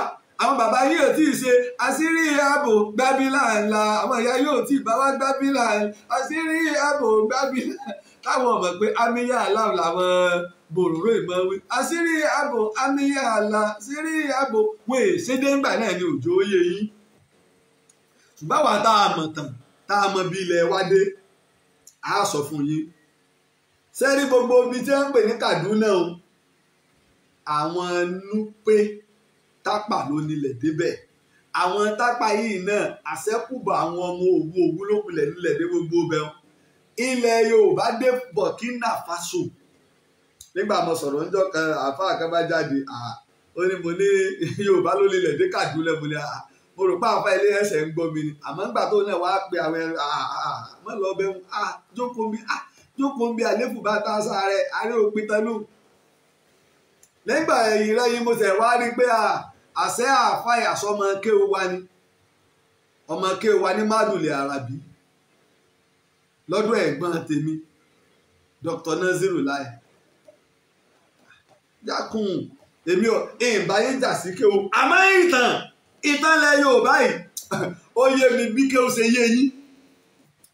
àwọn bàbá yìí ò tí ì ṣe àṣírí ààbò gbábílà ńlá àwọn ìyá yìí ò tí ì bá wá gbábílà àṣírí ààbò gbábílà táwọn ọmọ pé amíyá aláwọ làwọn bòròrò ìmọ̀ wí àṣírí ààbò amíyá àlà àṣírí ààbò wọ́n è ṣe déńgbà náà ní òjò oyè yìí ṣùgbọ́n àwa tá a mọ̀ tán tá a mọ̀ bí ilẹ̀ wa dé a sọ fún yín sẹ́rí gbogbo ibi tí wọ́n ń pè ní Kaduna o àwọn Nupe tápà ló nílẹ̀ débẹ̀ àwọn tápà yìí náà àṣẹ́kùbà àwọn ọmọ òwú ogun ló pilẹ̀ nílẹ̀ dé gbogbo bẹ́ẹ̀ ilẹ̀ Yorùbá dé Burkina Faso nígbà mo sọ̀rọ̀ ń jọ kan àfa àkàbá jáde ó ní mo ní Yorùbá ló nílẹ̀ dé Kaduna mo ní mo rò pé àfa ilé ẹsẹ̀ ń gbọ́ mi ni àmọ́ ńgbà tó náà wàá pe àwọn ẹ̀rọ mọ́ lọ bẹ́ẹ̀ mu jókòó mi jókòó mi àléébù bá ta sáré àárẹ̀ òpin tán lù nígbà ìrẹ́yìn mo tẹ̀ wá rí pé àṣẹ àfàyà sọmọ kéwu wa ni ọmọ kéwu wa ní mádùlẹ̀ àràbí lọ́dọ̀ ẹ̀gbọ́n tèmi Dr. Naziru láì jákùn èmi ò ìbáyé jà sí kéwu àmọ́ ìtàn ìtànlẹ̀ Yorùbá yìí ó yé mi bí kéwu ṣe yé yín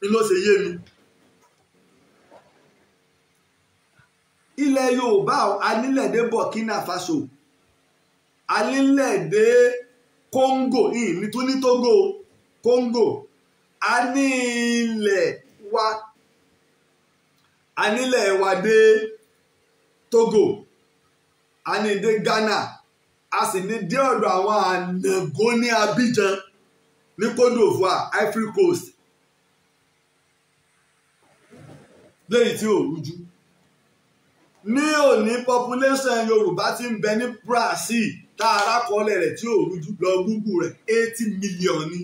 ni ló ṣe yé mi. ilẹ̀ Yorùbá anílẹ̀ dé Burkina Faso. alílẹ̀-èdè yìí Togo kongo a ní ilẹ̀ wa a Togo a ní dé Ghana a sì ní dé ọ̀dọ̀ àwọn ànàgó ní Abidjan ní Côte Ivory Coast lẹ́yìn tí ò rújú ní òní population Yorùbá ti ń bẹ ní tá a rákọọ́lẹ̀ rẹ̀ tí ò rújú lọ gúgù rẹ̀ eighty million ni.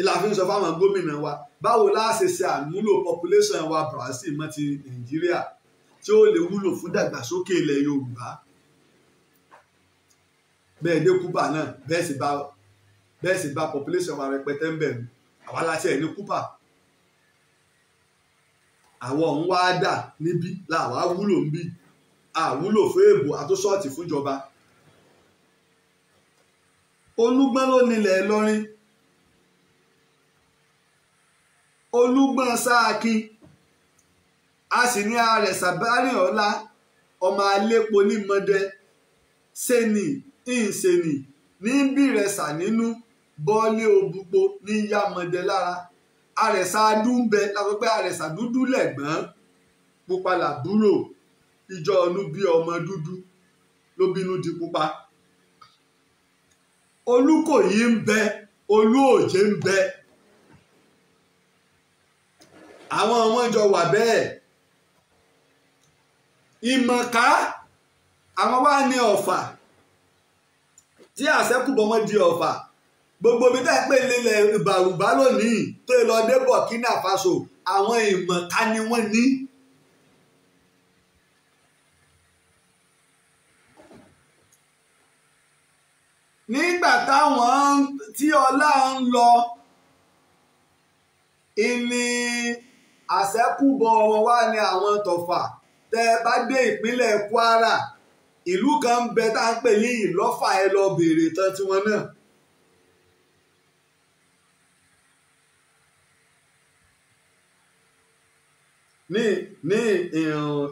ìlà fi ń sọ fáwọn gómìnà wa báwo la ṣe àmúlò population wa Brazil mọ́ ti Nàìjíríà tí ó lè wúlò fún dàgbàsókè ilẹ̀ Yorùbá bẹ́ẹ̀ dé Cuba náà bẹ́ẹ̀ sì bá bẹ́ẹ̀ sì bá population wa rẹpẹtẹ ń bẹ̀rù àwa láti ẹ̀ ní Cuba àwọn òun wá dà níbí làwa wúlò ń bíi àwúlò fèèbù àtúnṣọ́ọ̀tì fúnjọba olúgbọ́n ló nílẹ̀ ìlọrin olúgbọ́n sáàkì a sì ní ààrẹ sàbárìn ọ̀la ọmọ alépo ní mọ́dẹ sẹ́ni ìǹsẹ̀nì ní bìrẹ̀sà nínú bọ́ọ̀lì òbúpo ní yá mọ́dẹ lára àrẹ̀sà dúńbẹ láwọn pé àrẹ̀sà dúdú lẹ̀gbọ́n pupa làbúrò ìjọ ọ̀nù bí ọmọ dúdú ló bínú di pupa olùkòyí ń bẹ olúòjé ń bẹ àwọn ọmọ jọ wà bẹ́ẹ̀ ìmọ̀ká àwọn wá ní ọ̀fà tí àṣẹ́kùbọmọ di ọ̀fà gbogbo bí tá a pè lélẹ̀ ìbàrùbá lónìí tó lọ dé Burkina Faso àwọn ìmọ̀ká ni wọ́n ní. nígbà táwọn tí ọlá ń lọ ìní àṣẹ́kùbọ̀ wọn wá ní àwọn tọ̀fà tẹ́ ẹ bá dé ìpínlẹ̀ Kwara ìlú kan ń bẹ tá à ń pè ní Ìlọ́fà ẹ lọ bèèrè tán tiwọn náà. ní ní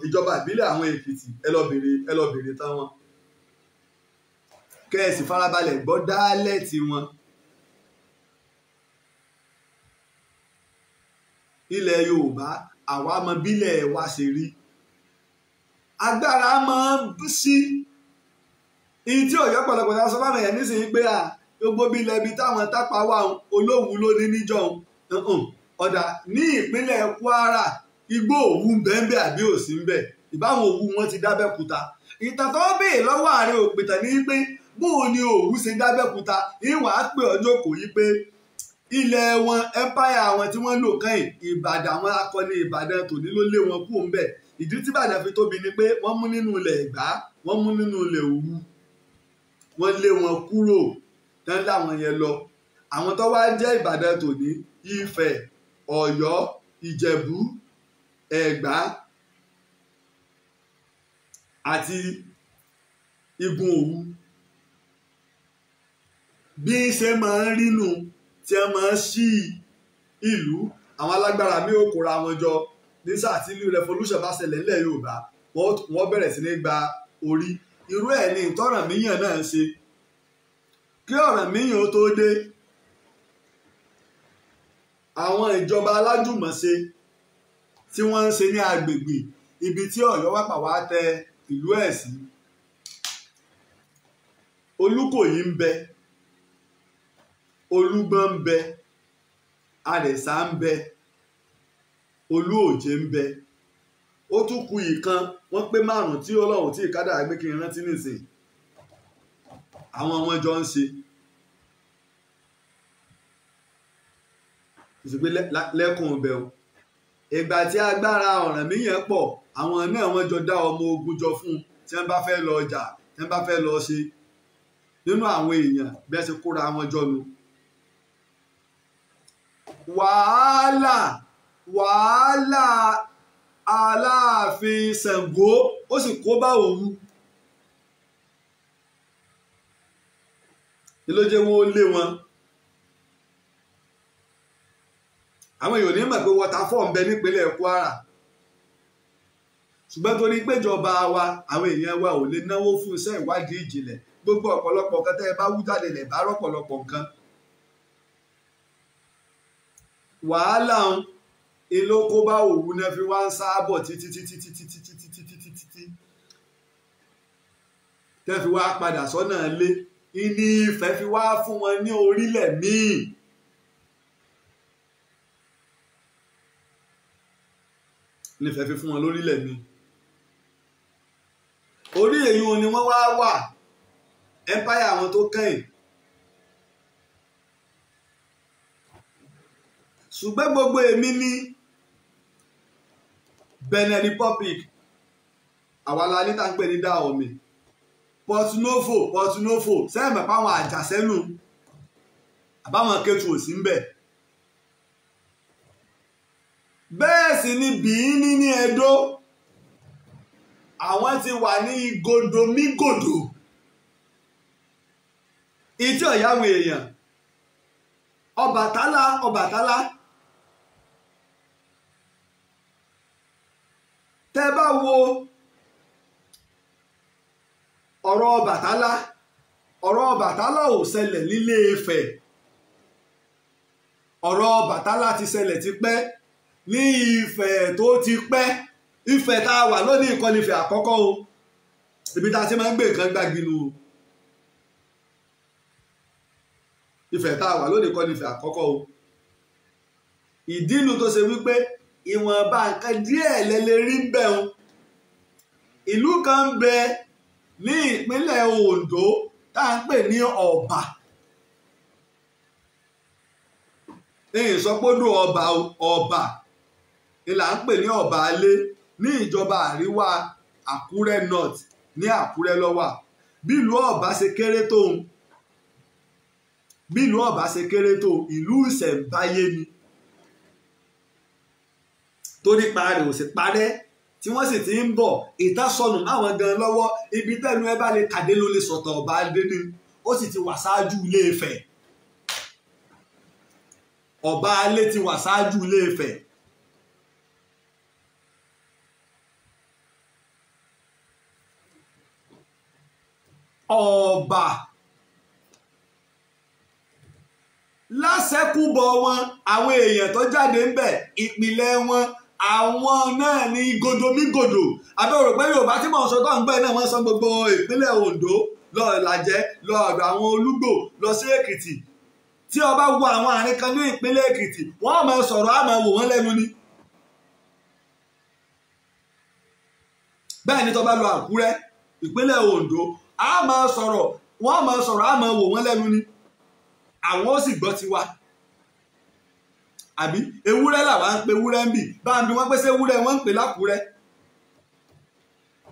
ìjọba ìbílẹ̀ àwọn Èkìtì ẹ lọ bèèrè ẹ lọ bèèrè táwọn kẹ́ẹ̀sì farabalẹ̀ gbọ́ dálẹ́ẹ̀tì wọn. ilẹ̀ yorùbá àwa mọ bílẹ̀ wa ṣe rí agbára máa ń sí iye tí ọ̀yọ́ pọ̀lọpọ̀ ta sọ fáwọn èèyàn nísìnyí pé à gbogbo bílẹ̀ ibi táwọn tápá wà olóhùn ló ní níjọ́ ọ̀dà ní ìpínlẹ̀ kwara igbó òwú bẹ́ẹ̀nbẹ́ àbí òsínbẹ́ ìbáwọn òwú wọn ti dábẹ́ kúta ìtàn tó ń béè lọ́wọ́ ààrẹ òpìtàn ní pé bóun ni òwú ṣe dábẹ́kúta ìwà pé ọjọ́ kò yí pé ilẹ̀ wọn empire wọn tí wọ́n lò kàn ìbàdàn àwọn akọni ìbàdàn tòní ló lé wọn kú ńbẹ̀ ìdí tí ìbàdàn fi tóbi ni pé wọ́n mú nínú ilẹ̀ ìgbà wọ́n mú nínú ilẹ̀ òwú wọ́n lé wọn kúrò tán láwọn yẹn lọ àwọn tó wá jẹ́ ìbàdàn tòní ifẹ̀ ọ̀yọ́ ìjẹ̀bú ẹ̀gbá àti igun òwú bí ṣe máa ń rínú tí ẹ máa ń ṣí ìlú àwọn alágbára mi ò kóra wọn jọ ní sáà tí ìlú revolution bá ṣẹlẹ̀ nílẹ̀ Yorùbá wọ́n bẹ̀rẹ̀ sí ní gba orí irú ẹ̀ ní ìtọ́rànmíyàn náà ń ṣe kí Ọ̀rànmíyàn ó tó dé àwọn ìjọba alájùmọ̀ṣe tí wọ́n ń ṣe ní agbègbè ibi tí Ọ̀yọ́ wàpà wá tẹ ìlú ẹ̀ sí Olúkòyí ń bẹ olúgbọ́n ń bẹ àrẹ̀sà ń bẹ olúòjé ń bẹ ó tún ku ìkan wọ́n pé márùn tí ọlọ́run tí ìkádà gbé kí n rántí nìsín àwọn wọn jọ ń ṣe ìṣùgbé lẹ́kùn ọbẹ̀ o ìgbà tí agbára ọ̀ràn míyàn pọ̀ àwọn náà wọ́n jọ dá ọmọ ogun jọ fún un tí wọ́n bá fẹ́ lọ ọjà tí wọ́n bá fẹ́ lọ ṣe nínú àwọn èèyàn bí wọ́n ṣe kóra wọn jọ nu wàhálà wàhálà aláàfin Ṣàngó ó sì kó bá òun ni ló jẹ́ wọn ó lé wọn àwọn èèyàn ní mọ̀ pé waterfall ń bẹ nípínlẹ̀ Kwara ṣùgbọ́n torí péjọba wa àwọn èèyàn wa ò lè náwó fún iṣẹ́ ìwádìí ìjìnlẹ̀ gbogbo ọ̀pọ̀lọpọ̀ nǹkan tẹ́ ẹ bá wú jáde lẹ̀ bá rọ̀pọ̀lọpọ̀ nǹkan wàhálà ń èló kó bá òwú náà fi wá ń sáábọ̀ títí títí títí títí títí títí títí tẹ́ fi wá padà sọ́nà lé ìní ìfẹ́ fi wá fún wọn ní orílẹ̀ míì. nífẹ̀ẹ́ fi fún wọn lórílẹ̀ mi orí èyí wọn ni wọ́n wá wà empire àwọn tó kẹ́yìn ṣùgbọ́n gbogbo èmi ní Benin Republic àwa la ní ni ní omi Port Novo Port Novo sẹ́yìn mẹ́fà àwọn àjàsẹ́nu àbáwọn kẹtù ò si ń bẹ̀ bẹ́ẹ̀ sì ni Bìíní ní edo àwọn ti wà ní igodo mígòdò ìtí ọ̀yáwó èèyàn Ọbàtálá Ọbàtálá tẹ́ ẹ bá wo ọ̀rọ̀ Ọbàtálá ọ̀rọ̀ Ọbàtálá ò ṣẹlẹ̀ nílé Ifẹ̀ ọ̀rọ̀ Ọbàtálá ti ṣẹlẹ̀ ti pẹ́ ní Ifẹ̀ tó ti pẹ́ Ifẹ̀ tá a wà lónìí ìkọ́ni Ifẹ̀ àkọ́kọ́ o ibi tá a ti máa ń gbé nǹkan gbági lu o Ifẹ̀ tá a wà lónìí ìkọ́ni àkọ́kọ́ o ìdí inú tó ṣe wípé ìwọ̀nba nǹkan díẹ̀ lẹ́lẹ́ rí ń bẹ̀ wọn. ìlú kan ń bẹ ní ìpínlẹ̀ Ondo tá à ń pè ní Ọ̀bà ní ìsọpọ́dọ̀ Ọ̀bà Ọ̀bà ni là ń pè ní Ọ̀bà alé ní ìjọba àríwá Àkúrẹ́ north ní Àkúrẹ́ lọ́wà bílùú Ọ̀bà ṣe kéré tóun bílùú Ọ̀bà ṣe kéré tóun ìlú ìṣẹ̀ǹbáyé ni. Bilu tó nípa rẹ̀ ò sì parẹ́ tí wọ́n sì ti ń bọ̀ ìtasọnù máwọn gan lọ́wọ́ ibi tẹ́nu ẹ bá lè kàdé ló lè sọ̀tọ̀ ọba adéni ó sì ti wà ṣáájú ilé Ifẹ̀ ọba alé ti wà ṣáájú ilé Ifẹ̀ ọba lásẹ̀kúbọ̀ wọn àwọn èèyàn tó jáde ń bẹ̀ ìpìlẹ̀ wọn àwọn náà ní gòdòmígòdò àbẹ̀wò pé yorùbá tí mò ń sọ tó ń gbẹ náà wọ́n san gbogbo ìpínlẹ̀ Ondo lọ ìlàjẹ́ lọ ọ̀dọ̀ àwọn olúgbò lọ sí èkìtì tí ọba wo àwọn àárín kan ní ìpínlẹ̀ èkìtì wọ́n máa sọ̀rọ̀ àmọ́ wò wọ́n lẹ́nu ni. bẹ́ẹ̀ ni tọ́ba lọ àkúrẹ́ ìpínlẹ̀ Ondo a máa sọ̀rọ̀ wọ́n máa sọ̀rọ̀ àmọ́ wò wọ́n lẹ́nu ni àwọn ó sì gbọ́ tiwa àbí ewúrẹ́ làwa ń pe ewúrẹ́ ń bì bá ń bi wọ́n pé ṣé ewúrẹ́ wọ́n ń pè lákùúrẹ́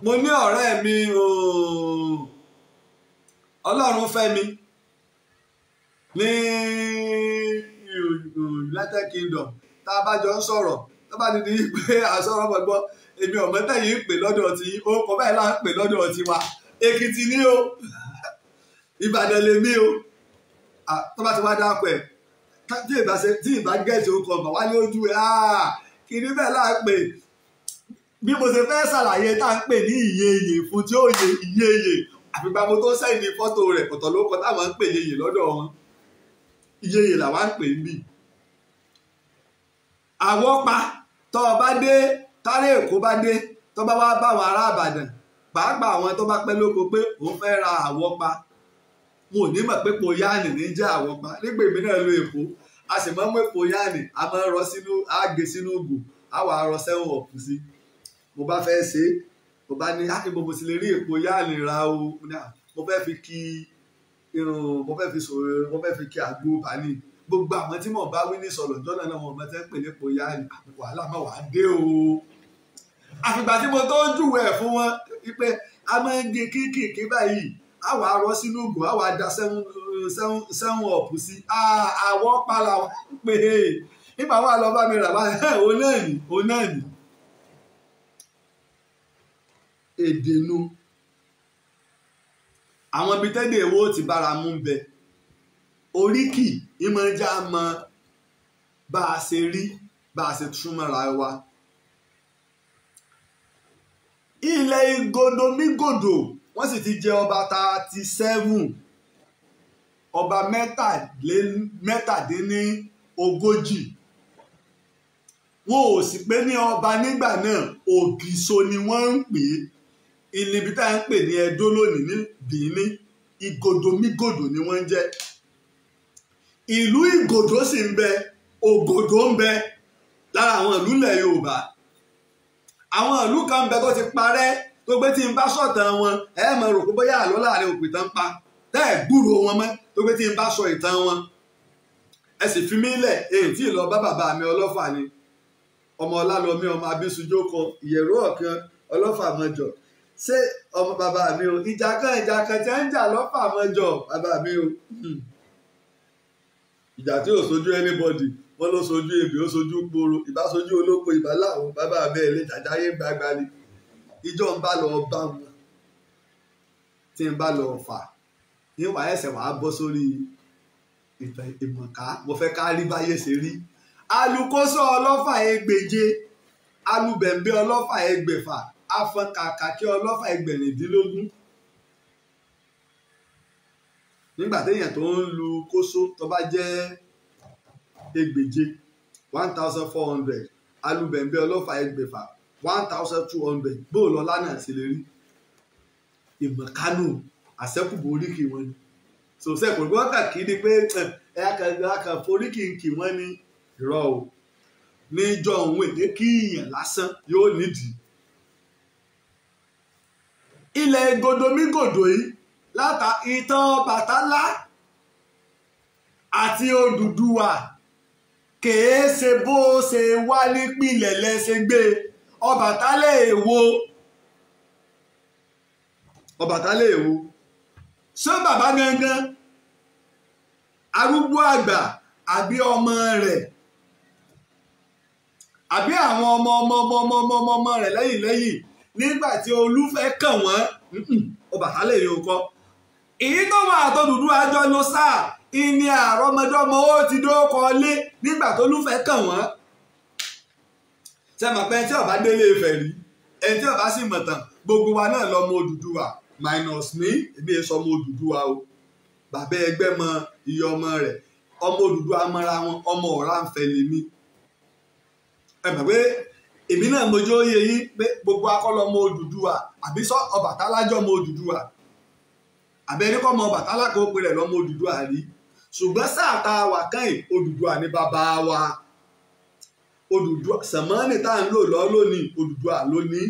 mo ní ọ̀rẹ́ mi ọlọ́run fẹ́ mi ní United Kingdom tá a bá jọ ń sọ̀rọ̀ tó bá ti di pé àsọ̀rọ̀ gbọ́gbọ́ èmi ọ̀mọ́tẹ́ yìí pè lọ́dọ̀ ti ó kọ́ báyìí là ń pè lọ́dọ̀ ti wa Èkìtì ni o Ìbàdàn lèmi o tó bá ti wá dáko ẹ̀ tí ìbá ṣe tí ìbá gẹ̀ẹ́sì ó kọ ọgbà wálé ojú ẹ̀ áà ah, kìíní bẹ́ẹ̀ láà pè bí mo ṣe fẹ́ ṣàlàyé tá à ń pè ní ìyeyè fún tí ó yẹ ìyeyè àfipamọ́ tó sẹ́yìn ní fọ́tò rẹ̀ ọ̀tọ̀ ló kọ táwọn ń pè yeyè lọ́dọ̀ wọn ìyeyè làwọn ń pè ń bì. àwọn pa tọ́ ọ bá dé tálẹ̀ èkó bá dé tọ́ bá wá bá àwọn ará àbàdàn pàápàá àwọn tó bá pẹ́ lóko pé òun fẹ́ ra àwọn pa mo ò ní mọ̀ pé epo yáàni ní jẹ́ àwọn pa nígbà èmi náà lo èpo a sì máa ń mú epo yáàni a máa ń rọ sínú a gé sínú ògò a wà á rọ sẹ́wọ̀n ọ̀pù sí mo bá fẹ́ ṣe é mo bá ní akínbo mo sì lè rí epo yáàni ra o mo fẹ́ fi kí irun mo fẹ́ fi sòrò mo fẹ́ fi kí àgbo bani gbogbo àwọn tí mò bá wí ní sọ̀rọ̀ jọ́nà náà wọn mọ̀tẹ́ pè ní epo yáàni wàhálà máa wà á dé o àfìgbà tí mo tó júwèé fún wọn wípé a máa ń gé kéékèèké báyìí a wàá rọ sínú ògùn a wàá da sẹ́wọ̀n ọ̀pù sí ah, àwọ̀ pala pé nígbà wà lọ bá mi rà bá òun náà nì òun náà nì. èdè nu àwọn ibi tẹ́lẹ̀ èwo ti bára mú bẹ oríkì ìmọ̀já mọ bá a ṣe rí bá a ṣe túmọ̀ra wa ilẹ̀ igodo wọ́n sì ti jẹ ọba thirty seven ọba mẹ́tàdínní ogójì wọn ò sì pé ní ọba nígbà náà ògìso ni wọ́n ń pè é ìlíbi tá à ń pè ní Ẹdó lónìí ní Bìíní ìgòdòmígòdò ni wọ́n ń jẹ́ ìlú ìgòdò sì ń bẹ ògòdò ń bẹ lára àwọn ìlú ilẹ̀ Yorùbá àwọn ìlú kan ń bẹ tó ti parẹ́ tó gbé tí n bá sọ̀tàn wọn ẹ mọ̀ rò pé bóyá àlọ́ láàrin òpè tán pa tẹ́ ẹ̀ gbúrò wọn mọ́ tó gbé tí n bá sọ ìtàn wọn ẹ sì fi mí lẹ̀ èyí tí ì lọ bá bàbá mi ọlọ́fà ni ọmọ ọlálọ́mí ọmọ abísúnjó kan ìyẹ̀rú ọ̀kan ọlọ́fà mọ́jọ ṣé ọmọ bàbá mi o ìjà kan ìjà kan tí ń jà lọ́fà mọ́jọ bàbá mi o hmm. ìjà tí ò sojú anybody wọn ló sojú ebè ó sojú gbòòrò ìbá sojú olóko ìbá làwọn bàbá mi ẹ̀ lè jàjà yé gbagbali ìjọ ń bá lọ bá wọn tí ń bá lọ fà ní wàá ẹsẹ̀ wàá bọ́ sórí ìtàn ìmọ̀ká mo fẹ́ ká rí báyé ṣe rí alukóso ọlọ́fà ẹgbèje alubẹ̀m̀bẹ̀ ọlọ́fà ẹgbẹ̀fà afọkàkàkẹ́ ọlọ́fà ẹgbẹ̀rìndínlógún nígbà téèyàn tó ń lu kóso tó bá jẹ́ ẹgbèje one thousand four hundred alubẹ̀m̀bẹ̀ ọlọ́fà ẹgbẹ̀fà one thousand two hundred bó lọ lánàá ṣe lè rí ìmọ̀kánù àṣẹ́kùbò oríkì wọn ni so sẹ́kùn gbọ́n kà kí ni pé ẹ kàn foríkì ń kì wọ́n ní irọ́ o níjọ òun èdè kíyàn lásán yóò nídìí ilẹ̀ gòdòmígòdò yìí láta ìtàn Ọbàtálá àti Odùduwà kèé ṣe bó ṣe wá nípìnlẹ̀ lẹ́sẹ̀ gbé e. Ọbàtálá èwo Ọbàtálá èwo ṣé bàbá gangan arúgbó àgbà àbí ọmọ rẹ̀ àbí àwọn ọmọ ọmọ ọmọ ọmọ ọmọ ọmọ ọmọ rẹ̀ lẹ́yìn lẹ́yìn nígbà tí olú fẹ́ kàn wọ́n Ọbàtálá èyí kọ́ èyí tó wà tó dúdú àjọ ló sáà ìní àrọ́mọdọ́mọ ó ti dókọ lé nígbà tó lúfẹ́ kàn wọ́n ṣe mọ̀ pé ẹni tí ọba délé Ifẹ̀ rí ẹni tí ọba sì mọ̀ tán gbogbo wa náà lọ́mọ Odùduwà minus me èmi èso ọmọ Odùduwà o bàbá ẹgbẹ́ mọ iye ọmọ rẹ̀ ọmọ Odùduwà mọ́ra wọn ọmọ ọ̀rá ń fẹ́ lèmi ẹ mọ̀ pé èmi náà mojú ó yẹ yín pé gbogbo akọ́lọ́ ọmọ Odùduwà àbí sọ Ọbàtálá jọ ọmọ Odùduwà àbẹ́ríkọ́ ọmọ Ọbàtálá kò pè rẹ̀ lọ́mọ Odùduwà rí ṣùgbọ́n sáà ta wà kàn Odùduwà ní bàbá wa. Odùduwà sàmánì tá à ń lò lọ lónìí Odùduwà lónìí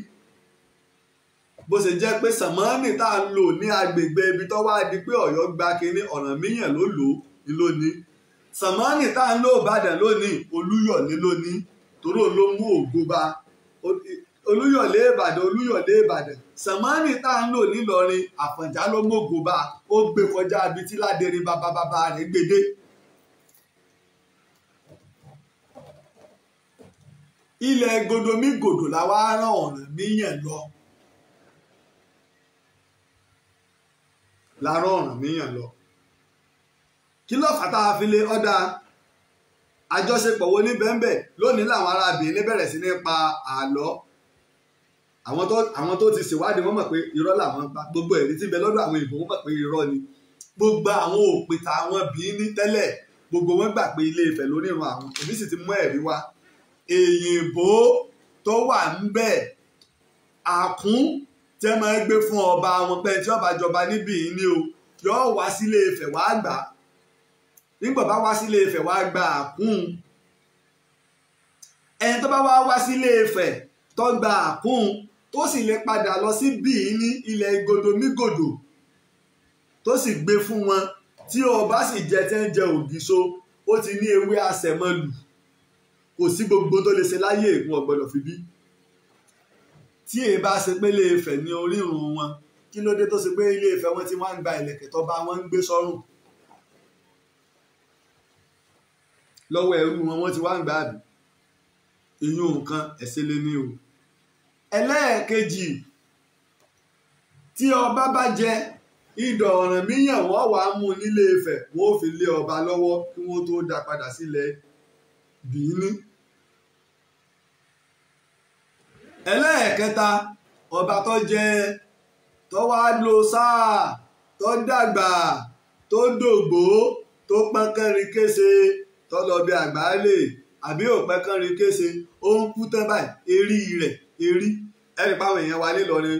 bó ṣe jẹ́ pé sàmánì tá à ń lò ní agbègbè ibi tó wá di pé Ọ̀yọ́ gba kínní Ọ̀rànmíyàn ló lò ní lónìí sàmánì tá à ń lò Ìbàdàn lónìí Olúyọ̀lé lónìí tòró ló mú ògo bá Olúyọ̀lé Ìbàdàn Olúyọ̀lé Ìbàdàn sàmánì tá à ń lò nílọrin Àfọ̀njá ló mú ògo bá ó gbé kọjá ibi tí bàbá bàbá rẹ̀ gbédé. ilẹ̀ gòdòmígòdò làwa rán Ọ̀rànmíyàn lọ. la rán Ọ̀rànmíyàn lọ. kí ló fà tá a fi lé ọ̀dà àjọṣepọ̀ wo ní bẹ́ńbẹ́ lónìí làwọn arábìnrin bẹ̀rẹ̀ sí ní pa àlọ́ àwọn tó àwọn tó ti ṣèwádìí wọ́n mọ̀ pé irọ́ làwọn pa gbogbo ẹ̀rí tí ń bẹ lọ́dọ̀ àwọn ìbò wọ́n mọ̀ pé irọ́ ni gbogbo àwọn òpìtà àwọn bìíní tẹ́lẹ̀ gbogbo wọn gbà pé Ilé Ifẹ̀ lónírun àwọn èmi sì ti mú ẹ̀rí wá èyìnbó tó wà ńbẹ̀ àkún tẹ́ máa ń gbé fún ọba wọn pé tí ọba jọba níbí yìí ni o yóò wá sílé Ifẹ̀ wá gbà nígbà bá wá sílé Ifẹ̀ wá gba àkún ẹni tó bá wá wá sílé Ifẹ̀ tó gba àkún tó sì lè padà lọ sí bíi ní ilẹ̀ igodo nígòdò tó sì gbé fún wọn tí ọba sì jẹ tẹ́ ń jẹ ògìso ó ti ní ewé àsẹ̀mọ́lù kò sí gbogbo tó lè ṣe láyé ègún ọ̀gbọ́dọ̀ fi bí tí èyí bá ṣe pé ilé Ifẹ̀ ní orírun wọn kí ló dé tó ṣe pé ilé Ifẹ̀ wọn ti wá ń gba ìlẹ̀kẹ̀ tó bá wọn ń gbé sọ́rùn lọ́wọ́ ẹrú wọn wọ́n ti wá ń gbà àbí inú nǹkan ẹ̀sẹ̀ lé ní o ẹlẹ́ẹ̀kejì tí ọba bá jẹ ìdọ̀ ọ̀ràn míyàn wọ́n wàá mú nílé Ifẹ̀ wọ́n ò fi lé ọba lọ́wọ́ kí wọ́n tó dá padà sílẹ̀ bìíní. ẹlẹ́ẹ̀kẹta ọba tó jẹ tó wá lo sáà tó dàgbà tó dògbò tó pọ́n kẹrin kése tó lọ bí àgbáálé àbí òpẹ́ kẹrin kése ó ń kú tán báyìí erí rẹ̀ erí ẹ̀rí páwọn èèyàn wálé lọrin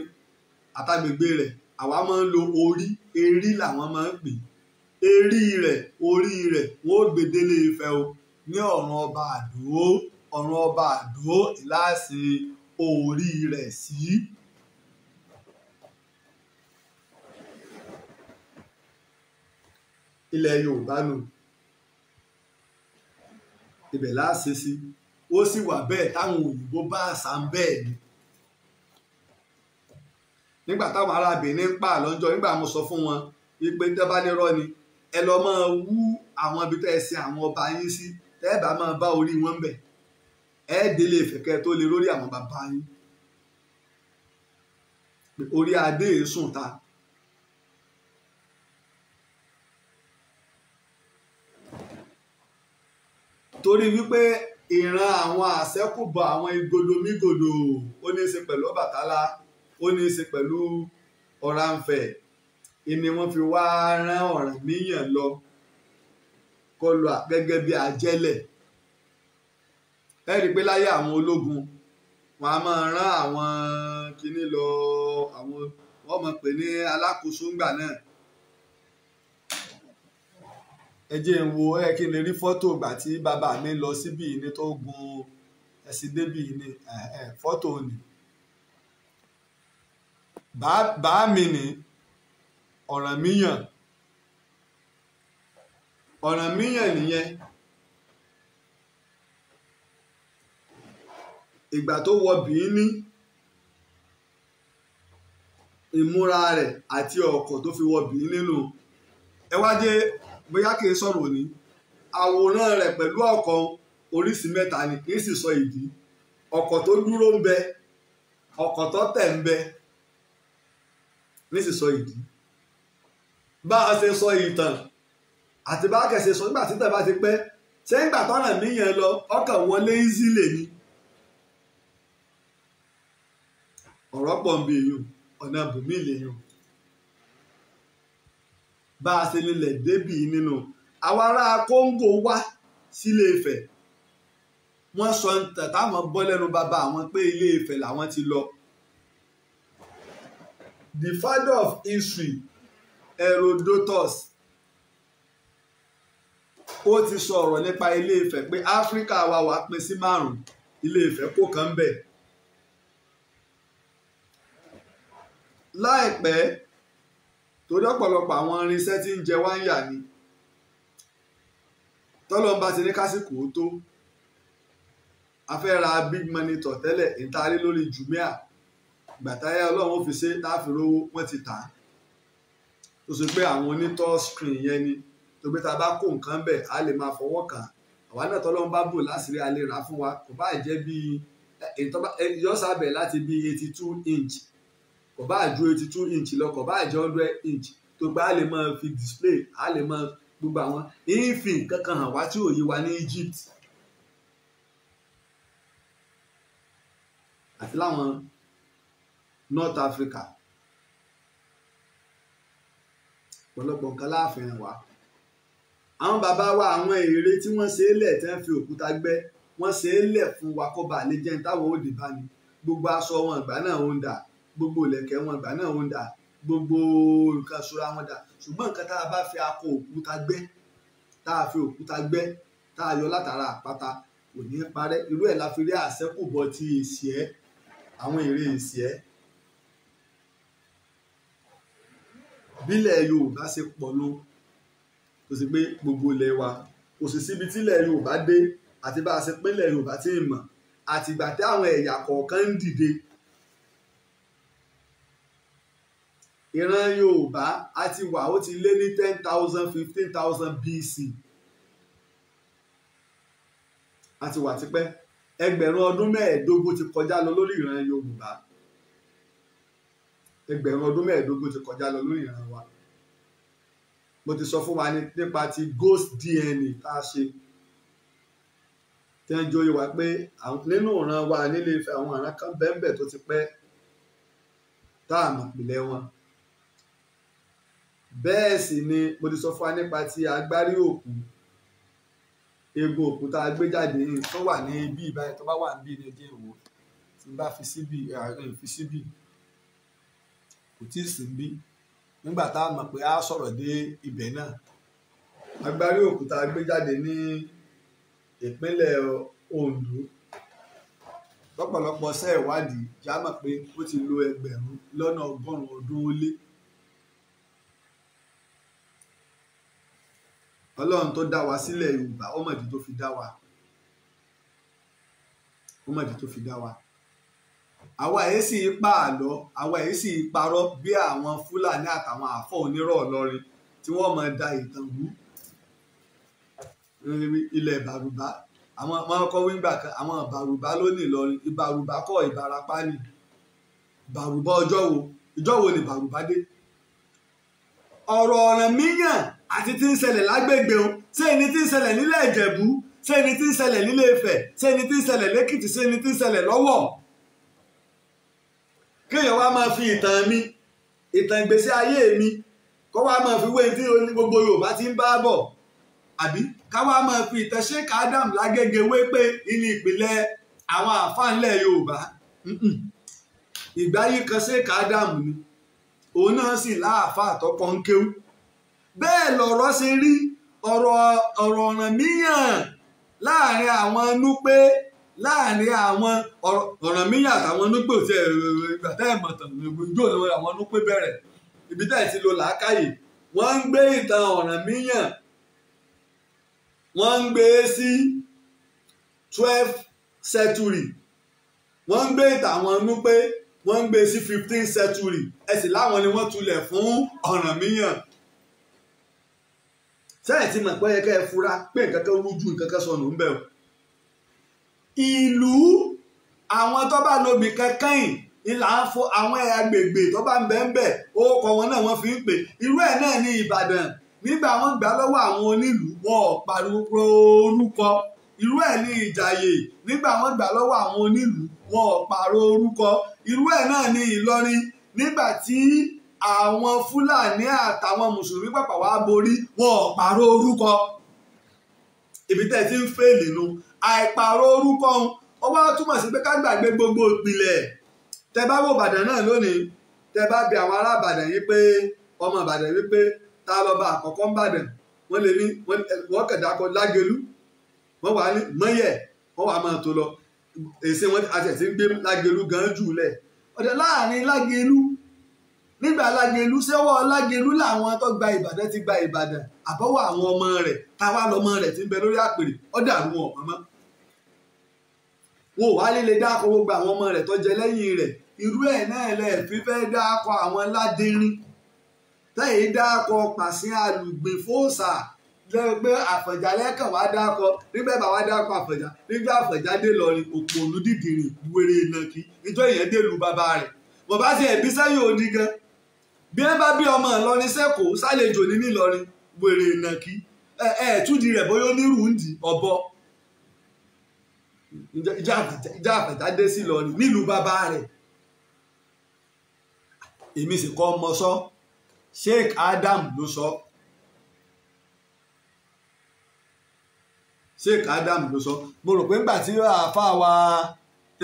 àtàgbègbè rẹ̀ àwa máa ń lo orí erí làwọn máa ń pè erí rẹ̀ orí rẹ̀ wọ́n ó gbèdélé Ifẹ̀ o ní ọ̀run ọba àdó ọ̀run ọba àdó ìlàsìn orí rẹ̀ sí. ilẹ̀ yorùbá nù ibẹ̀ láàṣẹ sí ó sì wà bẹ́ẹ̀ táwọn òyìnbó bá àṣà ń bẹ́ẹ̀ ni nígbà táwọn ará benin pa lọ́jọ́ nígbà mo sọ fún wọn wípé tẹ́ bá nírọ́ ni ẹ lọ́ọ́ máa wú àwọn ibi tẹ́ ẹ sin àwọn ọba yín sí tẹ́ ẹ bá máa bá orí wọn bẹ̀ ẹ̀ẹ́délé ìfẹ̀kẹ́ tó lè rórí àwọn bàbá yín orí adé sùn ta torí wípé ìran àwọn àṣẹ́kùbọ̀ àwọn igodomígodò ó ní í ṣe pẹ̀lú Ọbàtálá ó ní í ṣe pẹ̀lú Ọ̀rànfẹ̀ ìní wọ́n fi wá rán Ọ̀rànmíyàn lọ kọlu gẹ́gẹ́ bí ajẹ́lẹ̀. ẹ rí i pé láyé àwọn ológun wọn a máa rán àwọn kinní lọ àwọn wọn pè pé ní alákòóso ńgbà náà ẹ jẹ́ ń wo ẹ kí n lè rí fọ́tò ìgbà tí bàbá mi lọ síbí ní tó gun bí débì ní fọ́tò ni bàá mi ní Ọ̀rànmíyàn Ọ̀rànmíyàn nìyẹn ìgbà tó wọ bìíní ìmúra rẹ àti ọkọ tó fi wọ bìíní nínú ẹ wá dé bóyá kì í sọ̀rọ̀ ni àwòrán rẹ̀ pẹ̀lú ọkọ̀ oríṣi mẹ́ta ni kì í sì sọ ìdí ọkọ tó dúró ń bẹ ọkọ̀ tó tẹ̀ ń bẹ ní sì sọ ìdí bá a ṣe sọ ìtàn àti bá a kẹsẹ̀ sọ nígbà títàn bá ti pẹ́ ṣé ń gbà tọ́nà níyẹn lọ ọkàn wọlé ízílè ni. ọ̀rọ̀ pọ̀ ń bí èèyàn ọ̀nà bùnmí lèèyàn bá a ṣe nílẹ̀ débì nínú àwọn ará kóńgò wá sílé Ifẹ̀ wọ́n sọ táwọn bọ́ lẹ́nu bàbá àwọn pé ilé Ifẹ̀ làwọn ti lọ the father of history Herodotus ó ti sọ ọ̀rọ̀ nípa ilé Ifẹ̀ pé Áfíríkà wa wà pín sí márùn-ún ilé Ifẹ̀ kò kàn bẹ́ẹ̀ láìpẹ́ torí ọ̀pọ̀lọpọ̀ àwọn irinṣẹ́ tí ń jẹ wáyà ni tọ́lọ́mbà ti ní kásìkò tó a fẹ́ ra big monitor tẹ́lẹ̀ ìtaari lórí Jumia gbàtáyà ọlọ́run ó fi ṣe táàfin rówó wọ́n ti tà á tó ṣe pé àwọn onítọ́ screen yẹn ni tó gbé ta bá kó nǹkan bẹ̀ á lè máa fọwọ́ kàn àwa náà tọ́lọ́run bò láṣìírí a lè rà fún wa kò bá jẹ́ bíi ìyọ́sàbẹ̀ láti bíi eighty two inch kò bá ju eighty two inch lọ kò bá jẹ́ hundred inch tó gbá a lè máa fi display a lè máa gbogbo àwọn ìfìn kankan hàn wá tí òye wa ní Egypt àti láwọn North Africa ọ̀pọ̀lọpọ̀ nǹkan láàfin wa àwọn bàbá wa àwọn ère tí wọ́n ṣe é lẹ̀ tẹ́ ń fi òkúta gbẹ́ wọ́n ṣe é lẹ̀ fún wa kó bàa lè jẹun táwọn òde bá ní gbogbo aṣọ wọn ìgbà náà ń dà gbogbo ìlẹ̀kẹ̀ wọn ìgbà náà wọn dà gbogbo nǹkan ìṣúra wọn dà ṣùgbọ́n nǹkan tá a bá fi akọ òkúta gbẹ́ tá a fi òkúta gbẹ́ tá a yọ látara àpáta kò ní parẹ́ irú ẹ̀ la fi rí àṣẹ́kùbọ̀ ti ìṣẹ́ àwọn ère ìṣẹ́ bílẹ̀ Yorùbá ṣe pọ̀ ló tó sì pé gbogbo ilẹ̀ wa kò sì síbi tílẹ̀ Yorùbá dé àti bá a ṣe pínlẹ̀ Yorùbá tí ì mọ̀ àtìgbà tí àwọn ẹ̀yà kọ̀ọ̀kan ń dìde ìran yorùbá a ti wà ó ti lé ní ten thousand fifteen thousand BC a ti wà tipẹ́ ẹgbẹ̀rún ọdún mẹ́ẹ̀ẹ́dógún ti kọjá lọ lórí ìran yorùbá ẹgbẹ̀rún ọdún mẹ́ẹ̀ẹ́dógún ti kọjá lọ lórí ìran wa mo ti sọ fún wa nípa ti ghost DNA tá a ṣe tí wọ́n jọ yé wa pé nínú ìran wa nílé Ifẹ̀ àwọn ìran kan bẹ́ẹ̀ bẹ́ẹ̀ tó ti pẹ́ tá a mọ̀ pìlẹ̀ wọn bẹ́ẹ̀ sì ni mo ti sọ fún wa nípa ti agbárí òkú egbò òkú a gbé jáde tó wà ní ibi ìbáyẹn tó bá wà níbí ní ẹjẹ ìwò tí n bá fi síbi àárín fi síbi kò tí ì sí bí nígbà tá a mọ̀ pé a sọ̀rọ̀ dé ibẹ̀ náà agbárí òkú tá a gbé jáde ní ìpínlẹ̀ Ondo lọ́pọ̀lọpọ̀ ṣe já mọ̀ pé ó ti lo ẹgbẹ̀rún lọ́nà ọgọ́rùn-ún ọdún ó lé ọlọ́run tó dá wa sílẹ̀ yorùbá ó mọ̀dí tó fi dá wa ó mọ̀dí tó fi dá wa àwa yìí sì pa àlọ́ àwa yìí sì parọ́ bí àwọn fúlàní àtàwọn àfọ́ onírọ̀ ọlọ́rin tí wọ́n máa da ìtàn wú ilẹ̀ bàrùbá àwọn ọmọ ọkọ wíńgbà kan àwọn bàrùbá ló ìlọrin ìbàrùbá kọ́ ìbarapá ni bàrùbá ọjọ́ wo ìjọ́ wo ni bàrùbá dé ọ̀rọ̀ ọ̀ràn míyàn àti tí ń ṣẹlẹ̀ lágbègbè o ṣé ẹni tí ń ṣẹlẹ̀ nílẹ̀ ìjẹ̀bú ṣé ẹni tí ń ṣẹlẹ̀ nílé Ifẹ̀ ṣé ẹni tí ń ṣẹlẹ̀ lẹ́kìtì ṣé ẹni tí ń ṣẹlẹ̀ lọ́wọ̀ kéèyàn wá máa fi ìtàn mi ìtàn ìgbésí ayé mi kó wá máa fi wé tí gbogbo Yorùbá ti ń bá bọ̀ àbí ká wá máa fi ìtàn Sheikh Adam lágége wé pé ìní ìpìlẹ̀ àwọn àfáànlẹ̀ Yorùbá ìgbáyé kan Sheikh Adam ni òun náà sì láàfáà tọkọ ń bẹ́ẹ̀ lọ̀rọ̀ ṣe rí ọ̀rọ̀ ọ̀rọ̀ ọ̀ràn míyàn láàrin àwọn núpé láàrin àwọn ọ̀ràn míyàn àtàwọn núpé ò tiẹ̀ ìgbà tẹ́ ẹ̀ mọ̀ tàn ìjó ni àwọn núpé bẹ̀rẹ̀ ibi tá ẹ̀ ti lo làákàyè wọ́n ń gbé ìtàn ọ̀ràn míyàn wọ́n ń gbé e sí twelve century wọ́n ń gbé ìtàn àwọn núpé wọ́n ń gbé e sí fifteen century ẹ sì láwọn ni wọ́n tulẹ̀ fún ọ̀ràn míyàn sẹ́yìn tí mọ̀ pé yẹ ká ẹ fura pé nǹkan kan rújú sọnù ń bẹ̀ o. ìlú àwọn tó bá lobì kankan yìí ìlà ń fo àwọn agbègbè tó bá ń bẹ̀ ń bẹ̀ orúkọ wọn náà wọ́n fi ń pè irú ẹ̀ náà ní Ìbàdàn nígbà wọn gbà lọ́wọ́ àwọn onílùú wọn ò pariwo orúkọ irú ẹ̀ ní Ìjàyè nígbà wọn gbà lọ́wọ́ àwọn onílùú wọn ò pààrọ̀ orúkọ irú ẹ̀ náà ní Ìlọrin nígbà tí àwọn fúlàní àtàwọn mùsùlùmí pàpà wá borí wọn ò pàrọ̀ orúkọ ibi tẹ́ ẹ ti ń fèèlì nu àìpàrọ̀ orúkọ ó wá túmọ̀ sí pé ká gbàgbé gbogbo ìpìlẹ̀ tẹ bá wò Ìbàdàn náà lónìí tẹ bá bi àwọn ará Ìbàdàn yìí pé ọmọ Ìbàdàn yìí pé ta lọ́ba àkọ́kọ́ ń bàdàn wọ́n lè ní wọ́n kẹ̀dá kọ Lágelú wọ́n wà ní mọ́yẹ̀ wọ́n wà máa tó lọ èsì wọn àti ẹ̀sìn gbé Lágelú gan jù lẹ̀ ọ̀dẹ̀ láàrin Lágelú nígbà Lágelú sẹ́wọ́ Lágelú làwọn tó gba Ìbàdàn ti gba Ìbàdàn àbọ̀wọ̀ àwọn ọmọ rẹ̀ táwa lọmọ rẹ̀ ti ń bẹ lórí àpèrè ọ̀dà àwọn ọ̀mọ́ mọ́. wọn ò wá líle dáko gbogbo àwọn ọmọ rẹ̀ tó jẹ lẹ́yìn rẹ̀ irú ẹ̀ náà lẹ̀ fífẹ́ dáko àwọn ládínrín tẹ́yìn dáko pàṣẹ alùgbìn fóòsà lẹ́gbẹ́ Àfọ̀njá lẹ́kàn wá dáko nígbà bá wá dáko Àfọ̀njá nígbà Àfọ̀njá dé lọrin òpònú dídìrín wéré nàkí nítorí yẹn dé lu bàbá rẹ̀ bàbá sì ẹ̀bí sẹ́yìn òní gan-an bí ẹ bá bí ọmọ ìlọrin sẹ́kọ̀ọ́ sálejò ní nílọrin wèrè ìnàkí ẹ ẹ túdi rẹ̀ bóyá onírú ń di ọ̀bọ ìjà àpẹ̀tà dé sí lọrin nílùú bàbá rẹ̀ èmi sì kọ́ ọmọ sọ Sheikh Adam ló sọ Sheikh Adam ló sọ mo rò pé ńgbà tí àáfàá wa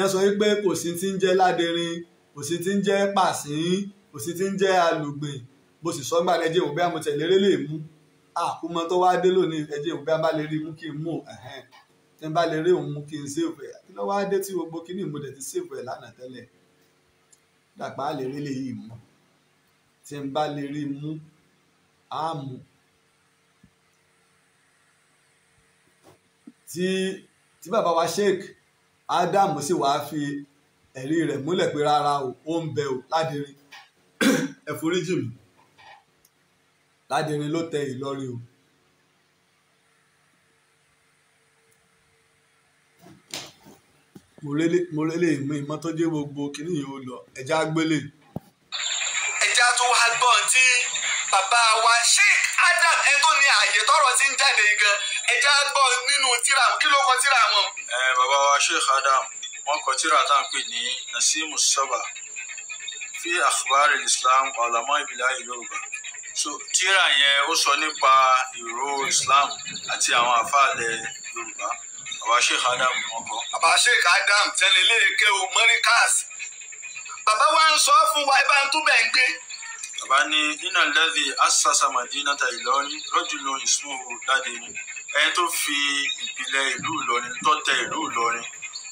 ẹ sọ pé kò sí ti ń jẹ́ ládẹrin kò sí ti ń jẹ́ pàṣín kò sì ti ń jẹ́ alùgbìn bó sì sọ́gbà ẹjẹ́ ìwò bí a mo tẹ̀lé eré lè mú àkómọ tó wá dé lónìí ẹjẹ́ ìwò bí a lè rí mú kí n mú ẹ̀hẹ́n tí n bá lè rí òun mú kí n sèwò ẹ̀ kí ló wá dé tí gbogbo kí ni mo dẹ̀ ti sèwò ẹ̀ lánàá tẹ́lẹ̀ dàpá lè rí lè yìí mú tí n bá lè rí mú á tí tí bàbá wa sheik Adam sì wá fi ẹ̀rí rẹ̀ múlẹ̀ pé rárá o ó ń bẹ o ládìrín ẹ foríjì mi ládìrín ló tẹ ìlọrin o. mo rélé ìmú ìmọ́tọ́jú gbogbo kínní yìí ó lọ ẹja gbélé. ẹja tó wá gbọ́n tí bàbá wa Sheikh Adam ẹ tó ní ààyè tọrọ ti ń jáde gan ẹja gbọ́ nínú tíra kí ló kọ tíra wọn. ẹ bàbá wa Sheikh Adam wọn kọ tíra tá à ń pè ní Nasimu Saba fi akhbar islam ulama bilal yorùbá so tíra yẹn o sọ nípa ìró islam àti àwọn àfáàlẹ yorùbá bàbá sheikh adam ni wọn kọ. bàbá sheikh adam tẹ́lẹ̀ léèké o mọ́ríkàs bàbá wa ń sọ fún wa ibà ń túbẹ̀ ń gbé. bàbá ní iná lẹ́dí asasa madinata ìlọrin rọ́jùlọ ìsúnwó dáde ni ẹni tó fi ìpìlẹ̀ ìlú ìlọrin tó tẹ ìlú ìlọrin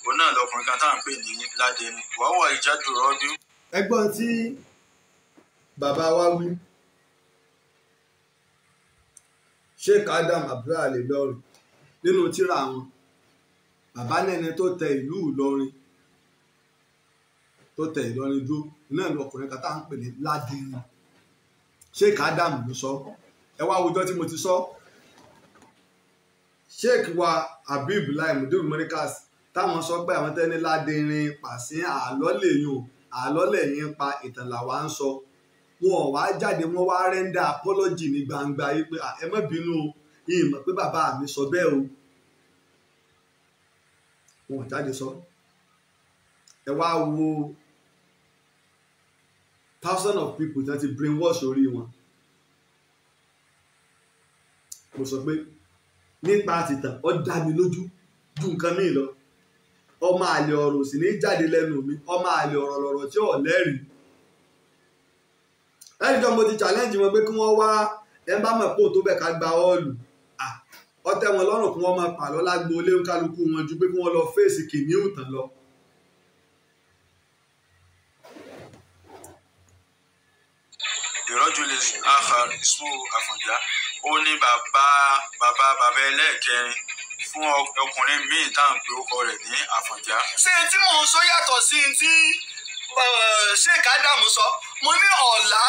òun náà lọkùnrin kan tá à ń pè ní ládé wàá wà ìjádùn rọ́bí ẹgbọ́n tí bàbá wa wí Sheikh Adam abdulhali lọrin nínú tírà wọn bàbá lẹni tó tẹ ìlú Ìlọrin tó tẹ Ìlọrin dúró náà lọkùnrin kan tá à ń pè ní Ládìrí Sheikh Adam ló sọ ẹ wá àwùjọ tí mo ti sọ Sheikh wa Habib lai mudir morikas táwọn sọ pé àwọn tẹni Ládìrín pàṣẹ àlọ lèyìn o àlọ́lẹ̀ yín pa ìtàn làwa ń sọ wọn ò wá jáde wọn wá rẹ́ńdà apology ní gbangba yìí pé ẹ má bínú o yìí pé bàbá mi sọ bẹ́ẹ̀ o wọn ò jáde sọ ẹ wá wo thousand of people tí wọ́n ti brainwash orí wọn mo sọ pé nípa tìtàn ó dá mi lójú ju nǹkan míì lọ ọmọ àlè ọ̀rọ̀ ò sì ní jáde lẹ́nu mi ọmọ àlè ọ̀rọ̀ lọ̀rọ̀ tí ò lẹ́rìí lẹ́yìn tó mo ti challenge wọn pé kí wọ́n wá ẹ̀ ń bá mọ̀ pò tó bẹ̀ ká gba ọ́ọ̀lù ọtẹ wọn lọ́rùn kí wọ́n máa pàlọ́ lágbo ilé kálukú wọn ju pé kí wọ́n lọ fèsì kìnìún tán lọ. ìrọ́jú lè afa ìṣú àfọ̀njá ó ní bàbá bàbá bàbá ẹlẹ́ẹ̀kẹrin fún ọkùnrin míì tá à ń pe orúkọ rẹ̀ ní àfọ̀njá. ṣé tí mò ń sọ yàtọ̀ sí ti ṣèkà dàmú sọ mo ní ọ̀la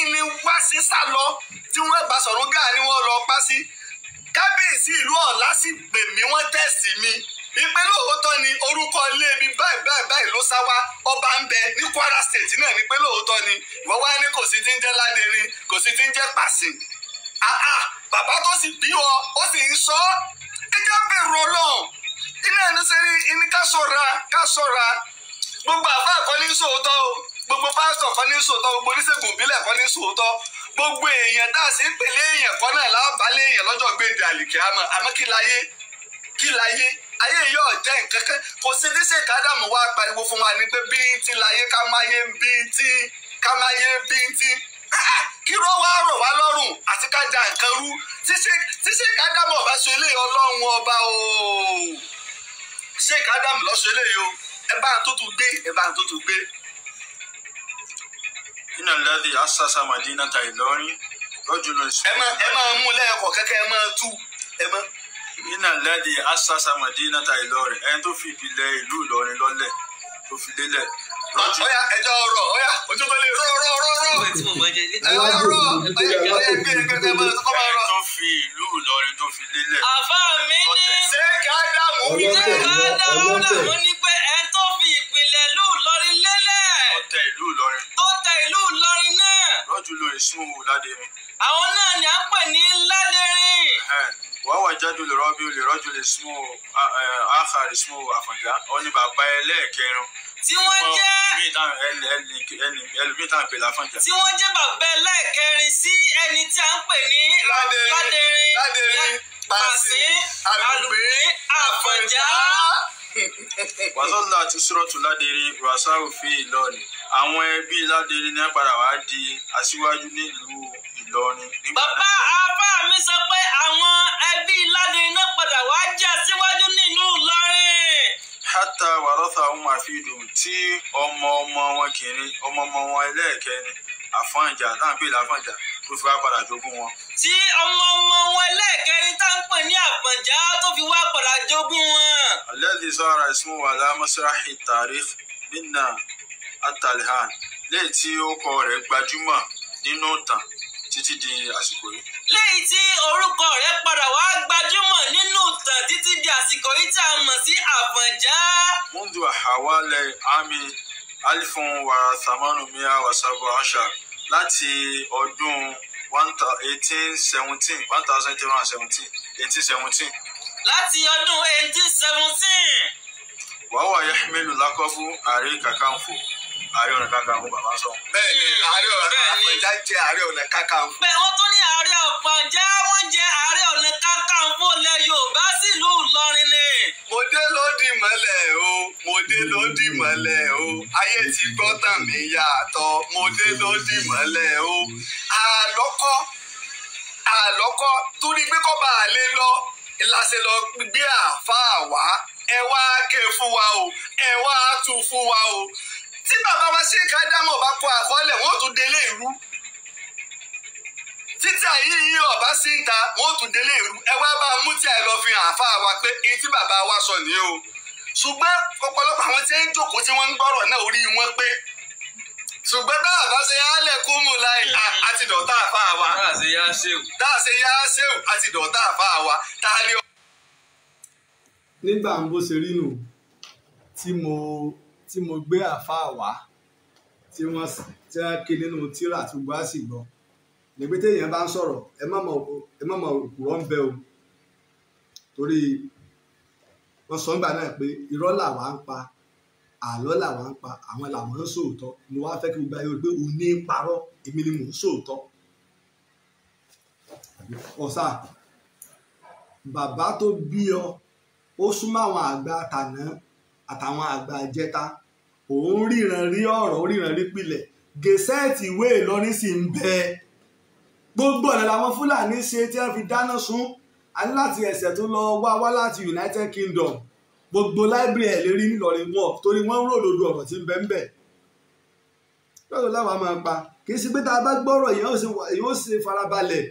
ìní wá sí sálọ tí wọ́n bá sọ̀rọ̀ gáà ni wọ́n lọ pa sí kábíyèsí ìlú ọ̀la sì pè mí wọ́n tẹ̀sí mi ìpè lóòótọ́ ni orúkọ ilé mi báyìí báyìí báyìí ló sá wá ọba ń bẹ ní Kwara State náà ni pé lóòótọ́ ni ìwọ wá ní kò sí ti ń jẹ́ Ládẹrin kò sí ti ń jẹ́ Pàṣín àà bàbá tó sì bí ọ ó sì ń sọ bẹ̀rù ọlọ́run iná ẹni sẹ́ni ẹni ká ṣọ́ra ká ṣọ́ra gbogbo àbá ẹ̀kọ́ ní sòótọ́ o gbogbo pásítọ̀ kọ́ ní sòótọ́ gbogbo oníṣègùn ìbílẹ̀ kọ́ ní sòótọ́ gbogbo èèyàn tá a sì ń pèlè èèyàn kọ́ náà lábàálẹ̀ èèyàn lọ́jọ́ gbèdè àlìkè àmọ́ àmọ́ kí láyé kí láyé ayé yóò jẹ́ nǹkan kan kò sí díṣe kádàmù wá pariwo fún wa ní pé bíntín láyé ká máyé bíntín ká máyé bíntín kíró wá rọ̀ wá lọ́rùn àti ká da nǹkan rú tí Sheikh Adam ọba sọ eléyìí ọlọ́run ọba ooo Sheikh Adam lọ eléyìí o ẹ bá ń tó tún gbé ẹ bá ń tó tún gbé. iná lẹ́dí asasa madina ta Ìlọrin lọ́jọ́ lọ sí. ẹ máa ẹ máa mú lẹ́ẹ̀kọ́ kẹ́kẹ́ ẹ máa tú ẹ máa. iná lẹ́dí asasa madina ta Ìlọrin ẹni tó fi ìpìlẹ̀ ìlú Ìlọrin lọ́lẹ̀ tó fi lélẹ̀ láti. ọ̀yà ẹja ọ̀rọ̀ ọ̀yà ojú tó lè rọ̀ rọ̀ rọ̀ rọ̀. ẹ̀yà ọ̀rọ̀ ẹ̀yà ẹgbẹ́ ẹgbẹ́ máa tó máa rọ̀. tó fi ìlú Ìlọrin tó fi lélẹ̀. àbá mi ní. ṣé kádàmú wí pé. kádàmú dàmú ní pé ẹ tó fi ìpìlẹ̀ ìlú Ìlọrin lélẹ̀. tó tẹ ìlú Ìlọrin. tó tẹ ìlú Ìlọrin náà. lọ́jú lo ìsún òwò ládẹ́rin. àwọn náà ni à ń pè ní ládẹ́rin wọ́n wà jáde olùrọ́bí olùrọ́jú lè sún àkàrí sún àfọ̀njá ó ní bàbá ẹlẹ́ẹ̀kẹrin tí wọ́n jẹ́ ẹlòmíì tá à ń pè láfọ̀njá. tí wọ́n jẹ́ bàbá ẹlẹ́ẹ̀kẹrin sí ẹni tí a ń pè ní ládẹrin pàṣín àlùbí àfọ̀njá. wàsọ́lá ti sọ́rọ̀tù ládẹrin rasahu fi ìlọrin àwọn ẹbí ládẹrin ní padà wá di aṣíwájú nílùú ìlọrin. bàbá àbá mi sọ pé àwọn ẹbí ládẹrin náà padà wá jẹ́ aṣíwájú nílùú ìlọrin hata wàrọ́tà ọmọ àfihàn tí ọmọ ọmọ wọn kìíní ọmọ ọmọ wọn ẹlẹ́ẹ̀kẹ́ni àfọ̀njà tá à ń pè láfọ̀njà tó fi wá padà jogún wọn. tí ọmọ ọmọ wọn ẹlẹ́ẹ̀kẹ́ni tá à ń pè ní àfọ̀njà tó fi wá padà jogún wọn. alẹ́dí sọ́ra ìsúnmọ́ wà lámọ́sáráhì tàríf nínà àtàlẹ́hàn léè tí ó kọ rẹ̀ gbajúmọ̀ nínú ìtàn títí di àsìkò yìí lẹ́yìn tí orúkọ rẹ̀ padà wá gbajúmọ̀ nínú ìtàn títí di àsìkò yìí tí a mọ̀ sí Àfọ̀njá. mundu àwálẹ̀ àmì alifun wa samanu miya asha láti ọdún eighteen seventeen one thousand eight hundred seventeen eighteen seventeen. láti ọdún eighteen seventeen. wàá wà yahmilu lákọ́bù àrí kàkàǹfò ààrẹ ọ̀nà kakanfò bàbá sọ. bẹ́ẹ̀ ni ààrẹ ọ̀nà àpẹja jẹ ààrẹ ọ̀nà kakanfò. bẹ́ẹ̀ wọ́n tún ní ààrẹ ọ̀pọ̀njá wọ́n jẹ ààrẹ ọ̀nà kakanfò lẹ Yorùbá sílùú Ìlọrin ni. mo dé ló di mọ́lẹ̀ o mo dé ló di mọ́lẹ̀ o ayé ti gbọ́ tàn mí yàtọ̀ mo dé ló di mọ́lẹ̀ o àlọ́kọ́ àlọ́kọ́ torí pé kọ́ bá a lè lọ láṣẹ lọ gbé àáfàá wá ẹ wá ké fún wa o ẹ wá tú fún wa o tí bàbá wa ṣe ká dámọ̀ bá kó àkọọ́lẹ̀ wọ́n tún délé ìlú títà yìí yí ọ̀bá sí ń ta wọ́n tún délé ìlú ẹ wá bá a mú tí a lọ fi hàn àfa wa pé iye tí bàbá wa sọ nìyí o ṣùgbọ́n ọ̀pọ̀lọpọ̀ àwọn tí ń jókòó tí wọ́n ń gbọ́rọ̀ náà orí wọn pé ṣùgbọ́n bá àbá ṣe yá lẹ̀kún mú láì àti dọ̀tà àfa wa. dáà ṣe ṣe yá ṣéwù àti dọ̀tà àfa wa ta ni. nígbà bó ṣe rí nù tí mo tí mo gbé àáfàá wá tí wọ́n tí wọ́n ké nínú tírà tó gbá sì gbọ́ nígbà téèyàn bá ń sọ̀rọ̀ ẹ má mọ̀ ẹ ń bẹ o torí wọ́n sọ nígbà náà pé irọ́ làwa ń pa àlọ́ làwa ń pa àwọn làwọn ń sòótọ́ mo wá fẹ́ kí gbogbo ayé pé òun ní parọ́ èmi ni mò ń sòótọ́ ọ̀sà bàbá tó bí ọ ó súnmọ́ àwọn àgbà àtàná àtàwọn àgbà àjẹta òun ríran rí ọ̀rọ̀ ríran rí pilẹ̀ gẹ̀ẹ́sẹ̀tì ìwé Ìlọrin sì ń bẹ gbogbo ọ̀nà làwọn Fúlàní ṣe tí wọ́n fi dáná sun àní láti ẹ̀sẹ̀ tó lọ wá wá láti United Kingdom gbogbo láìbírì ẹ̀ lérí ńlọrin wọn torí wọ́n ń ròdòdó ọ̀rọ̀ tí ń bẹ ń bẹ lọ́dọ̀ láwọn máa pa kì í ṣe pé tá a bá gbọ́rọ̀ èèyàn ó ṣe farabalẹ̀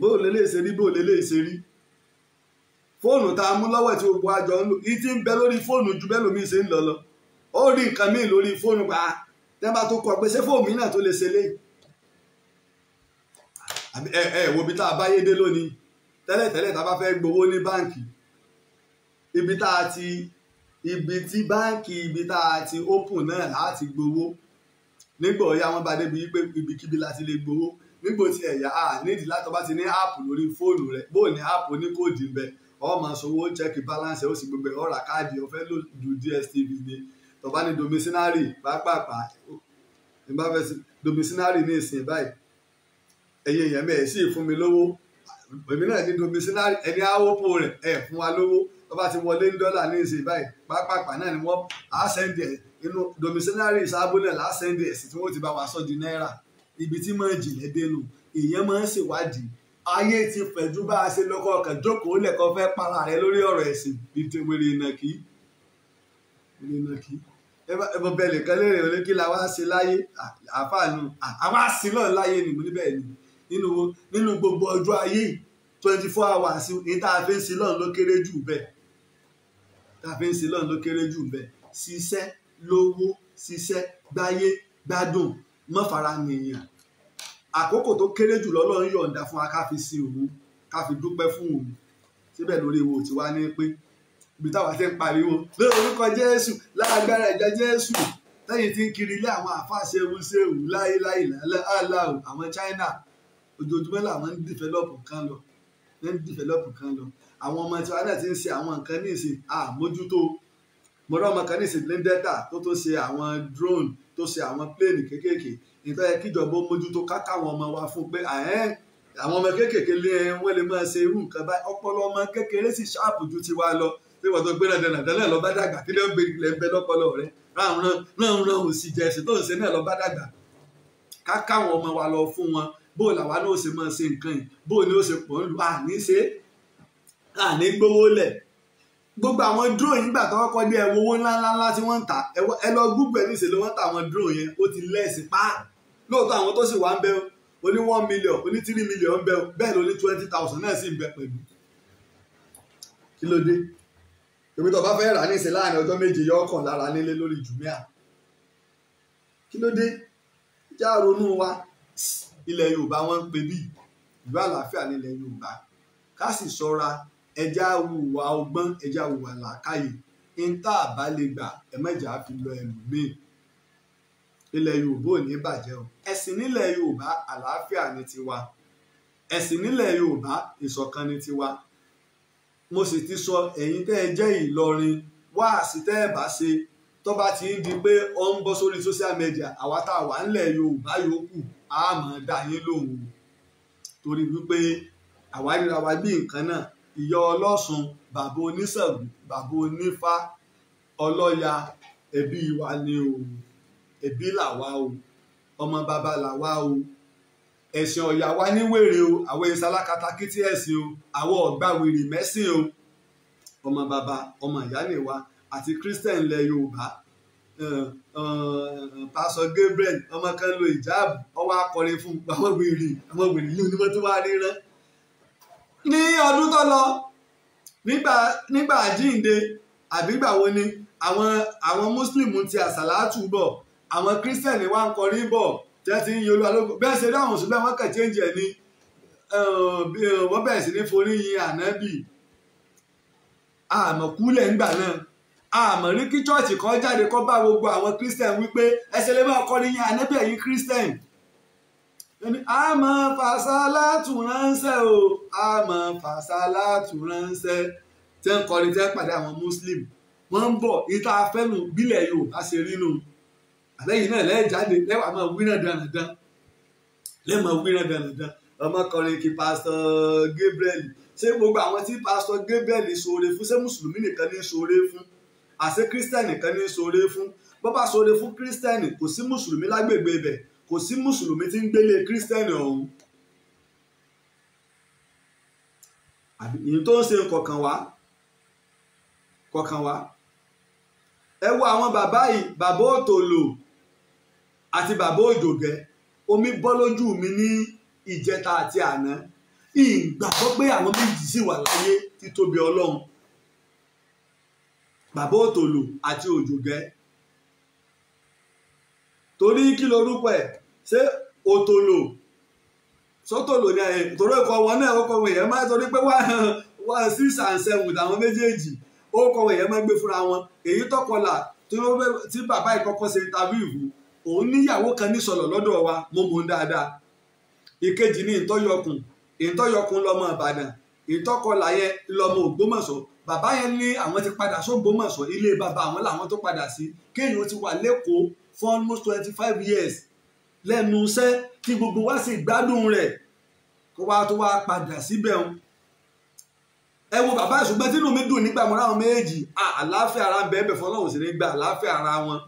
bó lélẹ́ẹ̀ṣe rí bó lélẹ́ẹ̀ṣe rí fóònù tá a mú lọ́wọ́ tí gbogbo àjọ ń lò yìí ti ń bẹ lórí fóònù ju bẹ́ẹ̀ lómi ṣe ń lọ lọ ó rí nǹkan míì lórí fóònù pa tẹ́nbà tó kọ pé ṣé fóònù mi náà tó lè ṣe léyìí ẹ ẹ wo ibi tá a bá yé dé lónìí tẹ́lẹ̀tẹ́lẹ̀ tá a bá fẹ́ gbowó ní báǹkì ibi tá a ti ibi tí báǹkì ibi tá a ti open náà láti gbowó nígbà ọ̀ya wọn bá débi wípé ibikíbi láti lè gbowó nígbà tí ẹ̀yà a nídìí látọ̀ bá ti ní áàpù lórí fóònù rẹ̀ bóò ní áàpù oníkóòdì ń ọmọ sanwó chẹ́kì balance ó sì gbogbo ọ̀rà káàdì ọ̀fẹ́ ló ju dstv ni tọ́ba ní domisinari pápápá nígbà fẹ́ domisinari ní ìsìn báyìí ẹ̀yin èèyàn mẹ́ẹ̀ sì fún mi lówó èmi náà ní domisinari ẹni àwòpọ̀ rẹ̀ ẹ̀ fún wa lówó tọ́ba ti wọlé ní dọ́là ní ìsìn báyìí pápápá náà ni wọ́n á sẹ́ndì ẹ̀ inú domisinari sábúlẹ̀ lá sẹ́ndì ẹ̀ sí tí wọ́n ti bá wa sọ́ di náírà ibi tí máa jìnlẹ̀ dénú èèyàn máa ń ṣèwádìí ayé ti fẹ̀jú bá a ṣe lọ́kọ̀ ọkàn jókòó lẹ́kọ̀ọ́ fẹ́ para rẹ lórí ọ̀rọ̀ ẹ̀sìn bíi wèrè ìnàkí wèrè ìnàkí ẹbọn bẹ́ẹ̀ nìkan lérè olókè la wá ṣe láyé àfààní àwa sí lọ láyé ni mo níbẹ̀ ni nínú nínú gbogbo ọjọ́ ayé twenty four hours ní tá a fi ń sin lọ́run ló kéré jù bẹ́ẹ̀ tá a fi ń sin lọ́run ló kéré jù bẹ́ẹ̀ ṣiṣẹ́ lówó ṣiṣẹ́ gbáyé gbádùn mọ́fara nìyàn àkókò tó kéré jù lọ́lọ́run yọ̀ǹda fún wa ká fi sin òun ká fi dúpẹ́ fún òun síbẹ̀ lórí ewu tí wá ní pé ibi táwa ti ń pariwo lórí orúkọ jésù lágbára ẹ̀jẹ̀ jésù lẹ́yìn tí ń kiri ilé àwọn àfàṣẹ ewúṣẹ́wù láéláé aláàláò àwọn china ojoojúmọ́ làwọn ń dìfẹ́lọ́pù kan lọ ń dìfẹ́lọ́pù kan lọ àwọn ọmọ tiwa náà ti ń ṣe àwọn nǹkan ní ìsìn àmójútó mọ̀rọ̀ ọmọ kan ní ìsìn ní tó tó ṣe àwọn drone tó ṣe àwọn plane kéékèèké ìtọ́ yẹ kíjọba ó mójútó káká àwọn ọmọ wa fún pé àwọn ọmọ kéékèèké lé wọn lè máa ṣe irú nǹkan báyìí ọpọlọ ọmọ kékeré sì ṣáàpù ju tiwa lọ pé wọ́n tó gbé náà dáná dáná lọ bá dàgbà kí ló ń gbé ilẹ̀ ń bẹ lọ́pọlọ rẹ ráhùn ráhùn ráhùn sì jẹ ẹsẹ̀ tó ń ṣe náà lọ bá dàgbà káká àwọn ọmọ wa lọ fún wọn bó làwa náà ó ṣe máa ṣe nǹkan yìí bó ni ó ṣe pọ̀ ń lu àní ṣe àní gbówó lẹ̀ gbogbo àwọn drone nígbà tó kọ́kọ́ dé ẹ̀wọ̀ owó ńláńlá tí wọ́n ń ta ẹ lọ gúgbẹ̀ ní ìṣèlú wọ́n ń ta àwọn drone yẹn ó ti lẹ́ẹ̀sì pa lóòótọ́ àwọn tó sì wá ń bẹ ó ní one million ó ní three million ń bẹ bẹ́ẹ̀ ló ní twenty thousand náà sì ń bẹ pẹ̀lú kí ló dé èmi tó bá fẹ́ rà ní láàrin ọjọ́ méje yọ ọkàn lára nílé lórí jùmíà kí ló dé já ronú wa ilẹ̀ yorùbá wọn ń pe bí ìlú àlàáfíà nílẹ̀ yorùbá ká sì ṣọ́ra ẹja hùwà ọgbọ́n ẹja hùwà làákàyè ń tá a bá lè gbà fi lọ ẹlòmíì ilẹ̀ yorùbá ò ní bàjẹ́ o ẹ̀sìn nílẹ̀ yorùbá àlàáfíà ni tiwa ẹ̀sìn nílẹ̀ yorùbá ìṣọ̀kan ni tiwa mo sì ti sọ ẹ̀yin tẹ́ ẹ jẹ́ ìlọrin wáàsí tẹ́ ẹ bá ṣe tó bá ti ń di pé ó ń bọ́ sórí social media àwa tá a wà nílẹ̀ yorùbá yòókù á máa dá yín lóhùn torí wípé àwa ríra wa bí nǹkan náà ìyá ọlọ́sùn bàbá oníṣègùn bàbá onífá ọlọ́ya ẹbí wa ni o ẹbí làwa o ọmọ bàbá làwa o ẹ̀sìn ọ̀yà wa ní wèrè o àwọn ìsalákatá kìtì ẹ̀sìn o àwọn ọ̀gbà wèrè mẹ́sìn o ọmọ bàbá ọmọ ìyá ni wa àti christian lẹ yorùbá pásọ gabriel ọmọ kan lo ìjáàbù ọwọ́ akọrin fún àwọn wèrè àwọn wèrè yìí onímọ̀ tó wà ní rán ní ọdún tó lọ nígbà nígbà àjíǹde àbígbà wo ni àwọn àwọn muslim ti àsàlátù bọ̀ àwọn kírísítẹ̀nì wa ń kọrí bọ̀ tẹ́ ti ń yọlú alógo bẹ́ẹ̀ ṣe dáhùn ṣùgbọ́n wọ́n kàn chéńjì ẹ̀ ni wọ́n bẹ̀rẹ̀ sí ní forí yin ànábì àmọ̀kúlẹ̀ ńgbà náà àmọ́ rí kí chọ́ọ̀chì kan jáde kó bá gbogbo àwọn kírísítẹ̀n wípé ẹsẹ̀ lè máa kọrin yin ànábì ẹ̀yin kírísítẹ̀n a máa fàṣálátù ránṣẹ́ o a máa fàṣálátù ránṣẹ́ tẹ́ ń kọrin tẹ́ ń pàdé àwọn muslim wọ́n ń bọ̀ ìta afẹ́nu bílẹ̀ yorùbá ṣe rí nù àlẹ́yìn náà lẹ́ẹ̀jáde lẹ́wàá máa wí náà dáradára lẹ́mọ̀ wí náà dáradára ọmọkùnrin kí pásítọ̀ Gabriel ṣé gbogbo àwọn tí pásítọ̀ Gabriel ṣoore fún ṣé mùsùlùmí nìkan ní ṣoore fún àṣé kírísítẹ́nì nìkan ní ṣoore fún bọ́bá ṣoore fún kírísítẹ́nì kò sí mùsùlùmí lágbègbè bẹ́ẹ̀ kò sí mùsùlùmí tí ń gbélé kírísítẹ́nì ọ̀hún ìyẹn tó ń ṣe kọ̀ọ̀kan wá kọ̀ọ̀kan wá ẹ wo àwọn bàbá yìí bàbá òtòlò àti bàbá òjògẹ omi bọ́ lójú mi ní ìjẹta àti àná ìgbàgbọ́ pé àwọn méjì sì wà láyé títóbi ọlọ́run bàbá òtòlò àti òjògẹ torí kí lorúkọ ẹ̀ ṣé òtòlò sọ́tòlò ni ẹ̀ torí ẹ̀kọ́ wọn náà ó kọ̀wé yẹn máa torí pé wọ́n six and seven àwọn méjèèjì ó kọ̀wé yẹn máa gbé fúnra wọn èyí tọkọlà tí bàbá ìkọ́kọ́ ṣe interview òun níyàwó kan ní sọ̀lọ̀ lọ́dọ̀ wa mo mọ̀ ń dáadáa ìkejì ní ìtọ́yọkùn ìtọ́yọkùn lọ́mọ ìbàdàn ìtọ́kọlà yẹn lọ́mọ ògbómọ̀ṣọ́ bàbá yẹn ní àwọn ti padà sógbómọ̀ṣọ́ ilé bàbá àwọn làwọn tó padà sí kéèyàn ti wà lẹ́kọ̀ọ́ for almost twenty five years lẹ́nu iṣẹ́ tí gbogbo wa sì gbádùn rẹ̀ kó wá tó wá padà síbẹ̀ o ẹ wo bàbá ìṣùgbọ́n tínú mi dùn nígbà mọ́ra àwọn méjì àlàáfíà ara bẹ́ẹ̀ bẹ̀ fọlọ́hùn sí ní gba àlàáfíà ara wọn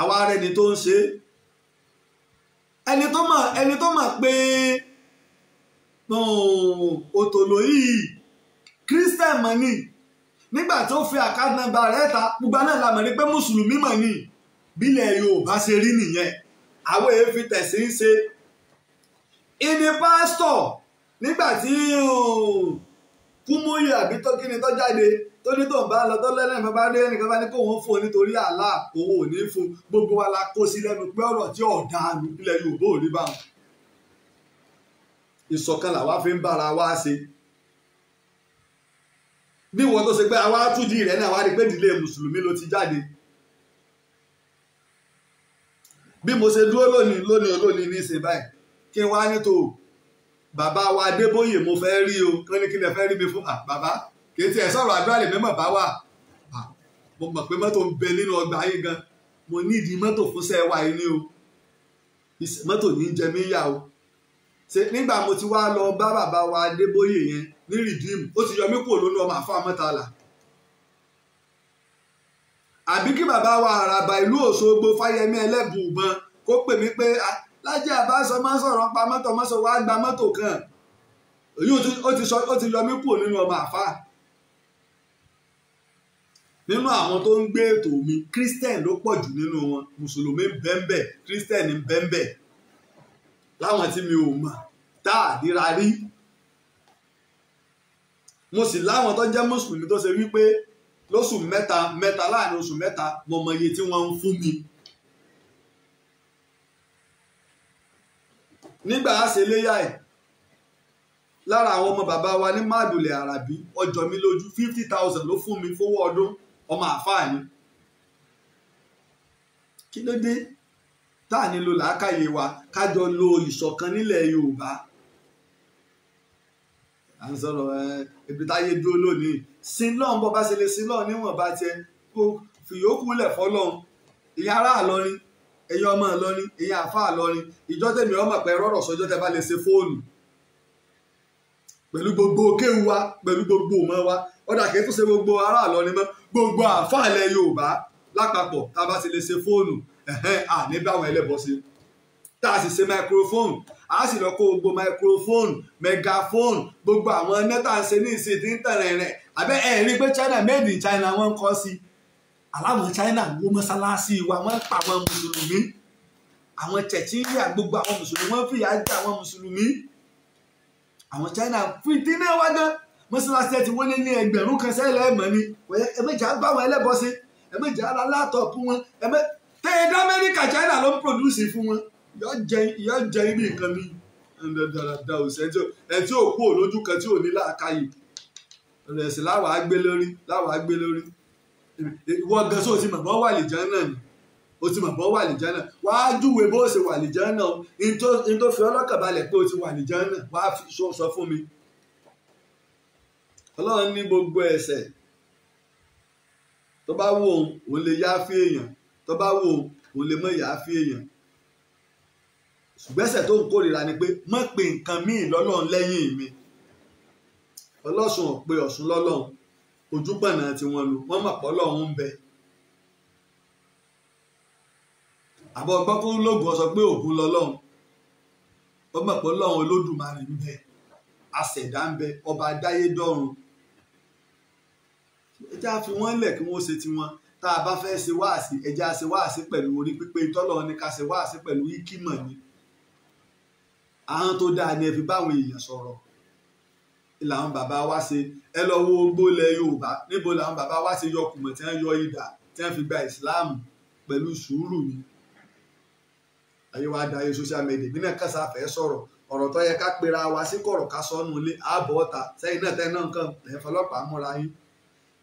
àwa ara ẹni tó ń ṣe ẹni tó mọ̀ ẹni tó mọ̀ pé òtòló yìí kírísítẹ̀ mọ́ ni nígbà tó fi àkáǹtì nọ́mbà rẹ̀ ta gbogbo náà la mọ̀ ní pé mùsùlùmí mọ̀ ní bílẹ̀ Yorùbá ṣe rí nìyẹn àwọn èyí fi tẹ̀sí ń ṣe ìní pásítọ̀ nígbà tí Kúmúyì àbí tó kí ni tó jáde tó ní tó ń bá lọ tó lẹ́lẹ́ ìfẹ́ bá dé ẹnìkan bá ní kó wọ́n fún un nítorí àlá owó ò ní fún gbogbo wa la kó sí lẹ́nu pé ọ̀rọ̀ tí ọ̀dà ilẹ̀ Yorùbá ò rí báwọn ìṣọ̀kan làwa fi ń bára wa ṣe níwọ̀n tó ṣe pé àwa túdí rẹ náà wá rí pé ìdílé mùsùlùmí ló ti jáde bí mo ṣe dúró lónìí lónìí olónìí ní ìsìn báyìí kí n wá nítò bàbá wa Adébóyè mo fẹ́ rí o kán ní kí lè fẹ́ rí mi fún à ah, bàbá kìí tiẹ̀ sọ̀rọ̀ àdúrà lè mẹ́mọ̀ bá wà ah, mo mọ̀ pé mọ́tò ń bẹ nínú ọgbà yín gan mo ní ìdí mọ́tò fúnṣẹ́ wa yín ni o mọ́tò ní í jẹ mí yá o nígbà mo ti wá lọ bá bàbá wa Adébóyè yẹn ní rìdíìmù ó ti yọ mí kúrò lónìí ọmọ àfa mọ́tàlá àbí kí bàbá wa àràbà ìlú Òṣogbo Fáyẹmí Ẹlẹ́bùúbọn kó pè mí pé Lájí Àbáṣọ máa ń sọ̀rọ̀ pa mọ́tò mọ́sọ̀ wá gba mọ́tò kan èyí ó ti yọ mí kúrò nínú ọmọ àfa nínú àwọn tó ń gbé ètò mi Christian ló pọ̀ jù nínú wọn mùsùlùmí bẹ́ẹ̀ bẹ́ẹ̀ Christian bẹ́ẹ̀ bẹ́ẹ̀ láwọn tí mi ò mọ̀ tá àdíra rí mo sì láwọn tó jẹ́ mùsùlùmí tó ṣe wípé lóṣù mẹ́ta mẹ́ta láàrin oṣù mẹ́ta mo mọ iye tí wọ́n ń fún mi. nígbà àṣeléyà ẹ̀ lára àwọn ọmọ bàbá wa ní máàdùlẹ̀ àràbí ọjọ́ mi lójú fifty thousand ló fún mi fowó ọdún ọmọ àfáà ni kí ló dé tá à nílò làákàyè wa kájọ lo ìṣọ̀kan nílẹ̀ Yorùbá à ń sọ̀rọ̀ ẹ ibi táyé dúró lónìí sinlọ́n bọ́ bá ṣe lè sinlọ́n níwọ̀nba tiẹ̀ kó fìyókù lẹ̀ fọlọ́n ìyá ará àlọ́rin ẹ̀yin ọmọ ìlọrin ìyá àfa àlọrin ìjọ tẹ̀mí ọmọ pẹ̀ rọ́rọ̀ sọjọ́ tẹ bá lè ṣe fóònù pẹ̀lú gbogbo kéwu wa pẹ̀lú gbogbo ọmọ wa ọ̀dà kìí tún ṣe gbogbo ara àlọrin mọ́ gbogbo àfa ilẹ̀ Yorùbá lápapọ̀ tá a bá ti lè ṣe fóònù àní báwọn ẹlẹ́bọ̀ sí tá a sì ṣe microphone a sì lọ kó gbogbo microphone megaphone gbogbo àwọn nẹ́tà ń ṣe ní ìsìn tí ń tẹ̀rẹ̀ rẹ̀ àbẹ́ ẹ̀ rí pé China made in China wọ́n ń kọ́ sí aláwọn China wó mọ́sálásí wa wọ́n ń pa àwọn mùsùlùmí àwọn chẹ̀chíńyà gbogbo àwọn mùsùlùmí wọ́n fìyà jẹ àwọn mùsùlùmí àwọn China fìdí náà wá gan mọ́sálásí ẹ ti wọlé ní ẹgbẹ̀rún kan sẹ́lẹ̀ ẹ̀mọ́ ni ẹ̀mẹ́jà báwọn ẹlẹ́bọ sí ẹ̀mẹ́jà ara látọ̀pù wọn ẹ̀mẹ́jà tẹ́yẹ dámẹ́ríkà China ló ń produce fún wọn yọ jẹ ibi nǹkan ní ẹ̀ńdàdàdà òsèǹtì ẹ̀tí òkú olójú kan tí ò ní làákàyè ẹ̀sìn láwàá gbé lórí láwàá gbé lórí ìwọ gan so ti mọ̀mọ́ wà lìjẹ́ náà ni o ti mọ̀mọ́ wà lìjẹ́ náà wàá júwe bó o ṣe wà lìjẹ́ náà n tó fi ọlọ́kàn balẹ̀ pé o ti wà lìjẹ́ náà wàá sọ fún mi ọlọ́run ní gbogbo ẹ̀ṣẹ̀ tó bá wù òun òun lè yá fún èèyàn tó bá wò ó lè mọ ìyá fi èèyàn ṣùgbẹ́sẹ̀ tó ń kórìíra ni pé mọ̀ pé nǹkan míì lọ́lọ́run lẹ́yìn mi ọlọ́sùn ọ̀pẹ ọ̀sùn lọ́lọ́run ojúpọ̀nà tiwọn lu wọ́n mọ̀ pọ́ lọ́run ń bẹ. àbọ̀ gbọ́kú lóògùn ọ̀sọ̀ pé ògùn lọ́lọ́run wọ́n mọ̀ pọ́ lọ́run olódùmarè ń bẹ àṣẹ̀dá ń bẹ ọba adáyédọ́run ẹ já fi wọ́n lẹ̀ kí wọ́n ṣe tiwọn tá a bá fẹ́ ṣe wáàsí ẹja ṣe wáàsí pẹ̀lú orí pípé tọ́lọ̀ ní ká ṣe wáàsí pẹ̀lú ìkìmọ̀ ni àwọn tó dáa ni ẹ fi báwọn èèyàn sọ̀rọ̀ làwọn bàbá wa ṣe ẹ lọ wo gbólẹ̀ Yorùbá níbo làwọn bàbá wa ṣe yọ kùmọ̀ tí wọ́n yọ idà tí wọ́n fi gba Islam pẹ̀lú sùúrù ni ayé wa da ayé social media ìbí náà kásá fẹ́ sọ̀rọ̀ ọ̀rọ̀ tó yẹ ká pera wa sí kọ̀rọ̀ ká sọ́nu ilé ààbọ̀ ọ̀tà sẹ́yìn náà tẹ́ náà nǹkan ẹ̀fọ́ ọlọ́pàá yín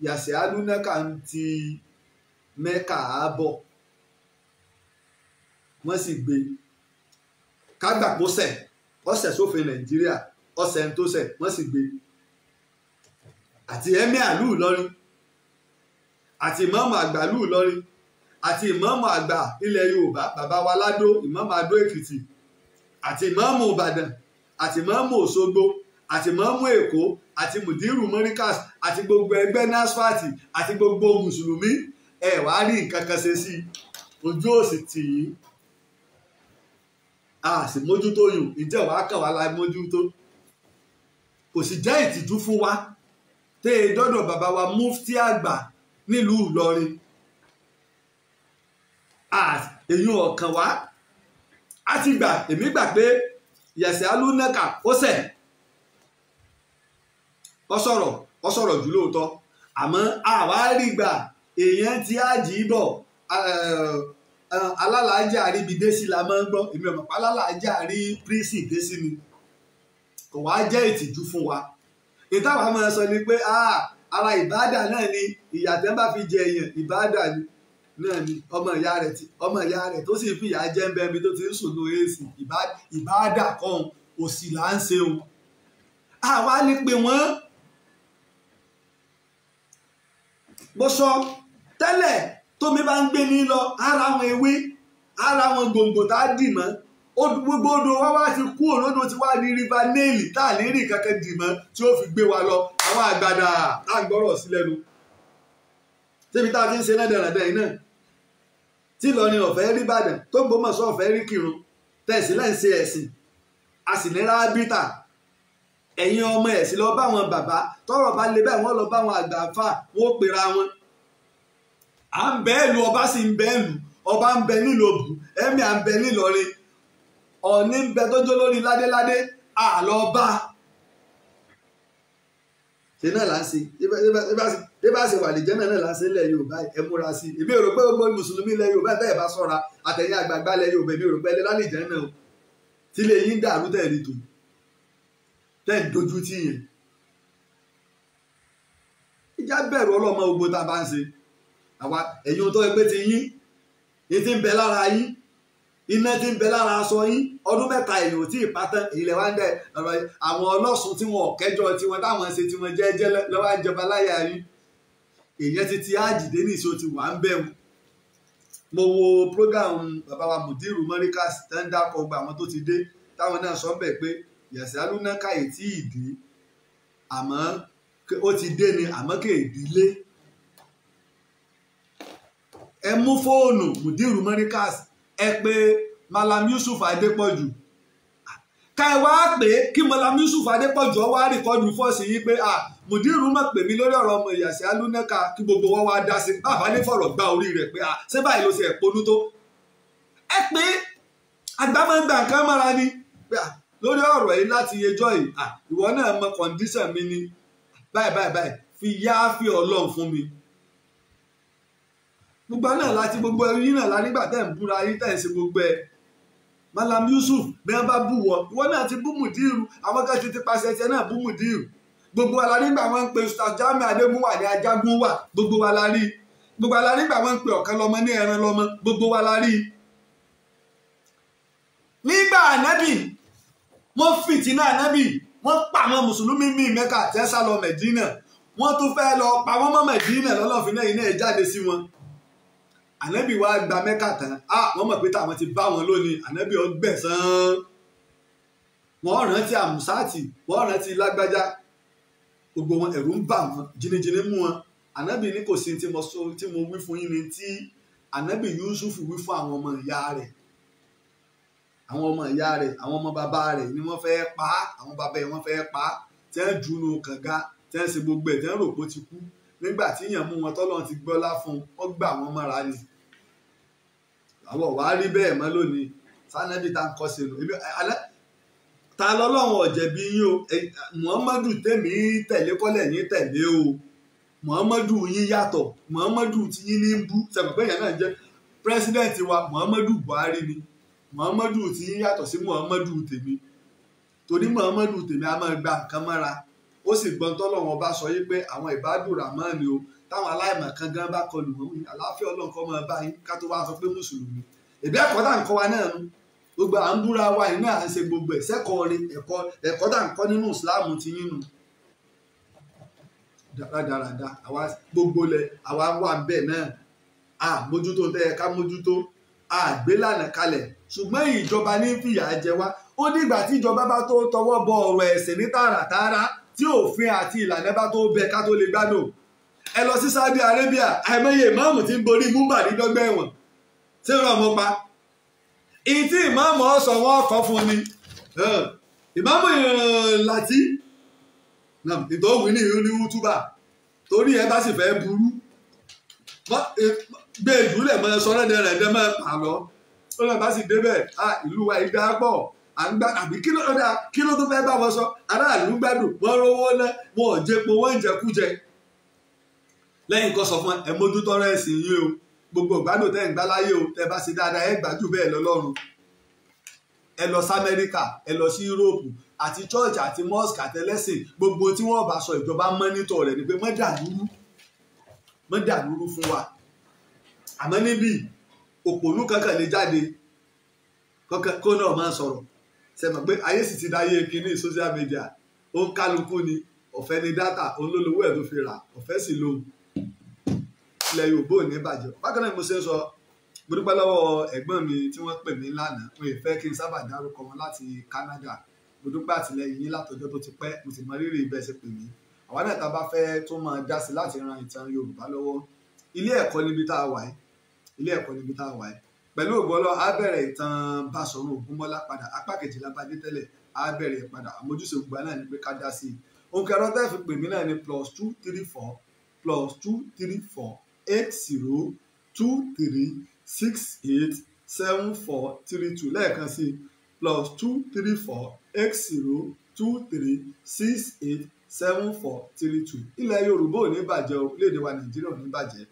yàsẹ̀ alúnákà ń ti mẹ́kà ààbọ̀ wọ́n sì gbé kágbà kó ṣẹ̀ ọ̀sẹ̀ sófin nàìjíríà ọ̀sẹ̀ ń tó ṣẹ̀ wọ́n sì gbé àti emir lù lọ́rin àti ìmọ̀ọ́mọ̀ àgbà lù lọ́rin àti ìmọ̀ọ́mọ̀ àgbà ilẹ̀ yorùbá bàbá wa ládó ìmọ̀ọ́mọ̀ adó èkìtì àti ìmọ̀ọ́mọ̀ ìbàdàn àti ìmọ̀ọ́mọ̀ òṣogbo àti mọ́mú èkó àti mùdírù mọ́ríkàs àti gbogbo ẹgbẹ́ nasfati àti gbogbo mùsùlùmí ẹ wàá rí nǹkan kan ṣe sí ojú òsì tì í a sì mójútó yùn ìjẹ́ wàá kàn wá la mójútó kò sì jẹ́ ìtìjú fún wa tẹ́ ẹ e dọ́dọ̀ bàbá wa mufti àgbà nílùú Ìlọrin èyí ọ̀kan wá a ti gbà èmi gbà pé yẹ̀sẹ̀ alúnẹ́kà ó sẹ̀ ọ sọ̀rọ̀ ọ sọ̀rọ̀ jù lóòótọ́ àmọ́ àwa rí gbà èèyàn ti ájì bọ̀ alálàájá rí ibi dé sí la máa ń gbọ́ èmi ọ̀mọ̀ pa alálàájá rí prísì dé sí mi kò wá jẹ́ ìtìjú fún wa ìtawà máa sọ ni pé ara ìbáàdà náà ni ìyàtẹ́ bá fi jẹ èèyàn ìbáàdà ni náà ni ọmọ ìyá rẹ̀ tí ọmọ ìyá rẹ̀ tó sì fi ìyà jẹ ń bẹ mi tó ti ń sùn ní èsì ìbáàdà kan òsì là ń ṣe o àwa ni pé wọ́n bó sọ tẹ́lẹ̀ tómi bá ń gbé ní lọ ara wọn ewé ara wọn gbòǹgbò tá a dì mọ́ gbogbo odò wa wá ti kú òlódò ti wá ní riva neeli tá a lè rìn kankan dì mọ́ tí ó fi gbé wa lọ àwọn àgbàdà tá a gbọ́rọ̀ sí lẹ́nu síbi tá a ti ń ṣe lẹ́dẹ̀rẹ̀dẹ̀ yìí náà tí Ìlọrin ọ̀fẹ́ rí Ìbàdàn tó ń gbọmọ̀ sọ ọ̀fẹ́ rí Kírun tẹ̀sí lẹ́yìn ṣe ẹ̀sìn a sì ní rábítà ẹ̀yin ọmọ ẹ̀sìn lọ bá àwọn bàbá tọrọ bá lè bẹ́ẹ̀ wọ́n lọ bá àwọn àgbà fà wọ́n pera wọn à ń bẹ́ẹ̀ lu ọba sì ń bẹ́ẹ̀ lu ọba ń bẹ nílò òbú ẹ̀mí à ń bẹ nílọrin ọ̀ní ń bẹ tọ́jú lórí ládéládé àlọ́ bá ṣe náà là ń ṣe bí bá ṣe wà lè jẹ́ náà náà là ń ṣe ilẹ̀ Yorùbá ẹ múra sí i èmi ò rò pé gbogbo mùsùlùmí ilẹ̀ Yorùbá bẹ́ẹ̀ bá sọ̀ra àtẹ̀yìn àgbààgbà ilẹ̀ Yorùbá èmi ò rò pé ẹ lálẹ́ ìjẹ́ náà o tí lè yín dàrú tẹ̀ ní tò tẹ̀ ń dojú tì yẹn ìjà bẹ̀rù ọlọ́mọ ogun tá a bá ń ṣe àwa ẹ̀yin tó pé ti yín ní ti ń bẹ lára yín iná ti ń bẹ lára aṣọ yín ọdún mẹ́ta ẹ̀yìn ò tí ì pátán ilẹ̀ wá ń dẹ̀ àwọn ọlọ́sùn tí wọn kẹjọ tiwọn táwọn ṣe tiwọn jẹ́jẹ́ lọ́wọ́ àjọba láyà yín èèyàn ti ti ájìdé nìṣó ti wà ń bẹ̀rù mo wo program bàbá wa mudiru morikas tẹ́ńdà kọgbà àwọn tó ti dé táwọn náà sọ bẹ́ẹ̀ pé yẹ̀sálú náà káyè tí ì dé àmọ́ ó ti dé ni àmọ́ kéèdílé ẹ mú fóònù mudiru morikas ẹ pé malam yusuf adépọ̀jù ká ẹ wá pé kí malam yusuf adépọ̀jù ọ wá rìkọ́dù fọ́ọ̀sì yìí pé ah mudiru mọ̀ pè mí lórí ọ̀rọ̀ ọmọ ìyàsí alúnẹ́ka kí gbogbo wọn wá dá sí bàbá ní fọ̀rọ̀ gba orí rẹ̀ pé ah ṣé báyìí ló ṣe ẹ̀pọ̀nú tó ẹ pé agbámọ́gbà nǹkan mọ́ra ni lórí ọ̀rọ̀ yìí láti yẹjọ́ yìí ìwọ náà mọ kọ̀ǹdíṣàn mi ni báyìí báyìí báyìí fi yááfì ọlọ́run fún mi gbogbo náà láti gbogbo ẹrú yín náà la nígbà tẹ̀ ń búra yín tẹ̀ ń ṣe gbogbo ẹ̀ Malam Yusuf bí wọ́n bá bú wọ ìwọ náà ti bú Mudiru àwọn kan ti ti paṣẹ tiẹ̀ náà bú Mudiru gbogbo wa la nígbà wọ́n ń pe Ustaz Jamiu Adégúnwà ní Ajagunwà gbogbo wa la rí gbogbo wa la nígbà wọ́n ń pe ọ̀kan lọ́mọ ní ẹran lọ́mọ gbogbo wa la rí nígbà ànábì wọ́n fìtínà ànábì wọ́n pa àwọn mùsùlùmí míì Mẹ́kà tẹ́sà lọ Mẹ̀dínà wọ́n tún fẹ́ lọ pa wọ́n mọ́ Mẹ̀dínà lọ́lọ́fin náà iná ẹ̀ jáde sí wọn ànábì wa gba mẹ́kà tán á wọ́n mọ̀ pé táwọn ti bá wọn lónìí ànábì ó gbẹ̀san wọ́n rántí àmùsáàtì wọ́n rántí lágbájá gbogbo wọn ẹ̀rù ń bà wọ́n jìnnìjìnnì mú wọn ànábì ní kò sí tí mo sọ tí mo wí fún yín ni tí ànábì yusuf wí fún àwọn ọmọ ìyá rẹ̀ àwọn ọmọ ìyá rẹ̀ àwọn ọmọ bàbá rẹ̀ ni wọ́n fẹ́ẹ́ pa á àwọn bàbá yẹn wọ́n fẹ́ẹ́ pa á tẹ́ ń dùnú kànga tẹ́ ń ṣe gbogbo ẹ̀ tẹ́ ń rò pé ó ti kú nígbà tí èèyàn mú wọn tọ́lọ́ ti gbọ́lá fún un wọ́n gbà wọ́n mọ́ra ni àwọn wàá rí bẹ́ẹ̀ mọ́ lónìí sanabi tá à ń kọ́ sínú ibi alẹ́ ta lọ́lọ́run ọ̀jẹ̀bi yín o muhammadu tẹ̀mí tẹ̀lé kọ́lẹ̀ yín tẹ̀lé o muhammadu yín yàtọ̀ muhammadu ti yín ní bú sẹ̀pẹ̀pẹ̀ yẹn náà jẹ́ pírẹ́sídẹ̀ǹtì wa muhammadu buhari ni muhammadu ti yín yàtọ̀ sí muhammadu tèmi torí muhammadu tèmi a máa gba nǹkan mọ́ra ó sì gbọ́n tọ́lọ́run ọba sọ yí pé àwọn ìbádùn ramani o táwọn aláìmọ̀ kan gan bá kọlù wọn àláfíà Ọlọ́run kó máa bá yín ká tó wá sọ pé mùsùlùmí ẹbí ẹ̀kọ́ tá à ń kọ́ wa náà nu gbogbo à ń búra wa yìí náà à ń ṣe gbogbo ẹ̀ sẹ́kọ̀ọ́ ni ẹ̀kọ́ ẹ̀kọ́ tá à ń kọ́ nínú ìsìláàmù ti yín nu dáradára àwa gbogbo lẹ àwa wà bẹ́ẹ̀ náà a mójútó tẹ́ ẹ ká mójútó à gbé lànà kalẹ̀ ṣùgbọ́n ìjọba ní fìyà jẹ wá ó dìgbà tí ìjọba bá tó tọwọ́ bọ ọ̀rọ̀ ẹ̀sìn ní tààràtààrà tí òfin àti ìlànà bá tó bẹ ká tó lè gbádùn ẹ lọ sí Saudi Arabia àìmọye ìmáàmù ti ń borí múmbà dídọ́gba ẹ̀wọ̀n tí ń rọ̀ mọ́ pa ìtí ìmáàmù ọ̀sán wọn kọ́ fún ni ìmáàmù láti ìtọ́wù ní ìlú ní wútúbà torí ẹ bá sì fẹ́ burú gbé ìdúlẹ̀ mọ́ sọ́rọ́ ẹ̀dẹ̀ rẹ̀ ẹ̀dẹ̀ mọ́ àlọ́ ó lọ́ọ́ bá sì débẹ̀ ìlú wa ìdá pọ̀ àgbà àbí kí ló dá tó fẹ́ bá wọn sọ aráàlú gbádùn wọn rówó ná wọn ò jẹpo wọn ń jẹkújẹ lẹ́yìn kan sọ fún ẹ mójútọ́rọ̀ ẹ̀sìn yín o gbogbo ìgbádùn tẹ́ ń gbá láyé o tẹ́ bá ṣe dáadáa ẹ gbádùn bẹ́ẹ̀ lọ́lọ́run ẹ lọ sí amẹ́ríkà ẹ lọ sí yúróòpù àti church àti mosque àtẹlẹ́sìn gbogbo tí wọ́n bá sọ ìjọba mọ́nítọ̀ rẹ̀ ni pé mọ́ dàlúrú mọ́ dàlúrú fún wa àmọ́ níbí òpònú kankan lè jáde kó náà máa sọ̀rọ̀ sẹ́mọ̀ pé ayé sì ti dáyé kínní social media ó ń kálukú ni ọ̀fẹ́ ni dátà olólùwẹ̀ tó fi rà ọ̀fẹ́ sì lóhùn ilẹ̀ Yorùbá ò ní bàjẹ́ bákan náà mo ṣe ń sọ mo dúpẹ́ lọ́wọ́ ẹ̀gbọ́n mi tí wọ́n pè mí lánàá mo ì fẹ́ kí n sábà dárúkọ wọn láti Canada mo dúpẹ́ àtìlẹ́yìn yín látọjọ́ tó ti pẹ́ mo sì mọ rírì ibẹ̀ ṣe pè mí àwa náà tá a bá fẹ́ tó máa dá sí láti ran ìtàn Yorùbá lọ́wọ́ ilé ẹ̀kọ́ níbi tá a wà yìí ilé ẹ̀kọ́ níbi tá a wà yìí pẹ̀lú ògbọ́lọ́ á bẹ̀rẹ̀ ìtàn Báṣọ̀run Ògúnmọ́lá padà apá kejìlá bá dé tẹ́lẹ̀ á bẹ̀rẹ̀ padà àmójúṣe gbogbo náà ni pé ká dá sí i òǹkà ẹ̀rọ tẹ́ẹ̀fì pè mí náà ni plus two three four plus two three four eight zero two three six eight seven four three two lẹ́ẹ̀kan sí plus two three four eight zero two three six eight seven four three two ilẹ̀ Yorùbá ò ní bàjẹ́ o léde wa Nàìjíríà ò ní bàjẹ́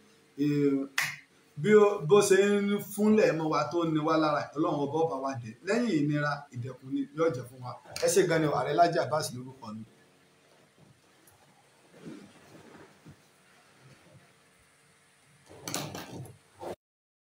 bí bó ṣe ń fúnlẹ̀ mọ́ wa tó ní wa lára ọlọ́run ọba ọba wa dé lẹ́yìn ìnira ìdẹ̀kùn ni yóò jẹ́ fún wa ẹ ṣé gan ni wàhálà lájà bá sì lórúkọ mi.